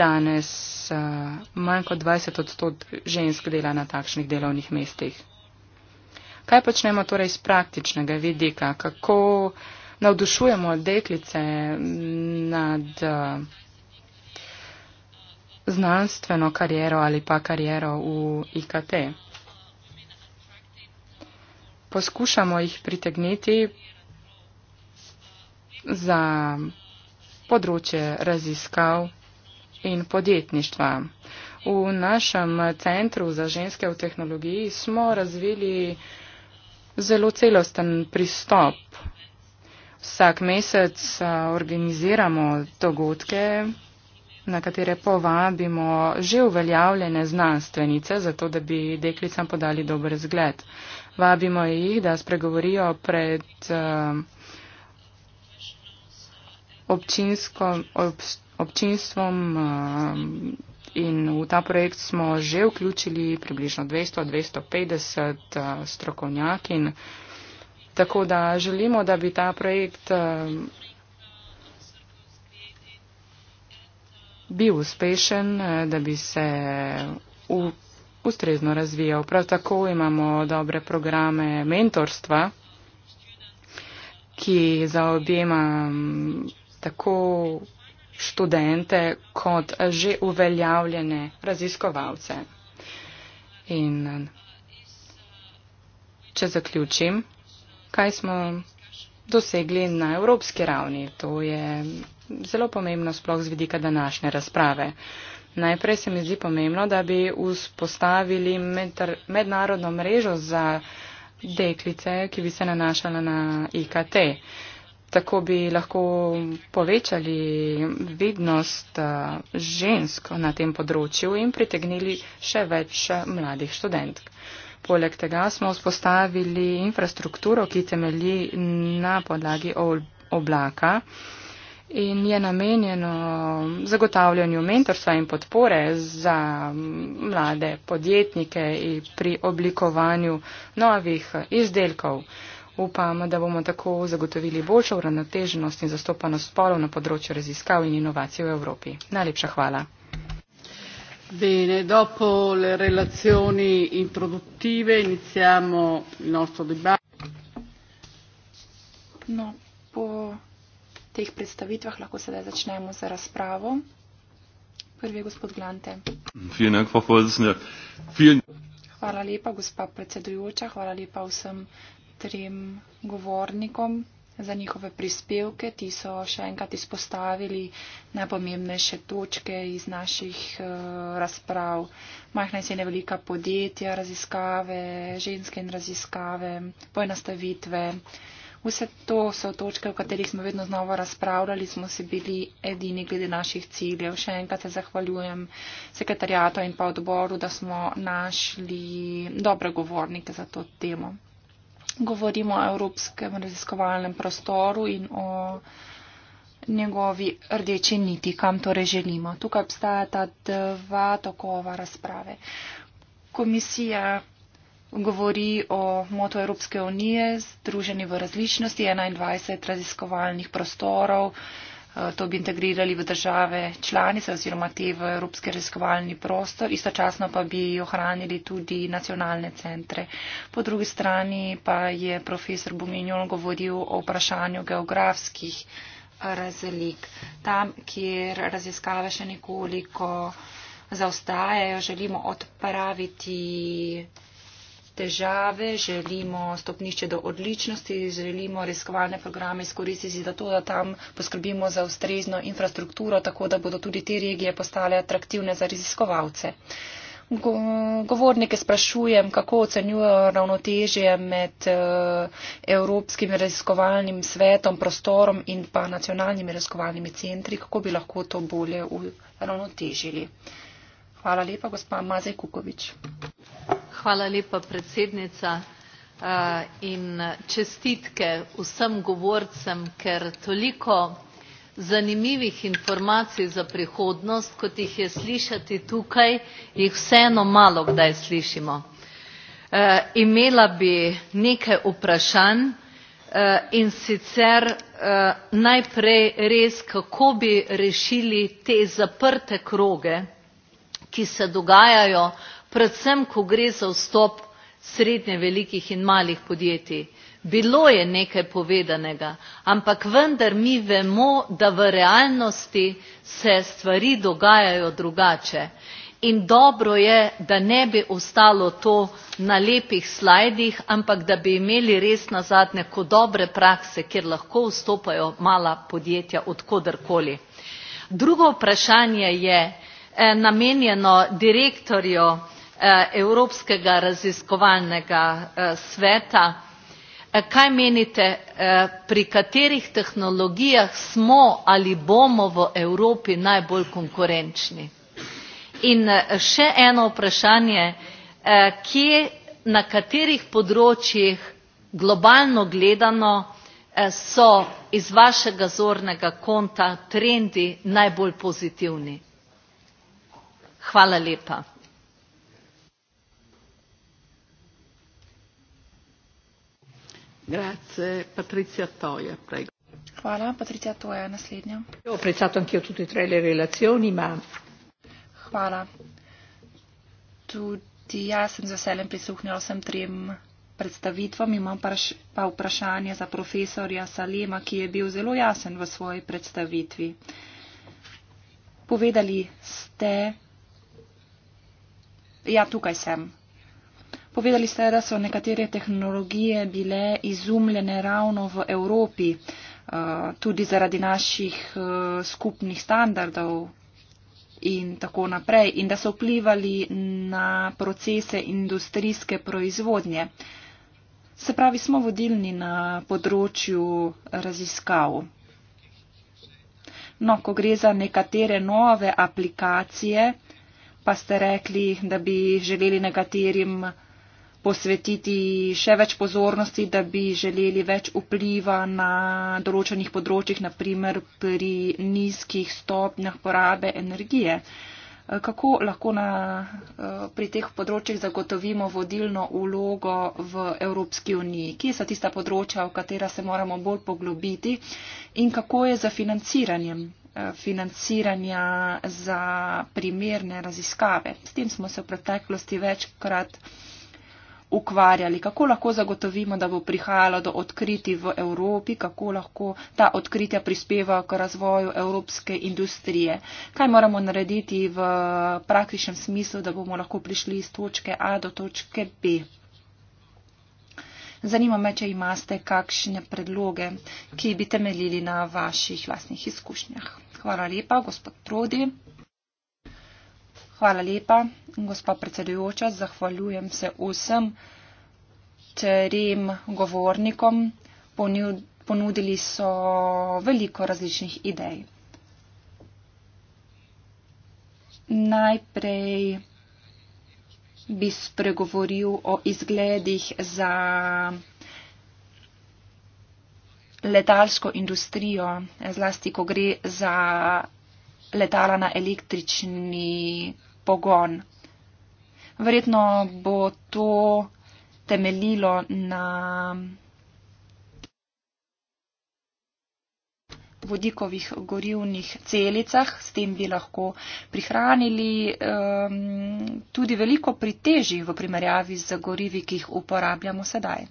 Danes eh, manj kot 20 odstot žensk dela na takšnih delovnih mestih. Kaj počnemo torej iz praktičnega vidika? Kako navdušujemo deklice nad eh, znanstveno kariero ali pa kariero v IKT? Poskušamo jih pritegniti za področje raziskav in podjetništva. V našem centru za ženske v tehnologiji smo razvili zelo celosten pristop. Vsak mesec eh, organiziramo dogodke, na katere povabimo že uveljavljene znanstvenice, zato da bi deklicam podali dober zgled. Vabimo jih, da spregovorijo pred eh, občinsko, obč, občinstvom. Eh, In v ta projekt smo že vključili približno 200-250 eh, strokovnjakin. Tako da želimo, da bi ta projekt eh, bil uspešen, eh, da bi se v, ustrezno razvijal. Prav tako imamo dobre programe mentorstva, ki zaobjema mm, tako študente kot že uveljavljene raziskovalce. In če zaključim, kaj smo dosegli na evropski ravni, to je zelo pomembno sploh z vidika današnje razprave. Najprej se mi zdi pomembno, da bi vzpostavili mednarodno mrežo za deklice, ki bi se nanašala na IKT. Tako bi lahko povečali vidnost eh, žensk na tem področju in pritegnili še več eh, mladih študentk. Poleg tega smo vzpostavili infrastrukturo, ki temelji na podlagi oblaka in je namenjeno zagotavljanju mentorstva in podpore za mm, mlade podjetnike pri oblikovanju novih izdelkov. Upam, da bomo tako zagotovili boljšo uravnoteženost in zastopanost spolov na področju raziskav in inovacij v Evropi. Najlepša hvala. Bene, dopo le relazioni introduttive iniziamo il nostro dibattito. No, po teh predstavitvah lahko sedaj začnemo z razpravo. Prvi je gospod Glante. Hvala lepa, gospa predsedujoča. Hvala lepa vsem trem govornikom za njihove prispevke. Ti so še enkrat izpostavili najpomembnejše točke iz naših eh, razprav. Majhna in srednja velika podjetja, raziskave, ženske in raziskave, poenostavitve. Vse to so točke, o katerih smo vedno znova razpravljali, smo si bili edini glede naših ciljev. Še enkrat se zahvaljujem sekretarjato in pa odboru, da smo našli dobre govornike za to temo govorimo o evropskem raziskovalnem prostoru in o njegovi rdeči niti, kam torej želimo. Tukaj obstaja ta dva tokova razprave. Komisija govori o moto Evropske unije, združeni v različnosti 21 raziskovalnih prostorov, Eh, to bi integrirali v države članice oziroma te v Evropski raziskovalni prostor, istočasno pa bi ohranili tudi nacionalne centre. Po drugi strani pa je profesor Buminjol govoril o vprašanju geografskih razlik. Tam, kjer raziskave še nekoliko zaostajajo, želimo odpraviti težave, želimo stopnišče do odličnosti, želimo reskovalne programe izkoristiti za to, da tam poskrbimo za ustrezno infrastrukturo, tako da bodo tudi te regije postale atraktivne za raziskovalce. Govornike sprašujem, kako ocenjujejo ravnotežje med eh, Evropskim raziskovalnim svetom, prostorom in pa nacionalnimi raziskovalnimi centri, kako bi lahko to bolje uravnotežili. Hvala lepa, gospa Mazaj Kukovič. Hvala lepa, predsednica. Eh, in eh, čestitke vsem govorcem, ker toliko zanimivih informacij za prihodnost, kot jih je slišati tukaj, jih vseeno malo kdaj slišimo. Eh, imela bi nekaj vprašanj in sicer najprej res, kako bi rešili te zaprte kroge, ki se dogajajo predvsem ko gre za vstop srednje velikih in malih podjetij. Bilo je nekaj povedanega, ampak vendar mi vemo, da v realnosti se stvari dogajajo drugače. In dobro je, da ne bi ostalo to na lepih slajdih, ampak da bi imeli res na zadnje kot dobre prakse, kjer lahko vstopajo mala podjetja odkudarkoli. Drugo vprašanje je eh, namenjeno direktorju Eh, evropskega raziskovalnega eh, sveta eh, kaj menite pri katerih tehnologijah smo ali bomo v evropi najbolj konkurenčni in še eno vprašanje kje na katerih področjih globalno gledano so iz vašega zornega konta trendi najbolj pozitivni hvala lepa Grazie, Patrizia Toia, prego. Hvala, Patricia Toja, naslednja. Ho apprezzato anch'io tutte e tre le relazioni, ma. Hvala. Tutti, ja, sem z veseljem prisluhnil vsem trem predstavitvam, imam pa, š, pa vprašanje za profesorja Salema, ki je bil zelo jasen v svoji predstavitvi. Povedali ste. Ja, tukaj sem. Povedali ste, da so nekatere tehnologije bile izumljene ravno v Evropi, eh, tudi zaradi naših eh, skupnih standardov in tako naprej, in da so vplivali na procese industrijske proizvodnje. Se pravi, smo vodilni na področju raziskav. No, ko gre za nekatere nove aplikacije, pa ste rekli, da bi želeli nekaterim posvetiti še več pozornosti, da bi želeli več vpliva na določenih področjih, naprimer pri nizkih stopnjah porabe energije. Kako lahko na, eh, pri teh področjih zagotovimo vodilno ulogo v Evropski uniji? Kje so tista področja, v katera se moramo bolj poglobiti in kako je za financiranjem? Eh, financiranja za primerne raziskave. S tem smo se v preteklosti večkrat uh, ukvarjali, kako lahko zagotovimo, da bo prihajalo do odkriti v Evropi, kako lahko ta odkritja prispevajo k razvoju evropske industrije, kaj moramo narediti v praktičnem smislu, da bomo lahko prišli iz točke A do točke B. Zanima me, če imate kakšne predloge, ki bi temeljili na vaših vlastnih izkušnjah. Hvala lepa, gospod Prodi. Hvala lepa, gospa predsedujoča. Zahvaljujem se vsem trem govornikom. Ponudili so veliko različnih idej. Najprej bi spregovoril o izgledih za letalsko industrijo, zlasti ko gre za letala na električni pogon. Verjetno bo to temeljilo na vodikovih gorivnih celicah, s tem bi lahko prihranili um, tudi veliko pritežji v primerjavi z gorivi, ki jih uporabljamo sedaj.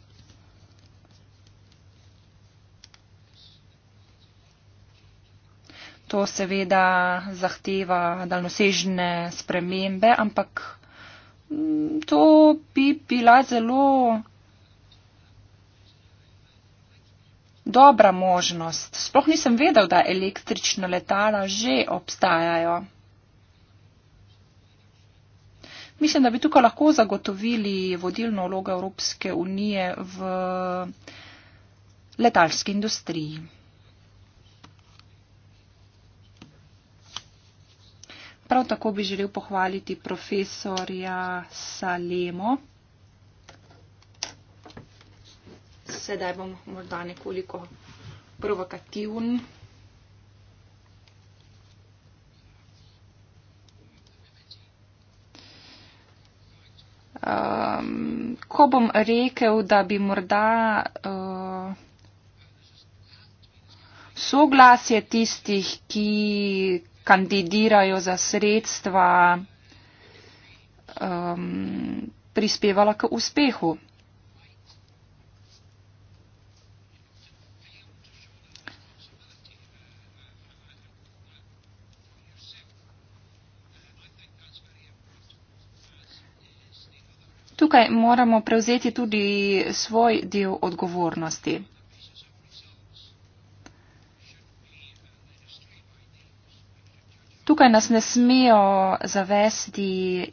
To seveda zahteva daljnosežne spremembe, ampak mm, to bi bila zelo dobra možnost. Sploh nisem vedel, da električna letala že obstajajo. Mislim, da bi tukaj lahko zagotovili vodilno vlogo Evropske unije v letalski industriji. Prav tako bi želel pohvaliti profesorja Salemo. Sedaj bom morda nekoliko provokativen. Um, ko bom rekel, da bi morda uh, soglasje tistih, ki kandidirajo za sredstva, um, prispevala k uspehu. Tukaj moramo prevzeti tudi svoj del odgovornosti. Tukaj nas ne smejo zavesti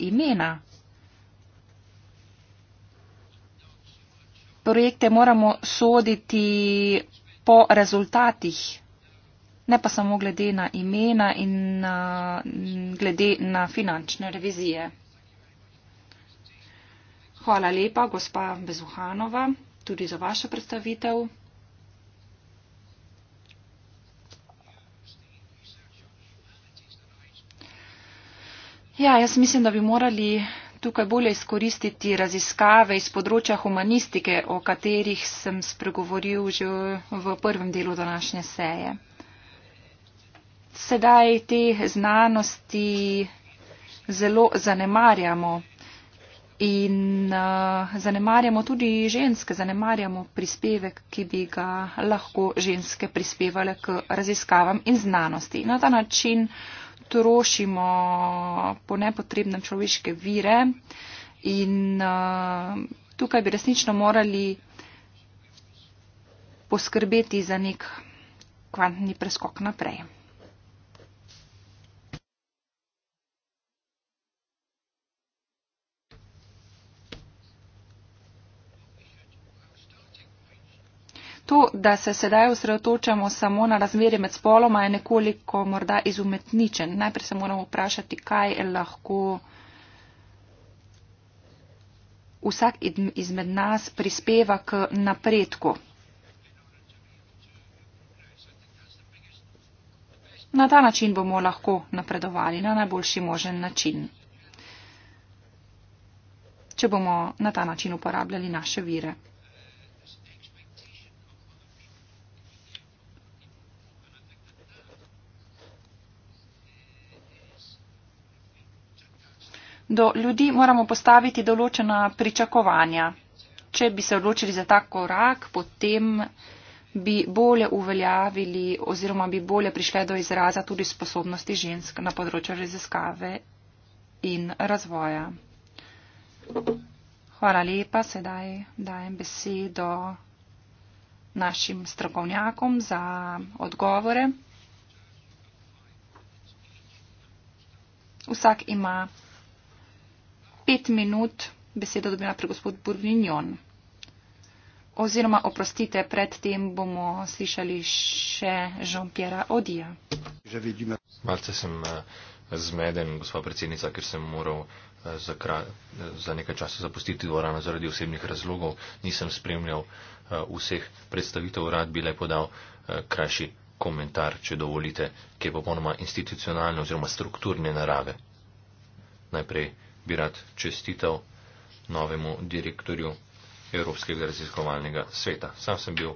imena. Projekte moramo soditi po rezultatih, ne pa samo glede na imena in na, glede na finančne revizije. Hvala lepa, gospa Bezuhanova, tudi za vašo predstavitev. Ja, jaz mislim, da bi morali tukaj bolje izkoristiti raziskave iz področja humanistike, o katerih sem spregovoril že v prvem delu današnje seje. Sedaj te znanosti zelo zanemarjamo in uh, zanemarjamo tudi ženske, zanemarjamo prispevek, ki bi ga lahko ženske prispevale k raziskavam in znanosti. Na ta način uh, trošimo po nepotrebnem človeške vire in uh, tukaj bi resnično morali poskrbeti za nek kvantni preskok naprej. To, da se sedaj osredotočamo samo na razmerje med spoloma, je nekoliko morda izumetničen. Najprej se moramo vprašati, kaj lahko vsak izmed nas prispeva k napredku. Na ta način bomo lahko napredovali, na najboljši možen način, če bomo na ta način uporabljali naše vire. do ljudi moramo postaviti določena pričakovanja. Če bi se odločili za tak korak, potem bi bolje uveljavili oziroma bi bolje prišle do izraza tudi sposobnosti žensk na področju raziskave in razvoja. Hvala lepa, sedaj dajem besedo našim strokovnjakom za odgovore. Vsak ima pet minut besedo dobila pre gospod Burvinjon. Oziroma, oprostite, predtem bomo slišali še Jean-Pierre Odija. Malce sem eh, zmeden, gospod predsednica, ker sem moral eh, za, kraj, za nekaj časa zapustiti dvorano zaradi osebnih razlogov. Nisem spremljal eh, vseh predstavitev, rad bi le podal krajši komentar, če dovolite, ki je popolnoma institucionalne oziroma strukturne narave. Najprej bi rad čestital novemu direktorju Evropskega raziskovalnega sveta. Sam sem bil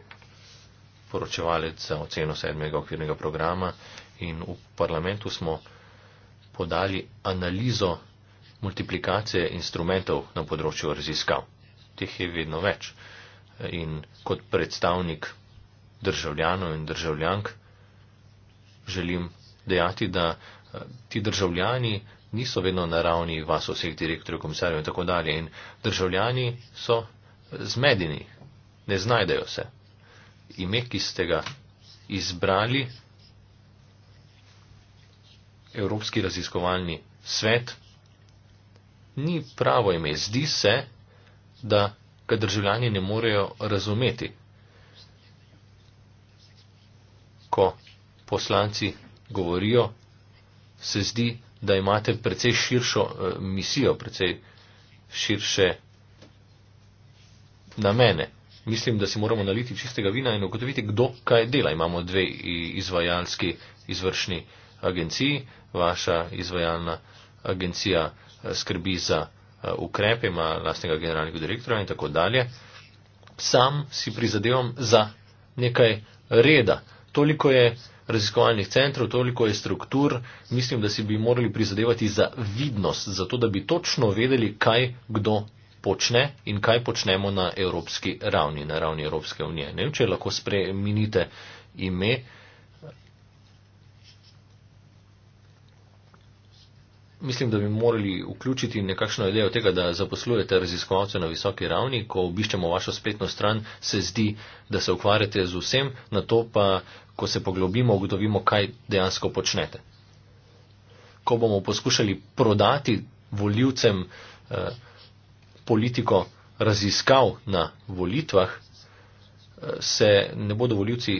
poročevalec za oceno sedmega okvirnega programa in v parlamentu smo podali analizo multiplikacije instrumentov na področju raziskav. Teh je vedno več in kot predstavnik državljanov in državljank želim dejati, da eh, ti državljani niso vedno na ravni vas vseh direktorjev, komisarjev in tako dalje. In državljani so zmedeni, ne znajdejo se. Ime, ki ste ga izbrali, Evropski raziskovalni svet, ni pravo ime. Zdi se, da ga državljani ne morejo razumeti. Ko poslanci govorijo, se zdi, da imate precej širšo eh, misijo, precej širše namene. Mislim, da si moramo naliti čistega vina in ugotoviti, kdo kaj dela. Imamo dve izvajalski izvršni agenciji. Vaša izvajalna agencija eh, skrbi za eh, ukrepe, ima lastnega generalnega direktora in tako dalje. Sam si prizadevam za nekaj reda. Toliko je raziskovalnih centrov, toliko je struktur, mislim, da si bi morali prizadevati za vidnost, zato da bi točno vedeli, kaj kdo počne in kaj počnemo na evropski ravni, na ravni Evropske unije. Ne vem, če lahko spremenite ime. mislim, da bi morali vključiti nekakšno idejo tega, da zaposlujete raziskovalce na visoki ravni, ko obiščemo vašo spletno stran, se zdi, da se ukvarjate z vsem, na to pa, ko se poglobimo, ugotovimo, kaj dejansko počnete. Ko bomo poskušali prodati voljivcem eh, politiko raziskav na volitvah, eh, se ne bodo voljivci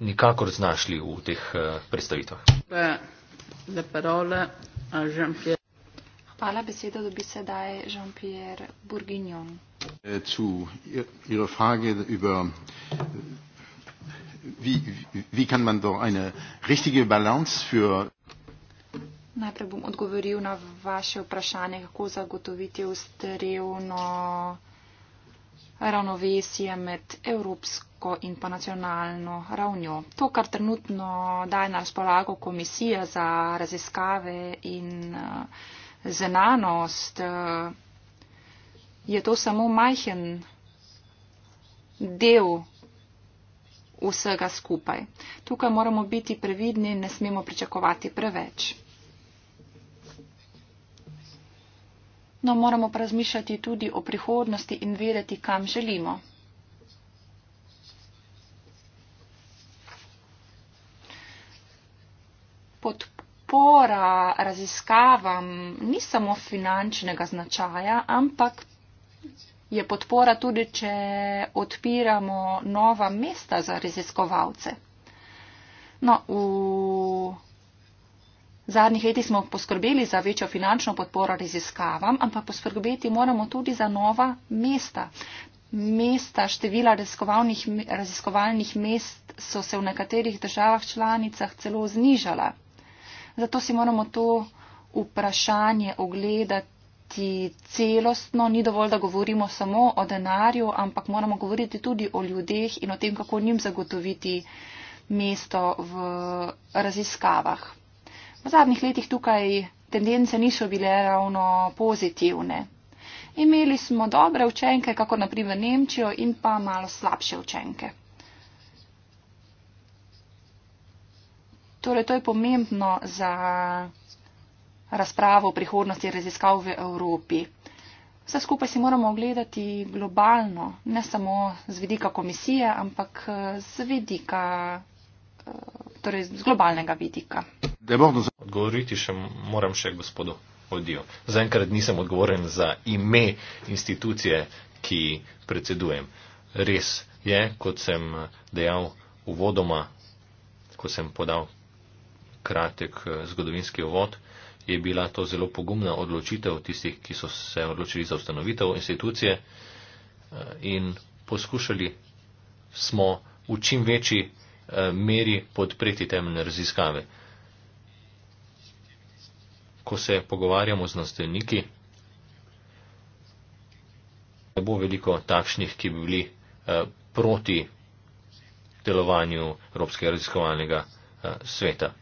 nikakor znašli v teh eh, predstavitvah. La parola Jean-Pierre. Hvala, beseda dobi sedaj Jean-Pierre Bourguignon. Zu Ihrer Frage über, wie, wie kann man doch eine richtige Balance für. Najprej bom odgovoril na vaše vprašanje, kako zagotoviti ustrevno ravnovesje med evropsko evropsko in pa nacionalno ravnjo. To, kar trenutno daje na razpolago Komisija za raziskave in eh, znanost, eh, je to samo majhen del vsega skupaj. Tukaj moramo biti previdni in ne smemo pričakovati preveč. No, moramo pa razmišljati tudi o prihodnosti in vedeti, kam želimo. podpora raziskavam ni samo finančnega značaja, ampak je podpora tudi, če odpiramo nova mesta za raziskovalce. No, v zadnjih letih smo poskrbeli za večjo finančno podporo raziskavam, ampak poskrbeti moramo tudi za nova mesta. Mesta, števila raziskovalnih mest so se v nekaterih državah članicah celo znižala. Zato si moramo to vprašanje ogledati celostno. Ni dovolj, da govorimo samo o denarju, ampak moramo govoriti tudi o ljudeh in o tem, kako njim zagotoviti mesto v raziskavah. V zadnjih letih tukaj tendence niso bile ravno pozitivne. Imeli smo dobre učenke, kako naprimer Nemčijo, in pa malo slabše učenke. Torej, to je pomembno za razpravo o prihodnosti raziskav v Evropi. Vse skupaj si moramo ogledati globalno, ne samo z vidika komisije, ampak eh, z vidika, eh, torej z globalnega vidika. Da je možno odgovoriti, še moram še gospodu Odijo. Zaenkrat nisem odgovoren za ime institucije, ki predsedujem. Res je, kot sem eh, dejal uvodoma, ko sem podal kratek eh, zgodovinski ovod, je bila to zelo pogumna odločitev tistih, ki so se odločili za ustanovitev institucije eh, in poskušali smo v čim večji eh, meri podpreti temeljne raziskave. Ko se pogovarjamo z znanstveniki, ne bo veliko takšnih, ki bi bili proti delovanju Evropskega raziskovalnega sveta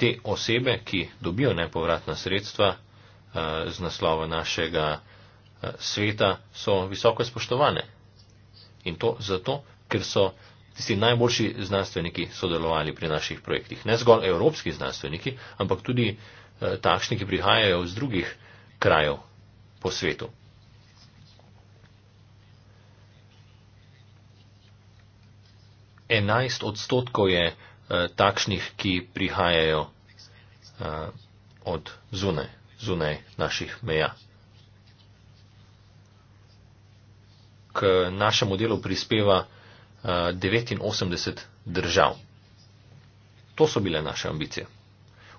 te osebe, ki dobijo nepovratna sredstva eh, z naslova našega eh, sveta, so visoko spoštovane. In to zato, ker so tisti najboljši znanstveniki sodelovali pri naših projektih. Ne zgolj evropski znanstveniki, ampak tudi eh, takšni, ki prihajajo iz drugih krajev po svetu. Enajst odstotkov je Eh, takšnih, ki prihajajo eh, od zune, zunaj naših meja. K našemu delu prispeva 89 eh, držav. To so bile naše ambicije.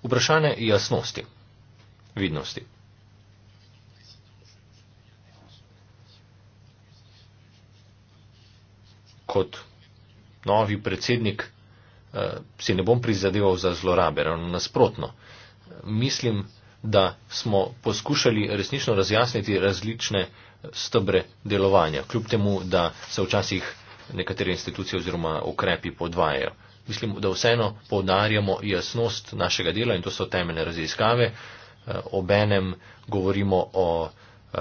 Vprašanje jasnosti, vidnosti. Kot novi predsednik Eh, si ne bom prizadeval za zlorabe, ravno nasprotno. Mislim, da smo poskušali resnično razjasniti različne stebre delovanja, kljub temu, da se včasih nekatere institucije oziroma ukrepi podvajajo. Mislim, da vseeno podarjamo jasnost našega dela in to so temeljne raziskave. Eh, obenem govorimo o eh,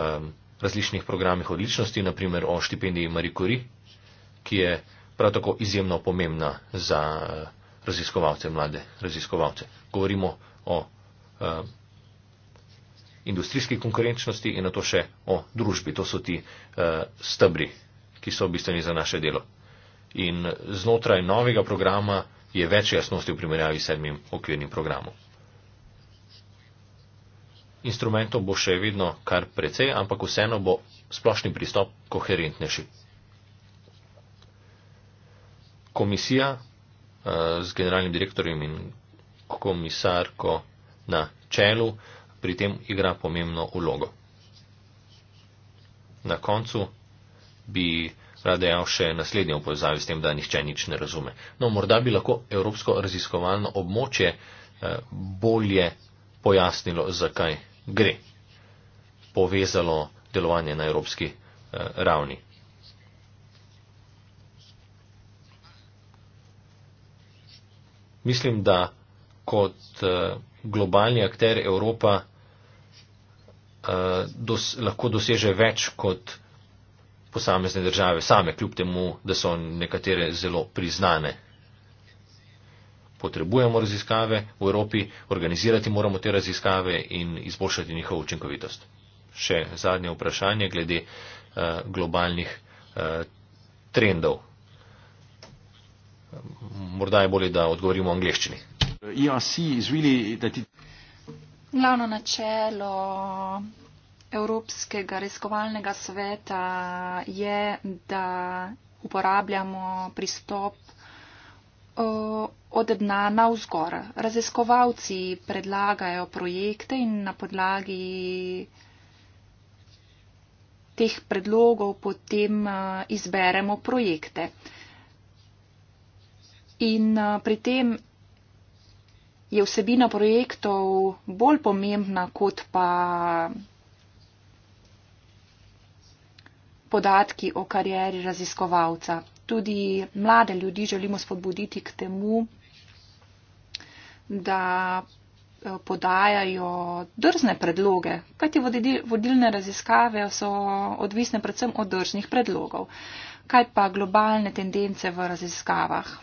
različnih programih odličnosti, naprimer o štipendiji Marie Curie, ki je prav tako izjemno pomembna za eh, raziskovalce, mlade raziskovalce. Govorimo o uh, industrijski konkurenčnosti in na to še o družbi. To so ti uh, stebri, ki so bistveni za naše delo. In znotraj novega programa je več jasnosti v primerjavi s sedmim okvirnim programom. Instrumentov bo še vedno kar precej, ampak vseeno bo splošni pristop koherentnejši komisija eh, z generalnim direktorjem in komisarko na čelu pri tem igra pomembno ulogo. Na koncu bi rada dejal še naslednjo povezavi s tem, da nihče nič ne razume. No, morda bi lahko Evropsko raziskovalno območje eh, bolje pojasnilo, zakaj gre, povezalo delovanje na evropski eh, ravni. mislim, da kot eh, globalni akter Evropa eh, dos, lahko doseže več kot posamezne države same, kljub temu, da so nekatere zelo priznane. Potrebujemo raziskave v Evropi, organizirati moramo te raziskave in izboljšati njihovo učinkovitost. Še zadnje vprašanje glede uh, globalnih uh, trendov. Morda je bolje, da odgovorimo v angliščini. E Glavno načelo Evropskega raziskovalnega sveta je, da uporabljamo pristop e, od dna na vzgor. Raziskovalci predlagajo projekte in na podlagi teh predlogov potem e, izberemo projekte. In eh, pri tem je vsebina projektov bolj pomembna kot pa podatki o karieri raziskovalca. Tudi mlade ljudi želimo spodbuditi k temu, da eh, podajajo drzne predloge, kajti vodilne raziskave so odvisne predvsem od drznih predlogov. Kaj pa globalne tendence v raziskavah?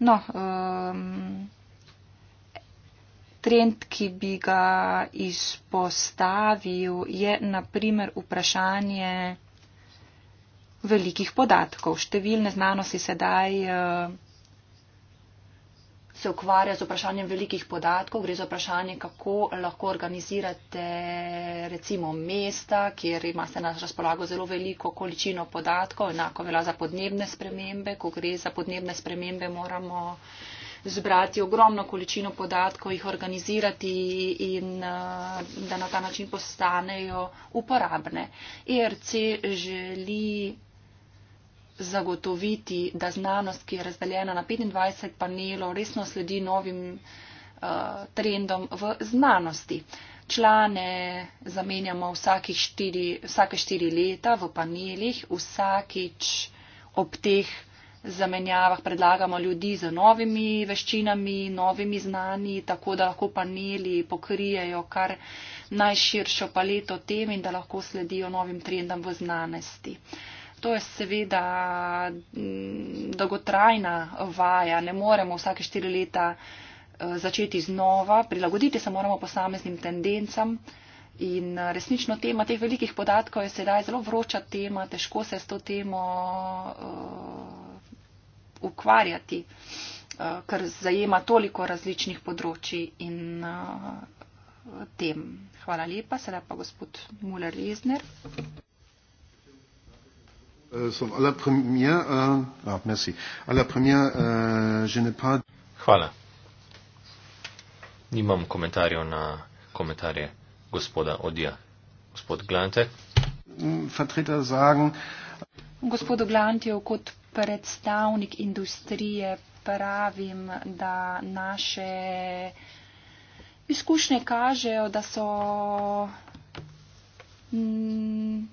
No, um, trend, ki bi ga izpostavil, je naprimer vprašanje velikih podatkov. Številne znanosti sedaj. Uh, se ukvarja z vprašanjem velikih podatkov, gre za vprašanje, kako lahko organizirate recimo mesta, kjer imate na razpolago zelo veliko količino podatkov, enako velja za podnebne spremembe, ko gre za podnebne spremembe, moramo zbrati ogromno količino podatkov, jih organizirati in eh, da na ta način postanejo uporabne. IRC e želi zagotoviti, da znanost, ki je razdeljena na 25 panelov, resno sledi novim uh, trendom v znanosti. Člane zamenjamo štiri, vsake štiri leta v panelih, vsakič ob teh zamenjavah predlagamo ljudi z novimi veščinami, novimi znani, tako da lahko paneli pokrijejo kar najširšo paleto tem in da lahko sledijo novim trendom v znanosti. Uh, to je seveda mm, dolgotrajna vaja. Ne moremo vsake štiri leta eh, začeti znova, prilagoditi se moramo posameznim tendencam. In eh, resnično tema teh velikih podatkov je sedaj zelo vroča tema, težko se s to temo uh, ukvarjati, uh, ker zajema toliko različnih področji in uh, tem. Hvala lepa, sedaj pa gospod Muller-Lezner. Euh, euh, euh, Hvala. Nimam komentarjev na komentarje gospoda Odija. Gospod Glante. Mm, Gospod Glantjev, kot predstavnik industrije pravim, da naše izkušnje kažejo, da so. Mm,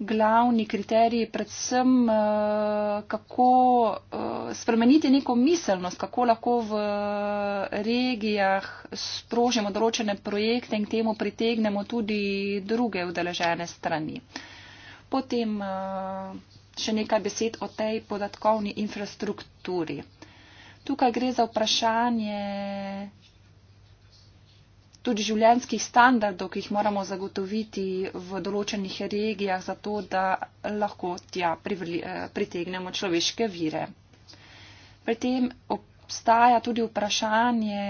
glavni kriteriji, predvsem eh, kako eh, spremeniti neko miselnost, kako lahko v eh, regijah sprožimo določene projekte in k temu pritegnemo tudi druge udeležene strani. Potem še nekaj besed o tej podatkovni infrastrukturi. Tukaj gre za vprašanje tudi življenskih standardov, ki jih moramo zagotoviti v določenih regijah, zato da lahko tja eh, pritegnemo človeške vire. Pri tem obstaja tudi vprašanje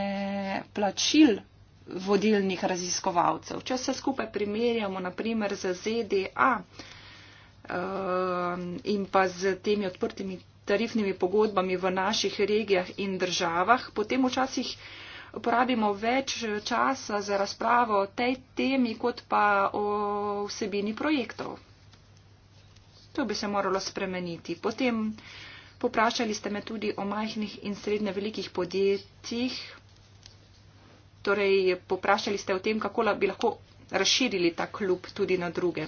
plačil vodilnih raziskovalcev. Če se skupaj primerjamo naprimer z ZDA eh, in pa z temi odprtimi tarifnimi pogodbami v naših regijah in državah, potem včasih porabimo več časa za razpravo o tej temi, kot pa o vsebini projektov. To bi se moralo spremeniti. Potem poprašali ste me tudi o majhnih in srednje velikih podjetjih. Torej, poprašali ste o tem, kako bi lahko razširili ta klub tudi na druge.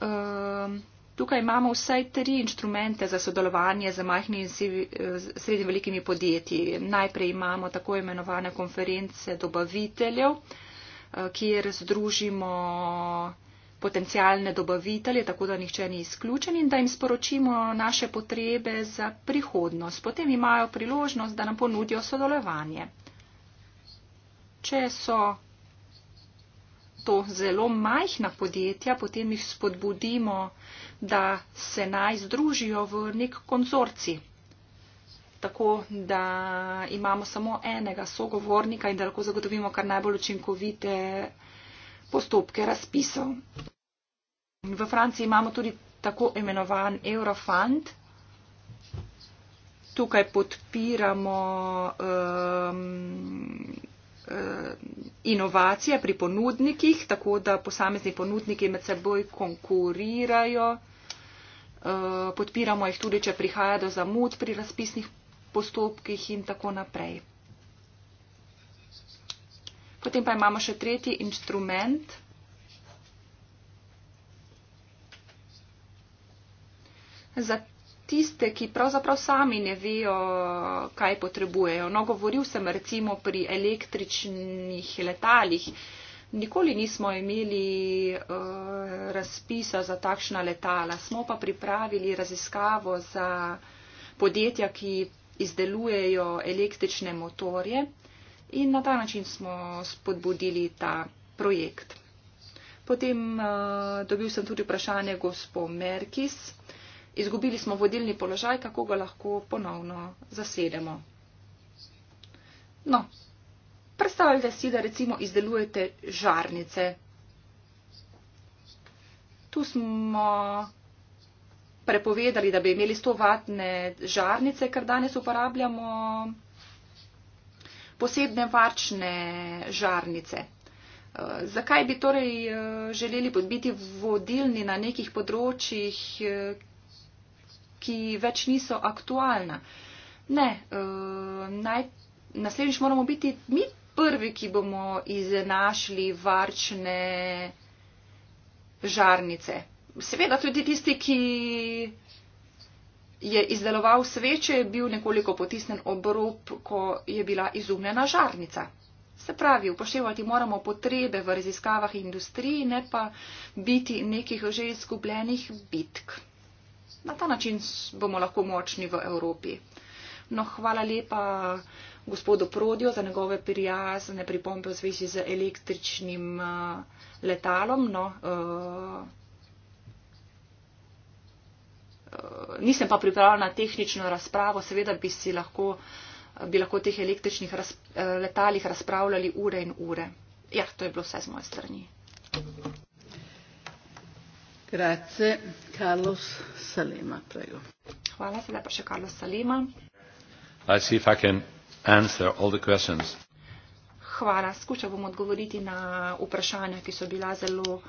Um, Tukaj imamo vsaj tri inštrumente za sodelovanje z majhnimi in eh, srednji velikimi podjetji. Najprej imamo tako imenovane konference dobaviteljev, eh, kjer združimo potencijalne dobavitelje, tako da nihče ni izključen in da jim sporočimo naše potrebe za prihodnost. Potem imajo priložnost, da nam ponudijo sodelovanje. Če so to zelo majhna podjetja, potem jih spodbudimo, da se naj združijo v nek konzorci. Tako, da imamo samo enega sogovornika in da lahko zagotovimo kar najbolj učinkovite postopke razpisov. V Franciji imamo tudi tako imenovan Eurofund. Tukaj podpiramo um, Eh, inovacije pri ponudnikih, tako da posamezni ponudniki med seboj konkurirajo. Eh, podpiramo jih tudi, če prihaja do zamud pri razpisnih postopkih in tako naprej. Potem pa imamo še tretji instrument. Za tiste, ki pravzaprav sami ne vejo, kaj potrebujejo. No, govoril sem recimo pri električnih letalih. Nikoli nismo imeli uh, razpisa za takšna letala, smo pa pripravili raziskavo za podjetja, ki izdelujejo električne motorje in na ta način smo spodbudili ta projekt. Potem uh, dobil sem tudi vprašanje gospo Merkis, izgubili smo vodilni položaj, kako ga lahko ponovno zasedemo. No, predstavljajte si, da recimo izdelujete žarnice. Tu smo prepovedali, da bi imeli 100 vatne žarnice, ker danes uporabljamo posebne varčne žarnice. Eh, zakaj bi torej eh, želeli biti vodilni na nekih področjih, eh, ki več niso aktualna. Ne, eh, naj, naslednjič moramo biti mi prvi, ki bomo izenašli varčne žarnice. Seveda tudi tisti, ki je izdeloval sveče, je bil nekoliko potisnen ob rob, ko je bila izumljena žarnica. Se pravi, upoštevati moramo potrebe v raziskavah industriji, ne pa biti nekih že izgubljenih bitk na ta način bomo lahko močni v Evropi. No, hvala lepa gospodu Prodijo za njegove prijazne pripombe v zvezi z električnim uh, letalom. No, uh, nisem pa pripravljena tehnično razpravo, seveda bi si lahko, bi lahko teh električnih razp letalih razpravljali ure in ure. Ja, to je bilo vse z moje strani. Thank you. Grazie, Carlos Salema, prego. Hvala, sedaj pa še Carlos Salema. I see if I can answer all the questions. Hvala, skušal bom odgovoriti na vprašanja, ki so bila zelo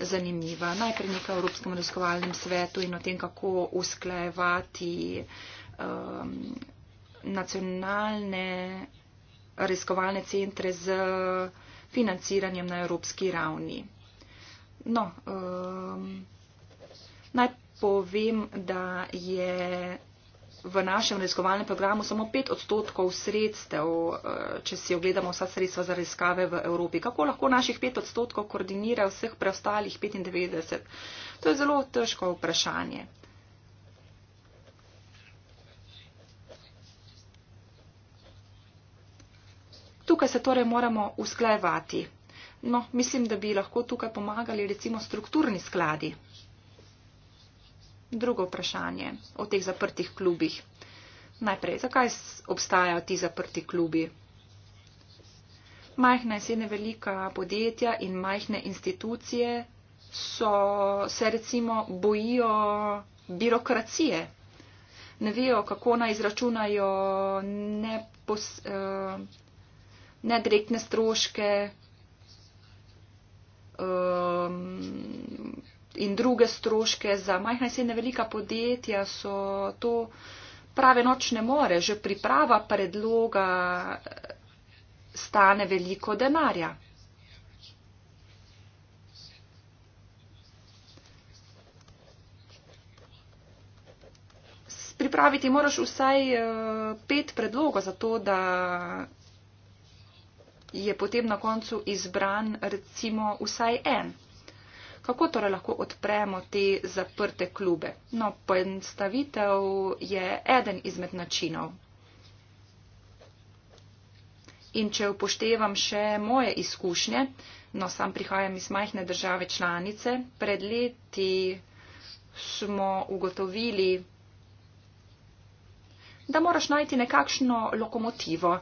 zanimiva. Najprej nekaj o Evropskem raziskovalnem svetu in o tem, kako usklajevati um, nacionalne raziskovalne centre z financiranjem na evropski ravni. No, um, naj povem, da je v našem raziskovalnem programu samo 5 odstotkov sredstev, uh, če si ogledamo vsa sredstva za raziskave v Evropi. Kako lahko naših 5 odstotkov koordinira vseh preostalih 95? To je zelo težko vprašanje. Tukaj se torej moramo usklajevati. No, mislim, da bi lahko tukaj pomagali recimo strukturni skladi. Drugo vprašanje o teh zaprtih klubih. Najprej, zakaj obstajajo ti zaprti klubi? Majhna in srednje velika podjetja in majhne institucije so, se recimo bojijo birokracije. Ne vejo, kako naj izračunajo nepos, eh, nedrekne stroške, Um, in druge stroške za majhna in srednja velika podjetja so to prave nočne more, že priprava predloga stane veliko denarja. Pripraviti moraš vsaj eh, pet predlogov za to, da je potem na koncu izbran recimo vsaj en. Kako torej lahko odpremo te zaprte klube? No, poenostavitev je eden izmed načinov. In če upoštevam še moje izkušnje, no, sam prihajam iz majhne države članice, pred leti smo ugotovili, da moraš najti nekakšno lokomotivo,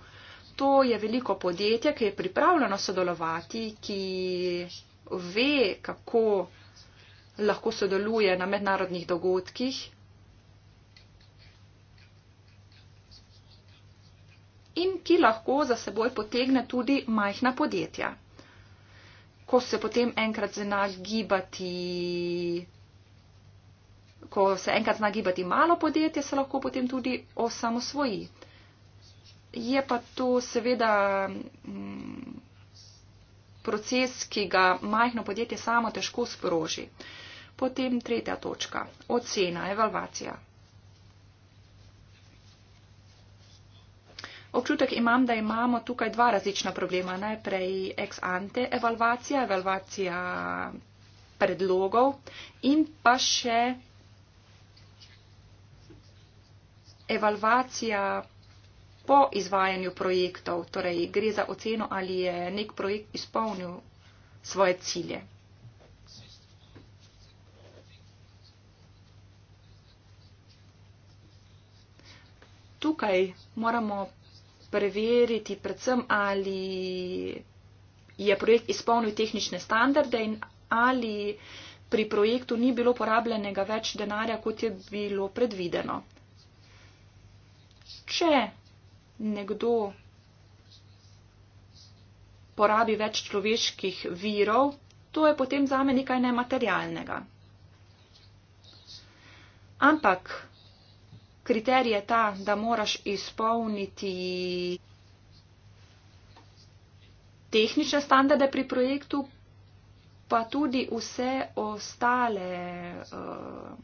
to je veliko podjetje, ki je pripravljeno sodelovati, ki ve, kako lahko sodeluje na mednarodnih dogodkih. In ki lahko za seboj potegne tudi majhna podjetja. Ko se potem enkrat zna gibati, ko se enkrat zna gibati malo podjetje, se lahko potem tudi osamosvoji je pa to seveda mm, proces, ki ga majhno podjetje samo težko sproži. Potem tretja točka, ocena, evalvacija. Občutek imam, da imamo tukaj dva različna problema. Najprej ex ante evalvacija, evalvacija predlogov in pa še evalvacija po izvajanju projektov. Torej, gre za oceno, ali je nek projekt izpolnil svoje cilje. Tukaj moramo preveriti predvsem, ali je projekt izpolnil tehnične standarde in ali pri projektu ni bilo porabljenega več denarja, kot je bilo predvideno. Če nekdo porabi več človeških virov, to je potem zame nekaj nematerialnega. Ampak kriterij je ta, da moraš izpolniti tehnične standarde pri projektu, pa tudi vse ostale uh,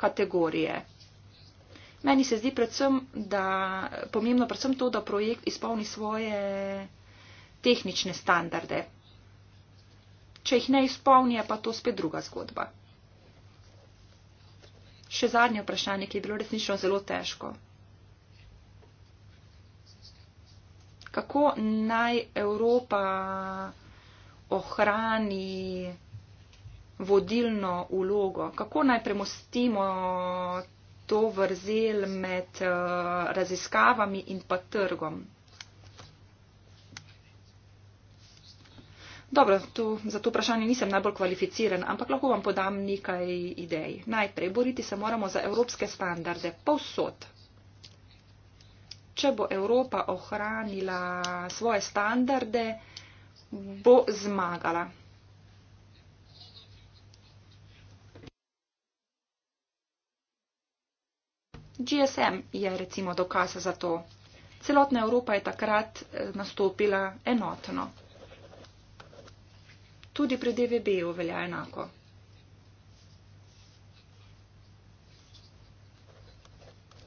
kategorije. Meni se zdi predvsem, da je pomembno predvsem to, da projekt izpolni svoje tehnične standarde. Če jih ne izpolni, pa to spet druga zgodba. Še zadnje vprašanje, ki je bilo resnično zelo težko. Kako naj Evropa ohrani vodilno ulogo? Kako naj premostimo to vrzel med uh, raziskavami in pa trgom. Dobro, tu, za to vprašanje nisem najbolj kvalificiran, ampak lahko vam podam nekaj idej. Najprej, boriti se moramo za evropske standarde. Povsod. Če bo Evropa ohranila svoje standarde, bo zmagala. GSM je recimo dokaz za to. Celotna Evropa je takrat eh, nastopila enotno. Tudi pri DVB-u velja enako.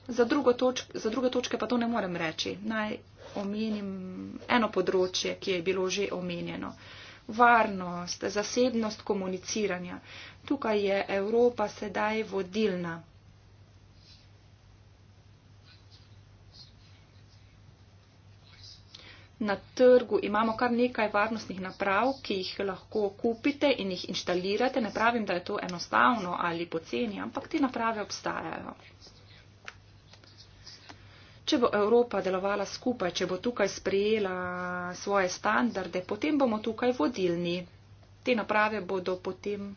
Za, točk, za druge točke pa to ne morem reči. Naj omenim eno področje, ki je bilo že omenjeno. Varnost, zasebnost komuniciranja. Tukaj je Evropa sedaj vodilna. na trgu imamo kar nekaj varnostnih naprav, ki jih lahko kupite in jih inštalirate. Ne pravim, da je to enostavno ali poceni, ampak te naprave obstajajo. Če bo Evropa delovala skupaj, če bo tukaj sprejela svoje standarde, potem bomo tukaj vodilni. Te naprave bodo potem.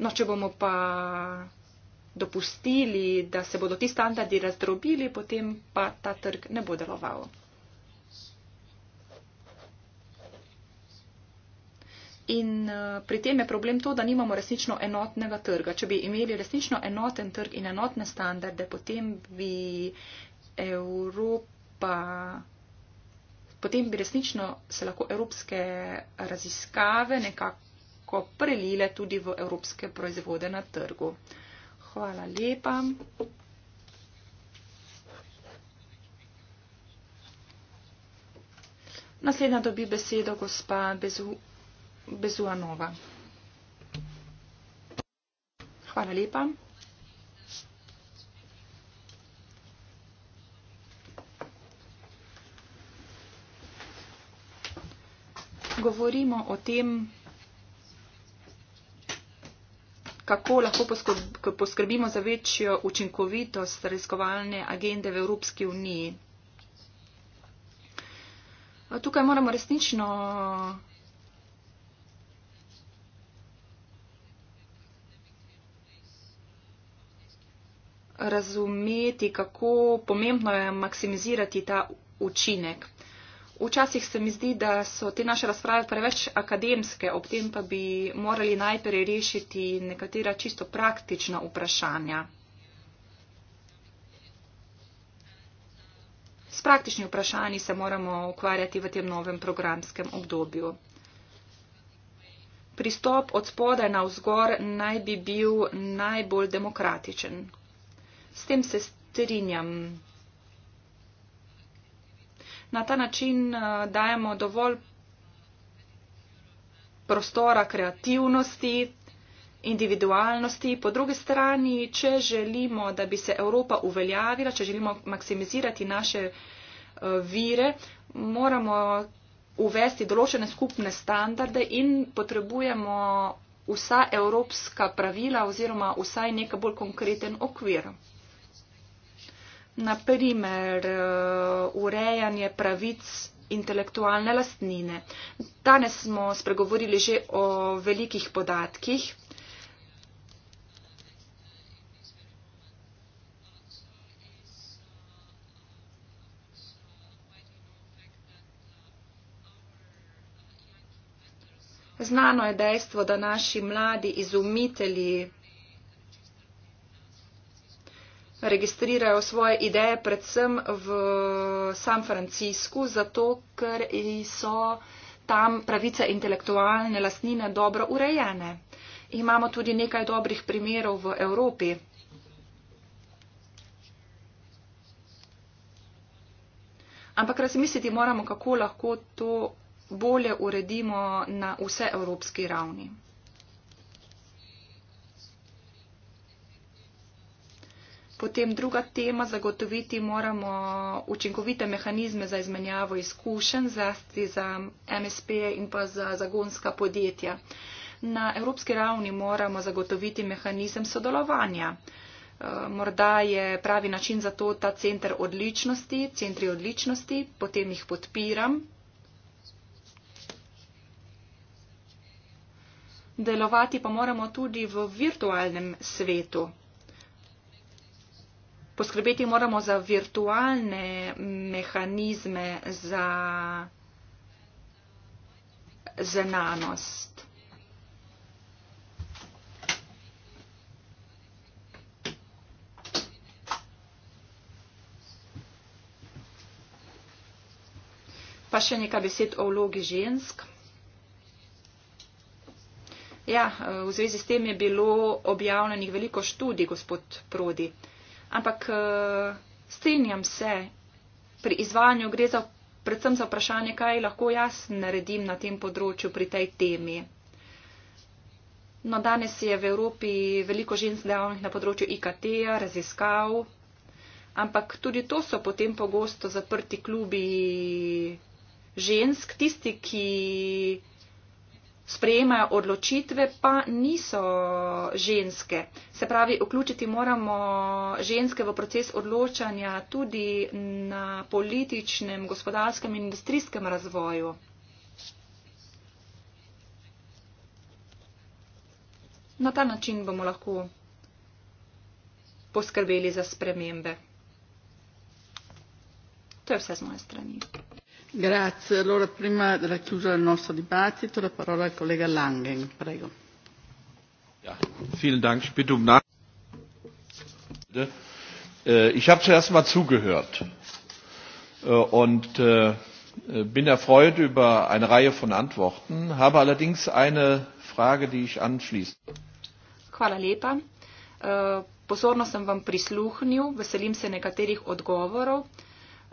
No, če bomo pa dopustili, da se bodo ti standardi razdrobili, potem pa ta trg ne bo deloval. In uh, pri tem je problem to, da nimamo resnično enotnega trga. Če bi imeli resnično enoten trg in enotne standarde, potem bi Evropa. Potem bi resnično se lahko evropske raziskave nekako prelile tudi v evropske proizvode na trgu. Hvala lepa. Naslednja dobi besedo gospa Bezu. Bezuanova. Hvala lepa. Govorimo o tem, kako lahko poskrbimo za večjo učinkovitost raziskovalne agende v Evropski uniji. Tukaj moramo resnično razumeti, kako pomembno je maksimizirati ta učinek. Včasih se mi zdi, da so te naše razprave preveč akademske, ob tem pa bi morali najprej rešiti nekatera čisto praktična vprašanja. S praktičnimi vprašanji se moramo ukvarjati v tem novem programskem obdobju. Pristop od spodaj na vzgor naj bi bil najbolj demokratičen. S tem se strinjam. Na ta način eh, dajemo dovolj prostora kreativnosti, individualnosti. Po drugi strani, če želimo, da bi se Evropa uveljavila, če želimo maksimizirati naše eh, vire, moramo uvesti določene skupne standarde in potrebujemo vsa evropska pravila oziroma vsaj nek bolj konkreten okvir naprimer eh, urejanje pravic intelektualne lastnine. Danes smo spregovorili že o velikih podatkih. Znano je dejstvo, da naši mladi izumitelji registrirajo svoje ideje predvsem v San Francisku, zato ker so tam pravice intelektualne lastnine dobro urejene. Imamo tudi nekaj dobrih primerov v Evropi. Ampak razmisliti moramo, kako lahko to bolje uredimo na vse evropski ravni. Potem druga tema, zagotoviti moramo učinkovite mehanizme za izmenjavo izkušenj, zlasti za MSP in pa za zagonska podjetja. Na evropski ravni moramo zagotoviti mehanizem sodelovanja. Eh, morda je pravi način za to ta center odličnosti, centri odličnosti, potem jih podpiram. Delovati pa moramo tudi v virtualnem svetu. Poskrbeti moramo za virtualne mehanizme za znanost. Pa še nekaj besed o vlogi žensk. Ja, v zvezi s tem je bilo objavljenih veliko študij, gospod Prodi ampak eh, strinjam se, pri izvajanju gre za, predvsem za vprašanje, kaj lahko jaz naredim na tem področju pri tej temi. No, danes je v Evropi veliko žensk dejavnih na področju IKT, raziskav, ampak tudi to so potem pogosto zaprti klubi žensk, tisti, ki sprejemajo odločitve, pa niso ženske. Se pravi, vključiti moramo ženske v proces odločanja tudi na političnem, gospodarskem in industrijskem razvoju. Na ta način bomo lahko poskrbeli za spremembe. To je vse z moje strani. Grazie. Allora, prima della chiusura del nostro dibattito, la parola al collega Langen. Prego. Ja, vielen Dank. Ich bitte um Nach äh, Ich habe zuerst mal zugehört äh, und äh, bin erfreut über eine Reihe von Antworten, habe allerdings eine Frage, die ich anschließe. Hvala lepa. Pozorno sem vam prisluhnil, veselim se nekaterih odgovorov.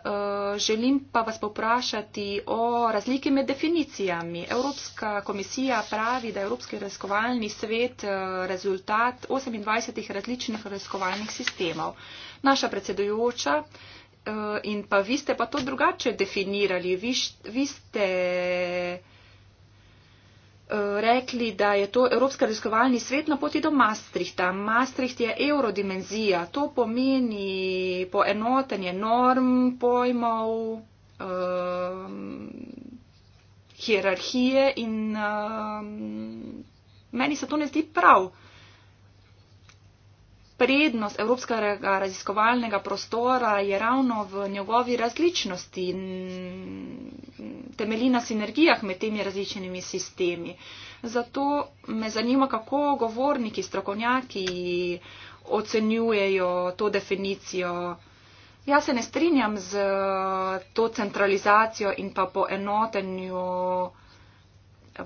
Eh, želim pa vas poprašati o razliki med definicijami. Evropska komisija pravi, da je Evropski raziskovalni svet eh, rezultat 28 različnih raziskovalnih sistemov. Naša predsedujoča eh, in pa vi ste pa to drugače definirali. Vi, vi ste. Eh, rekli, da je to Evropski raziskovalni svet na poti do Maastrichta. Maastricht je eurodimenzija, to pomeni poenotenje norm, pojmov, uh, hierarhije in uh, meni se to ne zdi prav. Uh, prednost evropskega raziskovalnega prostora je ravno v njegovi različnosti in temelji na sinergijah med temi različnimi sistemi. Zato me zanima, kako govorniki, strokovnjaki ocenjujejo to definicijo. Jaz se ne strinjam z to centralizacijo in pa poenotenju eh,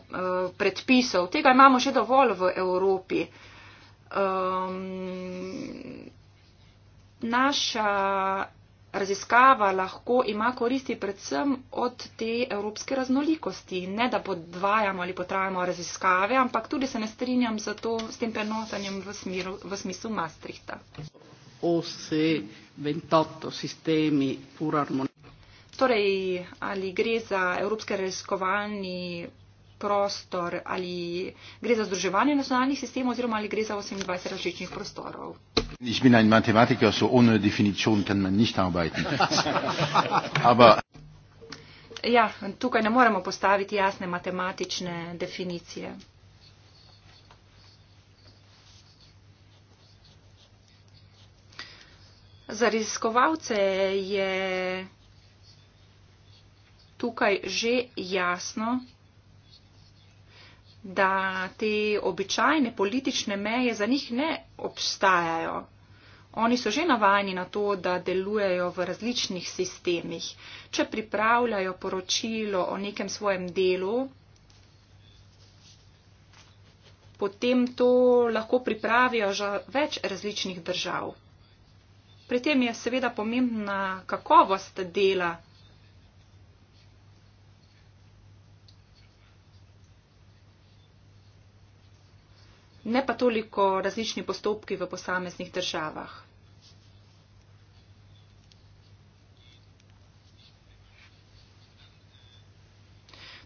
predpisov. Tega imamo še dovolj v Evropi um, naša raziskava lahko ima koristi predvsem od te evropske raznolikosti. Ne, da podvajamo ali potrajamo raziskave, ampak tudi se ne strinjam z, to, z tem prenosanjem v, smir, v smislu Maastrichta. Torej, ali gre za evropski raziskovalni prostor, ali gre za združevanje nacionalnih sistemov oziroma ali gre za 28 različnih prostorov. Ich bin ein Mathematiker, so ohne Definition kann man nicht arbeiten. *laughs* Aber ja, tukaj ne moremo postaviti jasne matematične definicije. Za raziskovalce je tukaj že jasno, da te običajne politične meje za njih ne obstajajo. Oni so že navajeni na to, da delujejo v različnih sistemih. Če pripravljajo poročilo o nekem svojem delu, potem to lahko pripravijo že več različnih držav. Pri tem je seveda pomembna kakovost dela. ne pa toliko različni postopki v posameznih državah.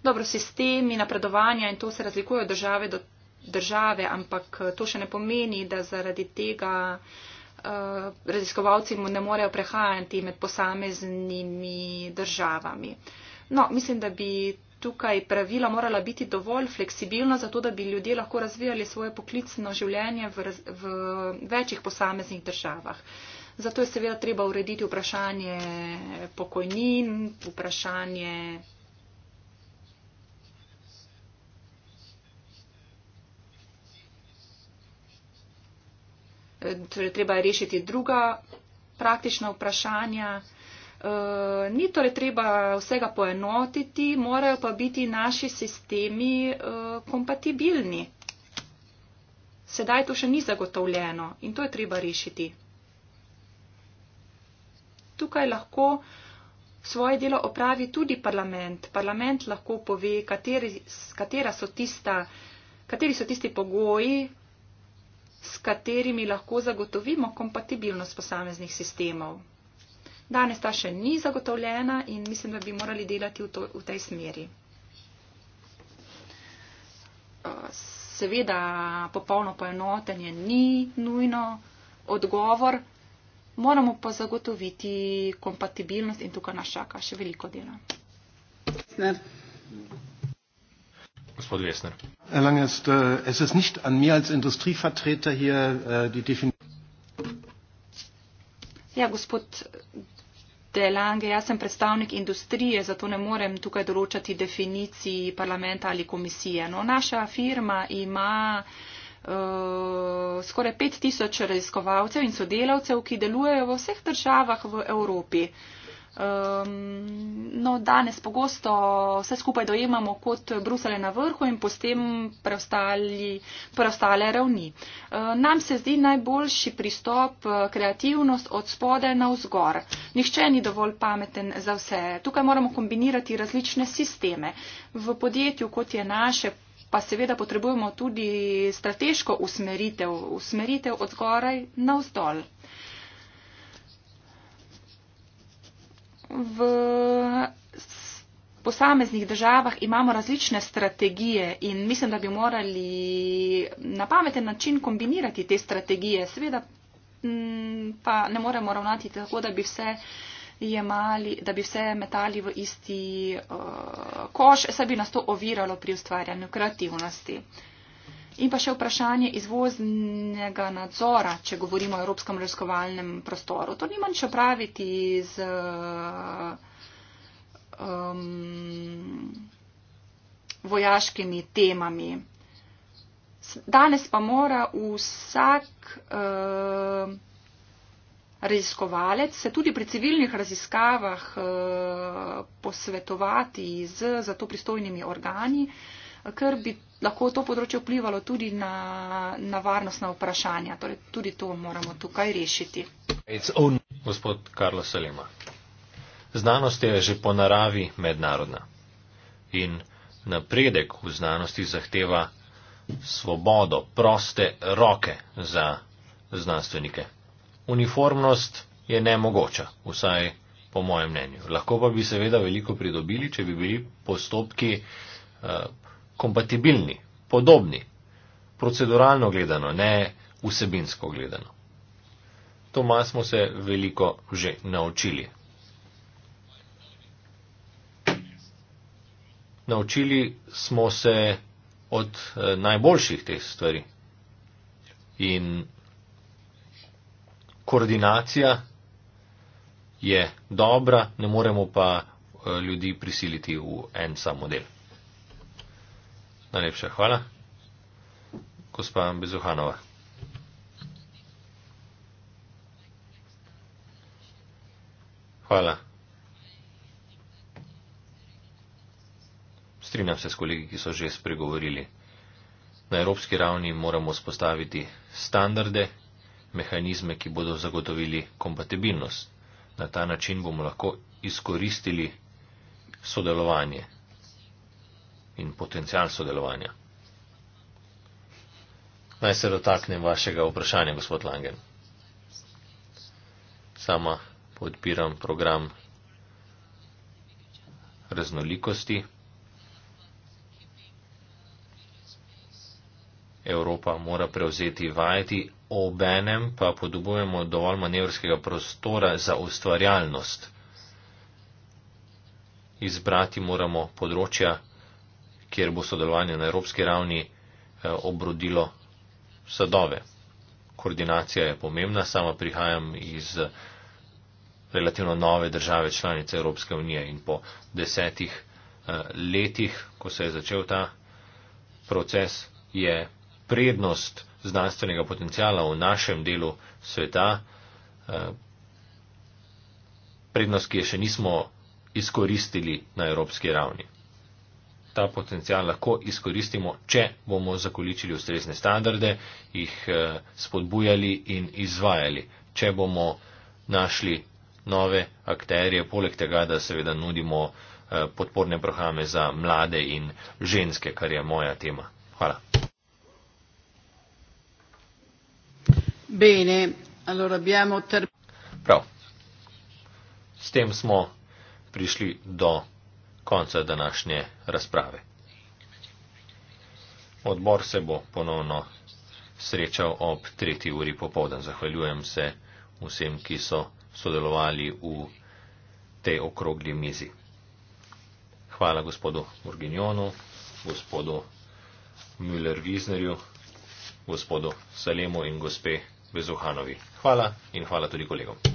Dobro, sistemi napredovanja in to se razlikuje od države do države, ampak eh, to še ne pomeni, da zaradi tega eh, raziskovalci mu ne morejo prehajati med posameznimi državami. No, mislim, da bi tukaj pravila morala biti dovolj fleksibilna, zato da bi ljudje lahko razvijali svoje poklicno življenje v, v večjih posameznih državah. Zato je seveda treba urediti vprašanje pokojnin, vprašanje. Torej, treba je rešiti druga praktična vprašanja. Eh, ni torej treba vsega poenotiti, morajo pa biti naši sistemi uh, kompatibilni. Sedaj to še ni zagotovljeno in to je treba rešiti. Tukaj lahko svoje delo opravi tudi parlament. Parlament lahko pove, kateri, so, tista, kateri so tisti pogoji, s katerimi lahko zagotovimo kompatibilnost posameznih sistemov. Danes ta še ni zagotovljena in mislim, da bi morali delati v, to, v tej smeri. Eh, seveda, popolno poenotenje ni nujno odgovor, moramo pa zagotoviti kompatibilnost in tukaj nas čaka še veliko dela. Vesner. Gospod Vesner. Langest, äh, es ist nicht an mir als Industrievertreter hier äh, die Definition. Ja, gospod gospodite Lange, jaz sem predstavnik industrije, zato ne morem tukaj določati definiciji parlamenta ali komisije. No, naša firma ima uh, skoraj 5000 raziskovalcev in sodelavcev, ki delujejo v vseh državah v Evropi. Uh, Um, no, danes pogosto vse skupaj dojemamo kot brusele na vrhu in potem preostale ravni. Um, nam se zdi najboljši pristop eh, kreativnost od spode na vzgor. Nihče ni dovolj pameten za vse. Tukaj moramo kombinirati različne sisteme. V podjetju, kot je naše, pa seveda potrebujemo tudi strateško usmeritev, usmeritev od zgoraj na vzdolj. v posameznih državah imamo različne strategije in mislim, da bi morali na pameten način kombinirati te strategije. Seveda mm, pa ne moremo ravnati tako, da bi vse jemali, da bi vse metali v isti uh, koš, se bi nas to oviralo pri ustvarjanju kreativnosti. In pa še vprašanje izvoznega nadzora, če govorimo o evropskem raziskovalnem prostoru. To nima nič opraviti z um, vojaškimi temami. Danes pa mora vsak uh, raziskovalec se tudi pri civilnih raziskavah uh, posvetovati z zato pristojnimi organi, uh, ker bi lahko to področje vplivalo tudi na, na varnostna vprašanja. Torej, tudi to moramo tukaj rešiti. Gospod Karlo Salema, znanost je že po naravi mednarodna in napredek v znanosti zahteva svobodo, proste roke za znanstvenike. Uniformnost je nemogoča, vsaj po mojem mnenju. Lahko pa bi seveda veliko pridobili, če bi bili postopki eh, kompatibilni, podobni, proceduralno gledano, ne vsebinsko gledano. Toma smo se veliko že naučili. Naučili smo se od eh, najboljših teh stvari. In koordinacija je dobra, ne moremo pa eh, ljudi prisiliti v en sam model. Najlepša hvala. Gospa Bezuhanova. Hvala. Strinjam se s kolegi, ki so že spregovorili. Na evropski ravni moramo spostaviti standarde, mehanizme, ki bodo zagotovili kompatibilnost. Na ta način bomo lahko izkoristili sodelovanje in potencijal sodelovanja. Naj se dotaknem vašega vprašanja, gospod Langen. Sama podpiram program raznolikosti. Evropa mora prevzeti vajeti, obenem pa podobujemo dovolj manevrskega prostora za ustvarjalnost. Izbrati moramo področja kjer bo sodelovanje na evropski ravni eh, obrodilo sadove. Koordinacija je pomembna, sama prihajam iz eh, relativno nove države članice Evropske unije in po desetih eh, letih, ko se je začel ta proces, je prednost znanstvenega potencijala v našem delu sveta, prednost, ki je še nismo izkoristili na evropski ravni ta potencial lahko izkoristimo, če bomo zakoličili ustrezne standarde, jih eh, spodbujali in izvajali, če bomo našli nove akterje, poleg tega, da seveda nudimo eh, podporne programe za mlade in ženske, kar je moja tema. Hvala. Bene, allora abbiamo ter... Prav. S tem smo prišli do konca današnje razprave. Odbor se bo ponovno srečal ob tretji uri popovdan. Zahvaljujem se vsem, ki so sodelovali v tej okrogli mizi. Hvala gospodu Morginjonu, gospodu Müller-Wiesnerju, gospodu Salemu in gospe Bezuhanovi. Hvala in hvala tudi kolegom.